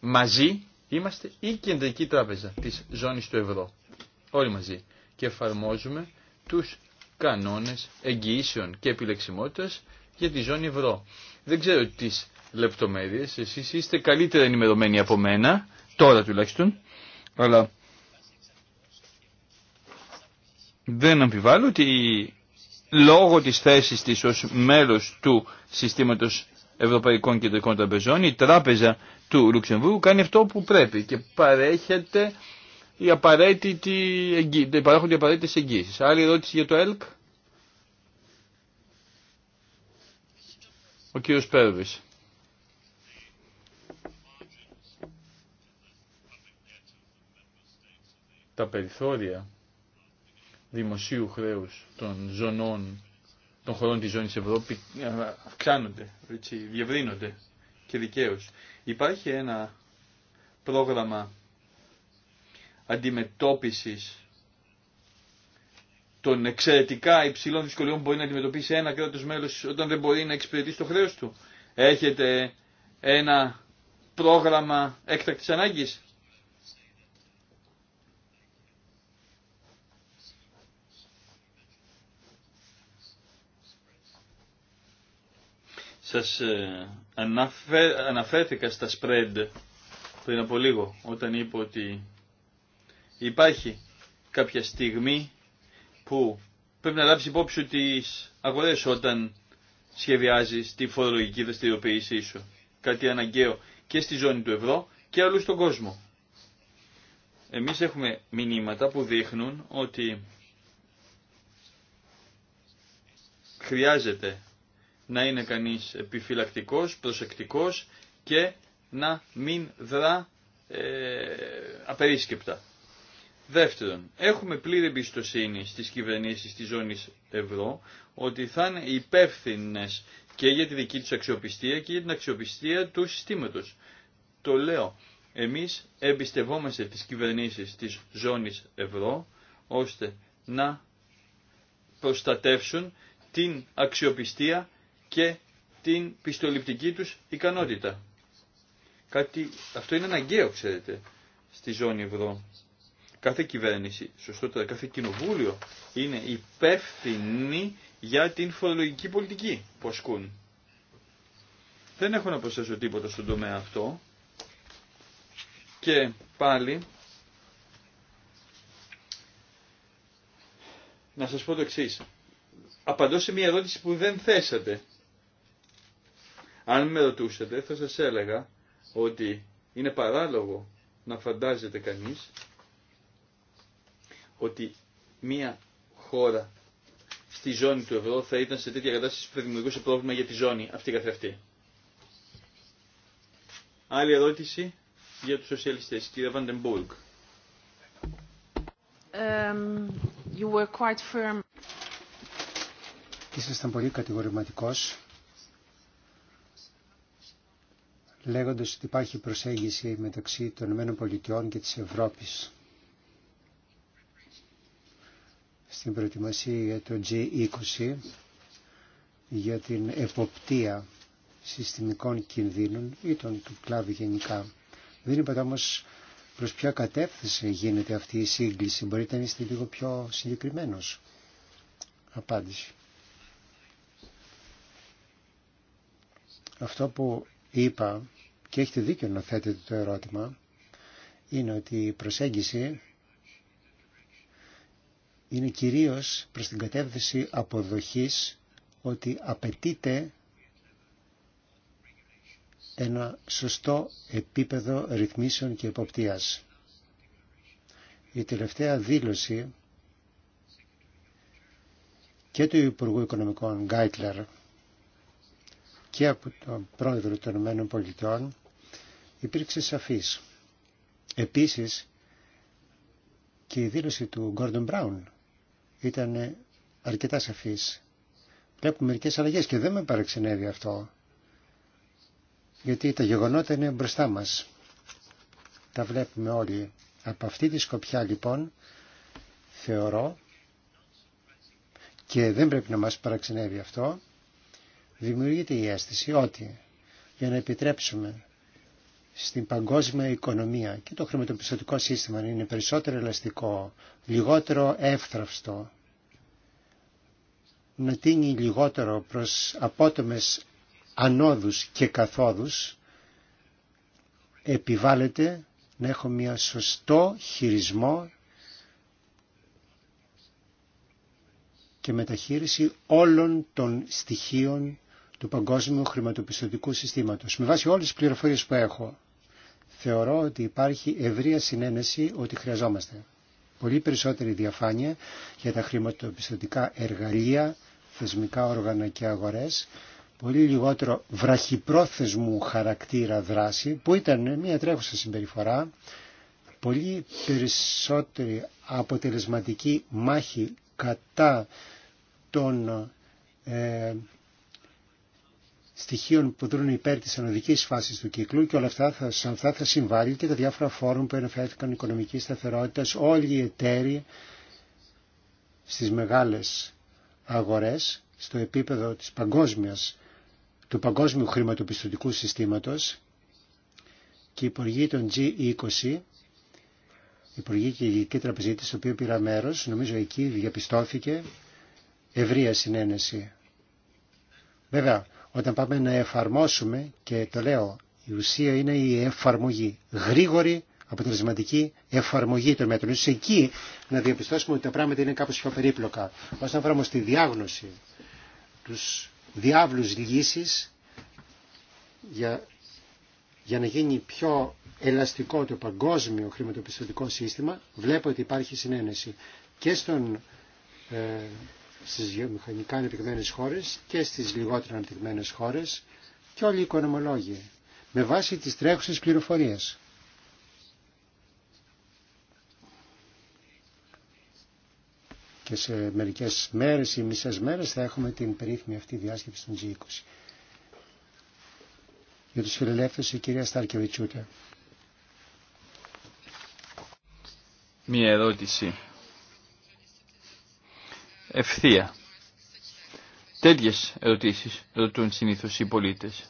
Μαζί είμαστε η κεντρική τράπεζα της ζώνης του ευρώ όλοι μαζί και εφαρμόζουμε τους κανόνες εγγυήσεων και επιλεξιμότητας για τη ζώνη ευρώ. Δεν ξέρω τις λεπτομέρειες, εσείς είστε καλύτερα ενημερωμένοι από μένα, τώρα τουλάχιστον, αλλά δεν αμφιβάλλω ότι λόγω της θέσης της ως μέλος του συστήματος Ευρωπαϊκών Κεντρικών Τραπεζών, η Τράπεζα του Λουξεμβούργου κάνει αυτό που πρέπει και παρέχεται η απαραίτητη υπάρχουν οι απαραίτητες εγγύσεις. Άλλη ερώτηση για το ΕΛΚ. Ο κύριος Πέρβης. Τα περιθώρια δημοσίου χρέους των ζωνών, των χωρών της ζώνης Ευρώπη ε, αυξάνονται, έτσι, διευρύνονται και δικαίως. Υπάρχει ένα πρόγραμμα αντιμετώπισης των εξαιρετικά υψηλών δυσκολιών που μπορεί να αντιμετωπίσει ένα κράτος μέλος όταν δεν μπορεί να εξυπηρετήσει το χρέος του. Έχετε ένα πρόγραμμα έκτακτης ανάγκης. Σας ε, αναφέρθηκα στα spread πριν από λίγο όταν είπα ότι Υπάρχει κάποια στιγμή που πρέπει να λάβεις υπόψη τις αγορές όταν σχεδιάζεις τη φορολογική δραστηριοποίησή σου. Κάτι αναγκαίο και στη ζώνη του ευρώ και αλλού στον κόσμο. Εμείς έχουμε μηνύματα που δείχνουν ότι χρειάζεται να είναι κανείς επιφυλακτικός, προσεκτικός και να μην δρά ε, απερίσκεπτα. Δεύτερον, έχουμε πλήρη εμπιστοσύνη στις κυβερνήσεις της ζώνης ευρώ ότι θα είναι υπεύθυνε και για τη δική τους αξιοπιστία και για την αξιοπιστία του συστήματος. Το λέω, εμείς εμπιστευόμαστε τις κυβερνήσεις της ζώνης ευρώ ώστε να προστατεύσουν την αξιοπιστία και την πιστοληπτική τους ικανότητα. Κάτι, αυτό είναι αναγκαίο, ξέρετε, στη ζώνη ευρώ κάθε κυβέρνηση, σωστότερα κάθε κοινοβούλιο είναι υπεύθυνοι για την φορολογική πολιτική που ασκούν. Δεν έχω να προσθέσω τίποτα στον τομέα αυτό και πάλι να σας πω το εξή. Απαντώ σε μια ερώτηση που δεν θέσατε. Αν με ρωτούσατε θα σας έλεγα ότι είναι παράλογο να φαντάζεται κανείς ότι μία χώρα στη ζώνη του ευρώ θα ήταν σε τέτοια κατάσταση που θα δημιουργούσε πρόβλημα για τη ζώνη αυτή καθ' αυτή. Άλλη ερώτηση για τους σοσιαλιστές, κύριε Βαντεμπούλκ. Um, you πολύ κατηγορηματικός λέγοντας ότι υπάρχει προσέγγιση μεταξύ των ΗΠΑ και της Ευρώπης. στην προετοιμασία για το G20 για την εποπτεία συστημικών κινδύνων ή των του κλάδου γενικά. Δεν είπατε όμως προς ποια κατεύθυνση γίνεται αυτή η σύγκληση. Μπορείτε να είστε λίγο πιο συγκεκριμένος. Απάντηση. Αυτό που είπα και έχετε δίκιο να θέτετε το ερώτημα είναι ότι η προσέγγιση είναι κυρίως προς την κατεύθυνση αποδοχής ότι απαιτείται ένα σωστό επίπεδο ρυθμίσεων και εποπτείας. Η τελευταία δήλωση και του Υπουργού Οικονομικών Γκάιτλερ και από τον Πρόεδρο των Πολιτειών υπήρξε σαφής. Επίσης και η δήλωση του Γκόρντον Μπράουν ήταν αρκετά σαφής. Βλέπουμε μερικές αλλαγές και δεν με παραξενεύει αυτό, γιατί τα γεγονότα είναι μπροστά μας. Τα βλέπουμε όλοι. Από αυτή τη σκοπιά λοιπόν θεωρώ και δεν πρέπει να μας παραξενεύει αυτό, δημιουργείται η αίσθηση ότι για να επιτρέψουμε στην παγκόσμια οικονομία και το χρηματοπιστωτικό σύστημα είναι περισσότερο ελαστικό, λιγότερο εύθραυστο, να τίνει λιγότερο προς απότομες ανόδους και καθόδους, επιβάλλεται να έχω μια σωστό χειρισμό και μεταχείριση όλων των στοιχείων του παγκόσμιου χρηματοπιστωτικού συστήματος. Με βάση όλες τις πληροφορίες που έχω, θεωρώ ότι υπάρχει ευρεία συνένεση ότι χρειαζόμαστε πολύ περισσότερη διαφάνεια για τα χρηματοπιστωτικά εργαλεία, θεσμικά όργανα και αγορές, πολύ λιγότερο βραχυπρόθεσμου χαρακτήρα δράση, που ήταν μια τρέχουσα συμπεριφορά, πολύ περισσότερη αποτελεσματική μάχη κατά των ε, στοιχείων που δρούν υπέρ της ανωδική φάσης του κύκλου και όλα αυτά θα, σαν αυτά θα συμβάλλει και τα διάφορα φόρουμ που αναφέρθηκαν οικονομικής σταθερότητας, όλοι οι εταίροι στις μεγάλες αγορές, στο επίπεδο της παγκόσμιας, του παγκόσμιου χρηματοπιστωτικού συστήματος και οι υπουργοί των G20 η και η Γενική Τραπεζίτη, στο οποίο πήρα μέρο, νομίζω εκεί διαπιστώθηκε ευρεία συνένεση. Βέβαια, όταν πάμε να εφαρμόσουμε, και το λέω, η ουσία είναι η εφαρμογή. Γρήγορη, αποτελεσματική εφαρμογή των μέτρων. εκεί να διαπιστώσουμε ότι τα πράγματα είναι κάπως πιο περίπλοκα. Όσον αφορά όμως τη διάγνωση, τους διάβλους λύσεις για, για να γίνει πιο ελαστικό το παγκόσμιο χρηματοπιστωτικό σύστημα, βλέπω ότι υπάρχει συνένεση και στον ε, στις γεωμηχανικά ανεπτυγμένες χώρες και στις λιγότερο ανεπτυγμένες χώρες και όλοι οι οικονομολόγοι με βάση τις τρέχουσες πληροφορίες. Και σε μερικές μέρες ή μισές μέρες θα έχουμε την περίφημη αυτή διάσκεψη των G20. Για τους φιλελεύθερους η κυρία Στάρκεβιτσούτα. Μία ερώτηση ευθεία. Τέτοιες ερωτήσεις ρωτούν συνήθως οι πολίτες.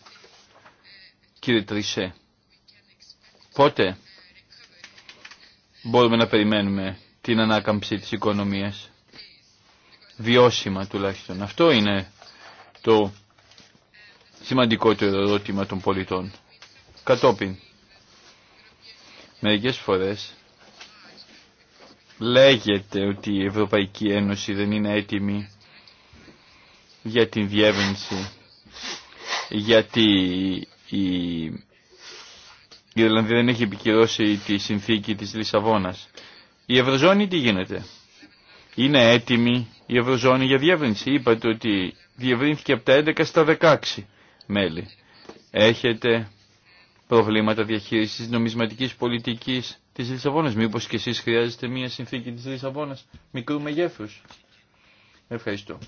Κύριε Τρισέ, πότε μπορούμε να περιμένουμε την ανάκαμψη της οικονομίας. Βιώσιμα τουλάχιστον. Αυτό είναι το σημαντικότερο ερώτημα των πολιτών. Κατόπιν, μερικές φορές λέγεται ότι η Ευρωπαϊκή Ένωση δεν είναι έτοιμη για την διεύρυνση γιατί η Ιρλανδία δεν έχει επικυρώσει τη συνθήκη της Λισαβόνας. Η Ευρωζώνη τι γίνεται. Είναι έτοιμη η Ευρωζώνη για διεύρυνση. Είπατε ότι διευρύνθηκε από τα 11 στα 16 μέλη. Έχετε προβλήματα διαχείρισης νομισματικής πολιτικής Τη Λισαβόνα, μήπω και εσεί χρειάζεστε μια συνθήκη τη Λισαβόνα, μικρού μεγέθους. Ευχαριστώ.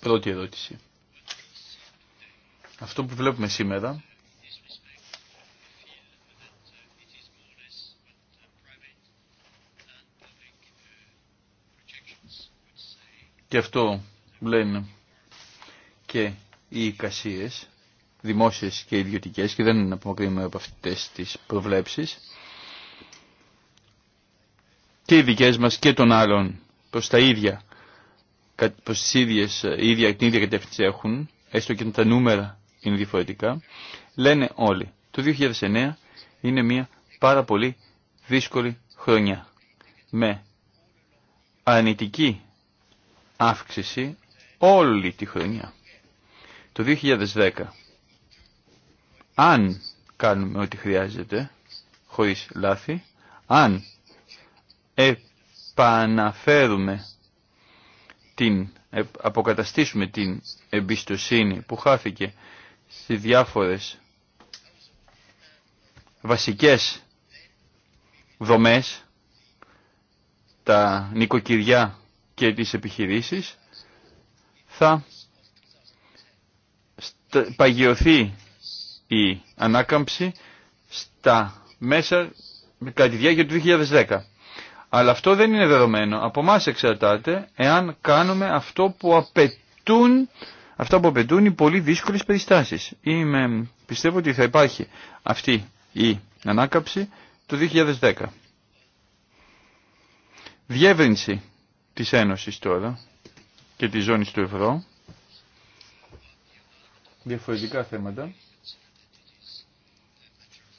Πρώτη ερώτηση. Αυτό που βλέπουμε σήμερα και αυτό λένε και οι εικασίες δημόσιες και ιδιωτικές και δεν απομακρύνουμε από αυτέ τις προβλέψεις και οι δικές μας και των άλλων προς τα ίδια προς τις ίδιες, ε, ίδια, την ίδια κατεύθυνση έχουν έστω και τα νούμερα είναι διαφορετικά λένε όλοι το 2009 είναι μια πάρα πολύ δύσκολη χρονιά με αρνητική αύξηση όλη τη χρονιά. Το 2010 αν κάνουμε ό,τι χρειάζεται, χωρίς λάθη, αν επαναφέρουμε την, αποκαταστήσουμε την εμπιστοσύνη που χάθηκε σε διάφορες βασικές δομές, τα νοικοκυριά και τις επιχειρήσεις, θα παγιωθεί η ανάκαμψη στα μέσα κατά τη διάρκεια του 2010. Αλλά αυτό δεν είναι δεδομένο. Από εμά εξαρτάται εάν κάνουμε αυτό που απαιτούν, αυτά που απαιτούν οι πολύ δύσκολες περιστάσεις. Είμαι, πιστεύω ότι θα υπάρχει αυτή η ανάκαψη το 2010. Διεύρυνση της Ένωσης τώρα και της ζώνης του ευρώ. Διαφορετικά θέματα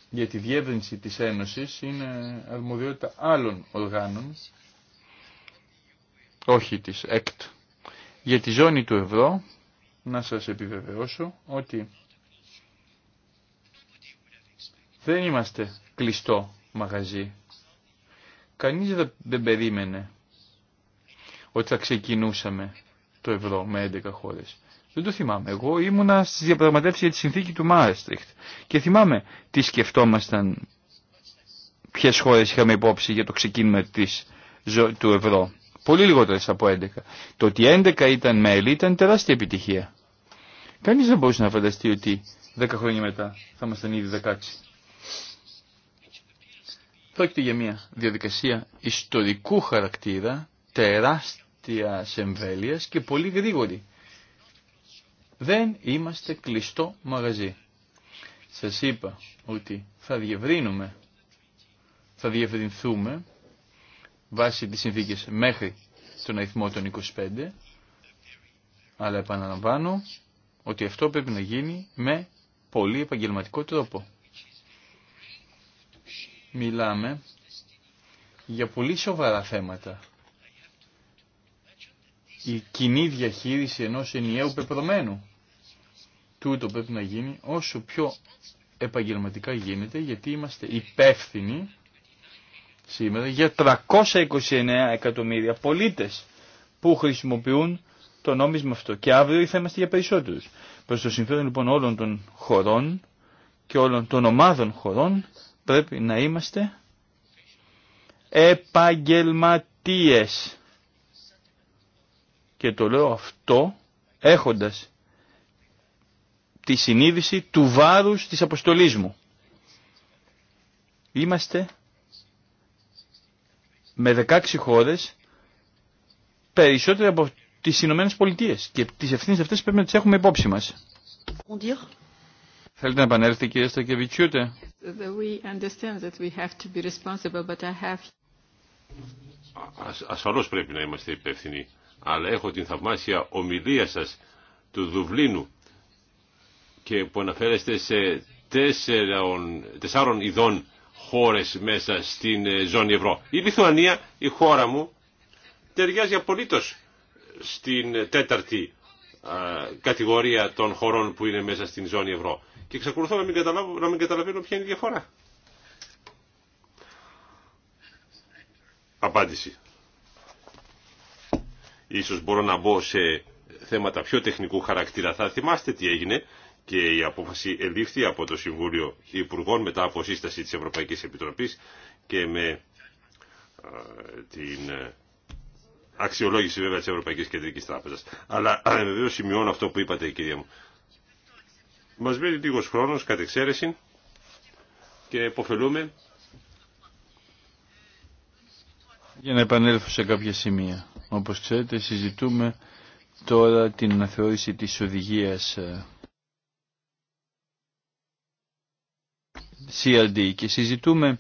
για τη διεύρυνση της Ένωσης είναι αρμοδιότητα άλλων οργάνων, όχι της ΕΚΤ. Για τη ζώνη του ευρώ, να σας επιβεβαιώσω ότι δεν είμαστε κλειστό μαγαζί. Κανείς δεν περίμενε ότι θα ξεκινούσαμε το ευρώ με 11 χώρες. Δεν το θυμάμαι. Εγώ ήμουνα στι διαπραγματεύσει για τη συνθήκη του Μάαστριχτ και θυμάμαι τι σκεφτόμασταν, ποιες χώρε είχαμε υπόψη για το ξεκίνημα της, του ευρώ. Πολύ λιγότερε από 11. Το ότι 11 ήταν μέλη ήταν τεράστια επιτυχία. Κανεί δεν μπορούσε να φανταστεί ότι 10 χρόνια μετά θα ήμασταν ήδη 16. Πρόκειται για μια διαδικασία ιστορικού χαρακτήρα, τεράστια εμβέλεια και πολύ γρήγορη δεν είμαστε κλειστό μαγαζί. Σας είπα ότι θα διευρύνουμε, θα διευρυνθούμε βάσει τις συνθήκες μέχρι τον αριθμό των 25, αλλά επαναλαμβάνω ότι αυτό πρέπει να γίνει με πολύ επαγγελματικό τρόπο. Μιλάμε για πολύ σοβαρά θέματα η κοινή διαχείριση ενός ενιαίου πεπρωμένου. Τούτο πρέπει να γίνει όσο πιο επαγγελματικά γίνεται γιατί είμαστε υπεύθυνοι σήμερα για 329 εκατομμύρια πολίτες που χρησιμοποιούν το νόμισμα αυτό και αύριο θα είμαστε για περισσότερους. Προς το συμφέρον λοιπόν όλων των χωρών και όλων των ομάδων χωρών πρέπει να είμαστε επαγγελματίες και το λέω αυτό έχοντας τη συνείδηση του βάρους της αποστολής μου. Είμαστε με 16 χώρες περισσότεροι από τις Ηνωμένες Πολιτείες και τις ευθύνες αυτές πρέπει να τις έχουμε υπόψη μας. Θέλετε να επανέλθετε κύριε Στακεβιτσιούτε. Ε, ε, ασφαλώς πρέπει να είμαστε υπεύθυνοι αλλά έχω την θαυμάσια ομιλία σας του Δουβλίνου και που αναφέρεστε σε τέσσερων, τεσσάρων ειδών χώρες μέσα στην ε, ζώνη ευρώ. Η Λιθουανία, η χώρα μου, ταιριάζει απολύτως στην τέταρτη κατηγορία των χωρών που είναι μέσα στην ζώνη ευρώ. Και εξακολουθώ να να μην καταλαβαίνω ποια είναι η διαφορά. Απάντηση. Ίσως μπορώ να μπω σε θέματα πιο τεχνικού χαρακτήρα. Θα θυμάστε τι έγινε και η απόφαση ελήφθη από το Συμβούλιο Υπουργών μετά από σύσταση της Ευρωπαϊκής Επιτροπής και με ε, την ε, αξιολόγηση βέβαια της Ευρωπαϊκής Κεντρικής Τράπεζας. Αλλά ε, βεβαίω σημειώνω αυτό που είπατε κυρία μου. Μας μένει λίγος χρόνος κατ' εξαίρεση και υποφελούμε για να επανέλθω σε κάποια σημεία. Όπως ξέρετε συζητούμε τώρα την αναθεώρηση της οδηγίας ε, CRD και συζητούμε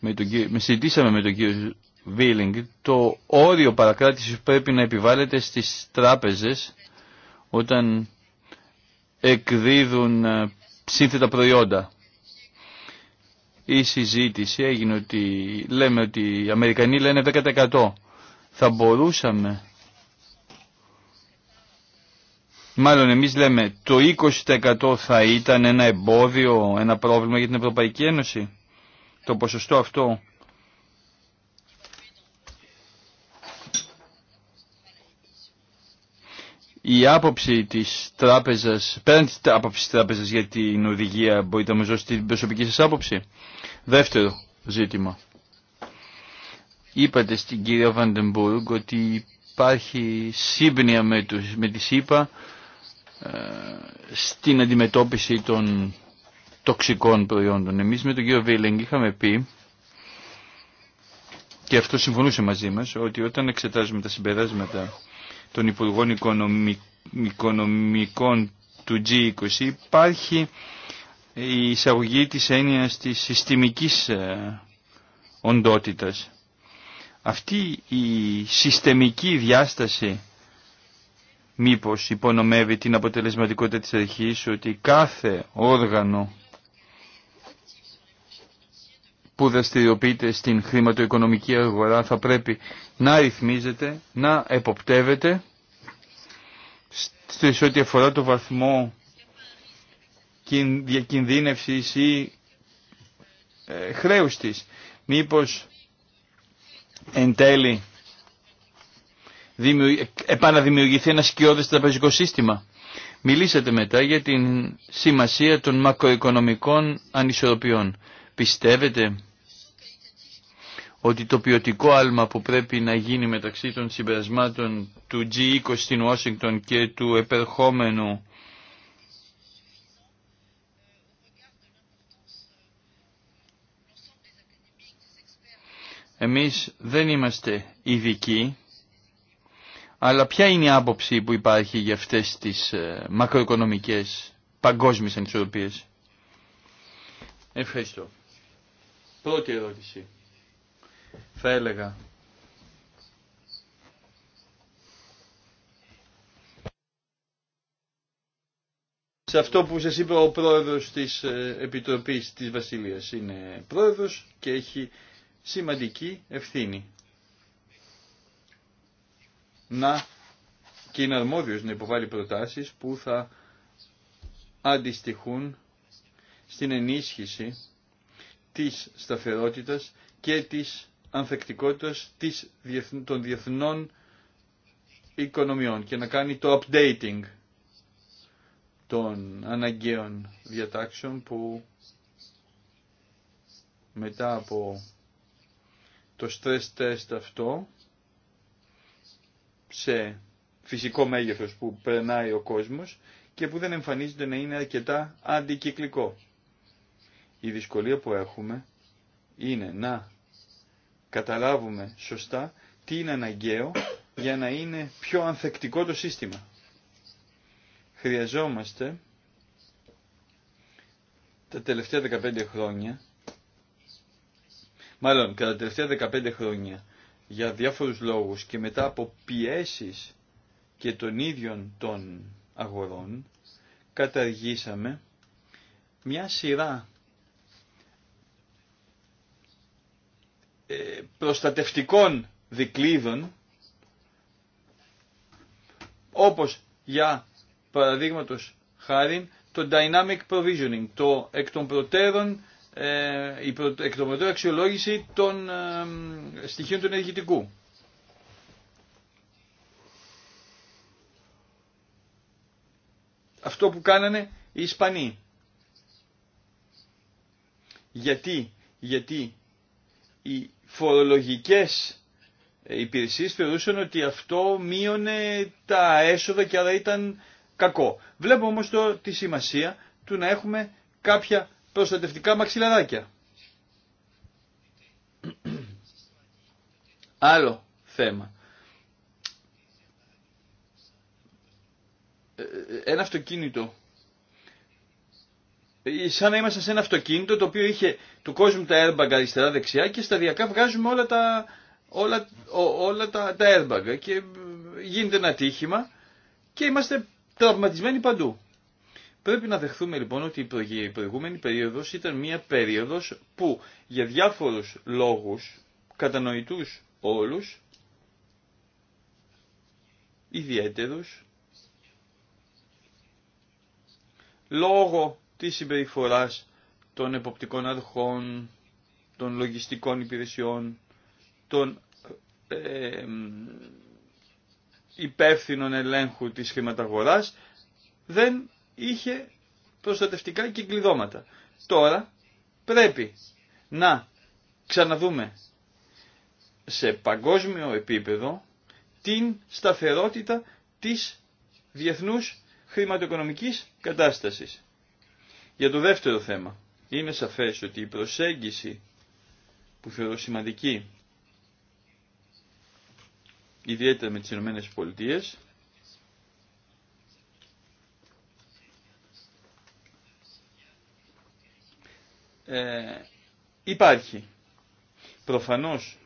με τον με συζητήσαμε με τον κύριο Βίλινγκ το όριο παρακράτησης που πρέπει να επιβάλλεται στις τράπεζες όταν εκδίδουν ε, σύνθετα προϊόντα. Η συζήτηση έγινε ότι λέμε ότι οι Αμερικανοί λένε 10% θα μπορούσαμε Μάλλον εμείς λέμε το 20% θα ήταν ένα εμπόδιο, ένα πρόβλημα για την Ευρωπαϊκή Ένωση. Το ποσοστό αυτό. Η άποψη της τράπεζας, πέραν της άποψης της τράπεζας για την οδηγία μπορείτε να μας δώσετε την προσωπική σας άποψη. Δεύτερο ζήτημα. Είπατε στην κυρία Βαντεμπουργκ ότι υπάρχει σύμπνοια με, τους, με τη ΣΥΠΑ ε, στην αντιμετώπιση των τοξικών προϊόντων. Εμείς με τον κύριο Βίλεγγ είχαμε πει και αυτό συμφωνούσε μαζί μας ότι όταν εξετάζουμε τα συμπεράσματα των Υπουργών Οικονομικών του G20 υπάρχει η εισαγωγή της έννοιας της συστημικής ε, οντότητας αυτή η συστημική διάσταση μήπως υπονομεύει την αποτελεσματικότητα της αρχής ότι κάθε όργανο που δραστηριοποιείται στην χρηματοοικονομική αγορά θα πρέπει να ρυθμίζεται, να εποπτεύεται σε ό,τι αφορά το βαθμό διακινδύνευσης ή ε, χρέους της. Μήπως εν τέλει επαναδημιουργηθεί ένα σκιώδες τραπεζικό σύστημα. Μιλήσατε μετά για την σημασία των μακροοικονομικών ανισορροπιών. Πιστεύετε ότι το ποιοτικό άλμα που πρέπει να γίνει μεταξύ των συμπερασμάτων του G20 στην Ουάσιγκτον και του επερχόμενου Εμείς δεν είμαστε ειδικοί, αλλά ποια είναι η άποψη που υπάρχει για αυτές τις ε, μακροοικονομικές παγκόσμιες ανισορροπίες. Ευχαριστώ. Πρώτη ερώτηση. Θα έλεγα. Σε αυτό που σας είπε ο πρόεδρος της ε, Επιτροπής της Βασιλείας είναι πρόεδρος και έχει σημαντική ευθύνη. Να και είναι αρμόδιος να υποβάλει προτάσεις που θα αντιστοιχούν στην ενίσχυση της σταθερότητας και της ανθεκτικότητας των διεθνών οικονομιών και να κάνει το updating των αναγκαίων διατάξεων που μετά από το stress test αυτό σε φυσικό μέγεθος που περνάει ο κόσμος και που δεν εμφανίζεται να είναι αρκετά αντικυκλικό. Η δυσκολία που έχουμε είναι να καταλάβουμε σωστά τι είναι αναγκαίο για να είναι πιο ανθεκτικό το σύστημα. Χρειαζόμαστε τα τελευταία 15 χρόνια μάλλον κατά τα τελευταία 15 χρόνια, για διάφορους λόγους και μετά από πιέσεις και των ίδιων των αγορών, καταργήσαμε μια σειρά ε, προστατευτικών δικλείδων, όπως για παραδείγματος χάρη το dynamic provisioning, το εκ των προτέρων η ε, εκτομετώ αξιολόγηση των ε, στοιχείων του ενεργητικού. Αυτό που κάνανε οι Ισπανοί. Γιατί, γιατί οι φορολογικές ε, υπηρεσίες θεωρούσαν ότι αυτό μείωνε τα έσοδα και άρα ήταν κακό. Βλέπουμε όμως το, τη σημασία του να έχουμε κάποια προστατευτικά μαξιλαράκια. Άλλο θέμα. Ε, ένα αυτοκίνητο. Ε, σαν να είμαστε σε ένα αυτοκίνητο το οποίο είχε του κόσμου τα airbag αριστερά-δεξιά και σταδιακά βγάζουμε όλα τα, όλα, τα, τα airbag και ε, γίνεται ένα τύχημα και είμαστε τραυματισμένοι παντού. Πρέπει να δεχθούμε λοιπόν ότι η προηγούμενη περίοδος ήταν μια περίοδος που για διάφορους λόγους, κατανοητούς όλους, ιδιαίτερους, λόγω της συμπεριφορά των εποπτικών αρχών, των λογιστικών υπηρεσιών, των ε, ε υπεύθυνων ελέγχου της χρηματαγοράς, δεν είχε προστατευτικά και Τώρα πρέπει να ξαναδούμε σε παγκόσμιο επίπεδο την σταθερότητα της διεθνούς χρηματοοικονομικής κατάστασης. Για το δεύτερο θέμα, είναι σαφές ότι η προσέγγιση που θεωρώ σημαντική, ιδιαίτερα με τις ΗΠΑ, ε, υπάρχει. Προφανώς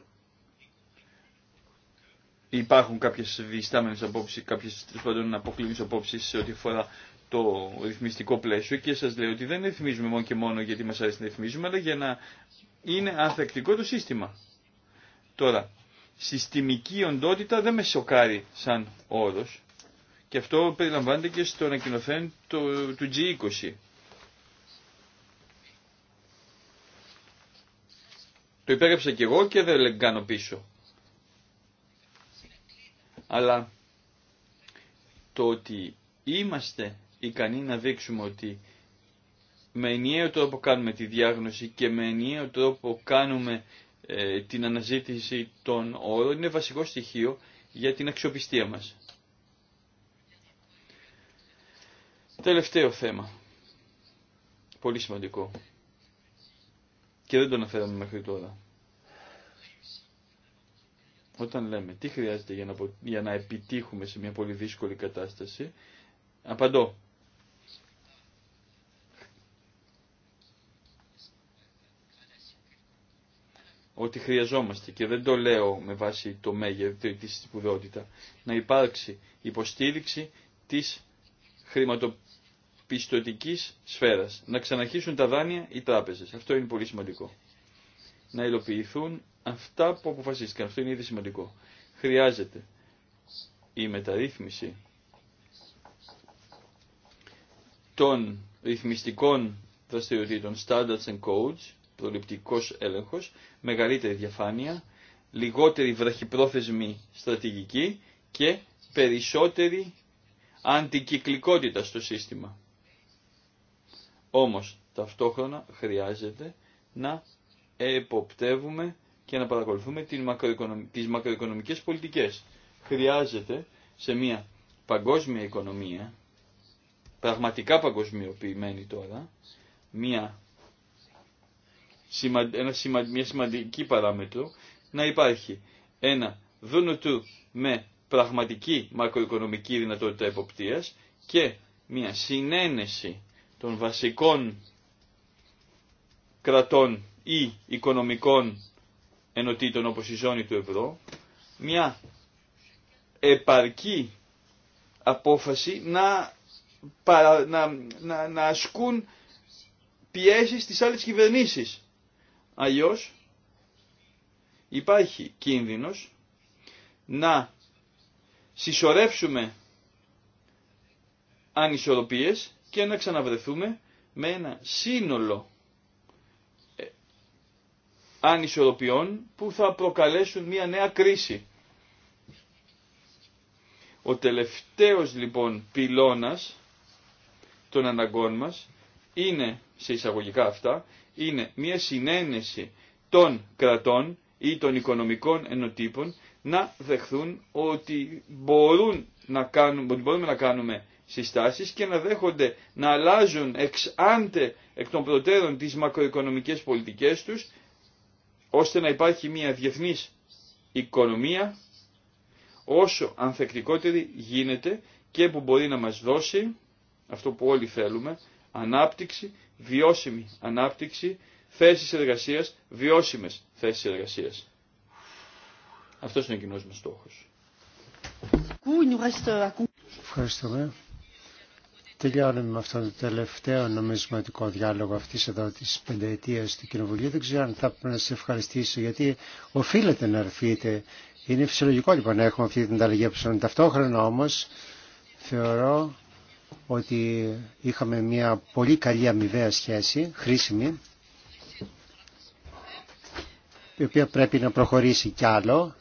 υπάρχουν κάποιες διστάμενες απόψεις, κάποιες πάντων αποκλίνεις απόψεις σε ό,τι αφορά το ρυθμιστικό πλαίσιο και σας λέω ότι δεν ρυθμίζουμε μόνο και μόνο γιατί μας αρέσει να ρυθμίζουμε, αλλά για να είναι ανθεκτικό το σύστημα. Τώρα, συστημική οντότητα δεν με σοκάρει σαν όρος και αυτό περιλαμβάνεται και στο ανακοινωθέν του G20 Το υπέγραψα και εγώ και δεν κάνω πίσω. Αλλά το ότι είμαστε ικανοί να δείξουμε ότι με ενιαίο τρόπο κάνουμε τη διάγνωση και με ενιαίο τρόπο κάνουμε ε, την αναζήτηση των όρων είναι βασικό στοιχείο για την αξιοπιστία μας. Τελευταίο θέμα. Πολύ σημαντικό και δεν το αναφέραμε μέχρι τώρα. Όταν λέμε τι χρειάζεται για να, επιτύχουμε σε μια πολύ δύσκολη κατάσταση, απαντώ. Ότι χρειαζόμαστε και δεν το λέω με βάση το μέγεθο τη σπουδαιότητα, να υπάρξει υποστήριξη της χρηματοποίηση πιστοτική σφαίρας. Να ξαναρχίσουν τα δάνεια οι τράπεζε. Αυτό είναι πολύ σημαντικό. Να υλοποιηθούν αυτά που αποφασίστηκαν. Αυτό είναι ήδη σημαντικό. Χρειάζεται η μεταρρύθμιση των ρυθμιστικών δραστηριοτήτων standards and codes, προληπτικός έλεγχος, μεγαλύτερη διαφάνεια, λιγότερη βραχυπρόθεσμη στρατηγική και περισσότερη αντικυκλικότητα στο σύστημα. Όμως ταυτόχρονα χρειάζεται να εποπτεύουμε και να παρακολουθούμε τις μακροοικονομικές πολιτικές. Χρειάζεται σε μια παγκόσμια οικονομία, πραγματικά παγκοσμιοποιημένη τώρα, μια, μια σημαντική παράμετρο, να υπάρχει ένα δούνο του με πραγματική μακροοικονομική δυνατότητα εποπτείας και μια συνένεση των βασικών κρατών ή οικονομικών ενωτήτων όπως η ζώνη του ευρώ, μια επαρκή απόφαση να, να, να, ασκούν πιέσεις στις άλλες κυβερνήσεις. Αλλιώς υπάρχει κίνδυνος να συσσωρεύσουμε ανισορροπίες και να ξαναβρεθούμε με ένα σύνολο ε, ανισορροπιών που θα προκαλέσουν μια νέα κρίση. Ο τελευταίος λοιπόν πυλώνας των αναγκών μας είναι, σε εισαγωγικά αυτά, είναι μια συνένεση των κρατών ή των οικονομικών ενωτήπων να δεχθούν ότι, μπορούν να ότι μπορούμε να κάνουμε συστάσεις και να δέχονται να αλλάζουν εξ άντε εκ των προτέρων τις μακροοικονομικές πολιτικές τους ώστε να υπάρχει μια διεθνής οικονομία όσο ανθεκτικότερη γίνεται και που μπορεί να μας δώσει αυτό που όλοι θέλουμε ανάπτυξη, βιώσιμη ανάπτυξη, θέσεις εργασίας, βιώσιμες θέσεις εργασίας. Αυτός είναι ο κοινός μας στόχος τελειώνουμε με αυτόν τον τελευταίο νομισματικό διάλογο αυτή εδώ τη πενταετία του Κοινοβουλίου. Δεν ξέρω αν θα πρέπει να σα ευχαριστήσω γιατί οφείλετε να έρθετε. Είναι φυσιολογικό λοιπόν να έχουμε αυτή την ανταλλαγή απόψεων. Ταυτόχρονα όμω θεωρώ ότι είχαμε μια πολύ καλή αμοιβαία σχέση, χρήσιμη, η οποία πρέπει να προχωρήσει κι άλλο.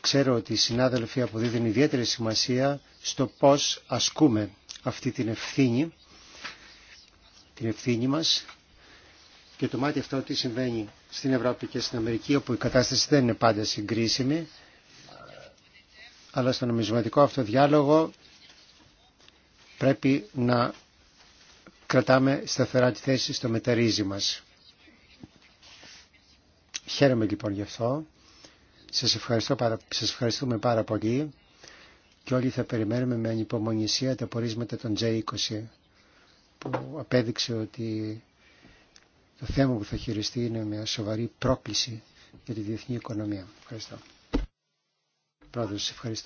Ξέρω ότι οι συνάδελφοι αποδίδουν ιδιαίτερη σημασία στο πώ ασκούμε αυτή την ευθύνη, την ευθύνη μας και το μάτι αυτό τι συμβαίνει στην Ευρώπη και στην Αμερική όπου η κατάσταση δεν είναι πάντα συγκρίσιμη αλλά στο νομισματικό αυτό διάλογο πρέπει να κρατάμε σταθερά τη θέση στο μεταρρύζι μας. Χαίρομαι λοιπόν γι' αυτό. Σας, ευχαριστώ, σας ευχαριστούμε πάρα πολύ και όλοι θα περιμένουμε με ανυπομονησία τα πορίσματα των J20 που απέδειξε ότι το θέμα που θα χειριστεί είναι μια σοβαρή πρόκληση για τη διεθνή οικονομία. Ευχαριστώ. Πρόεδρος, ευχαριστώ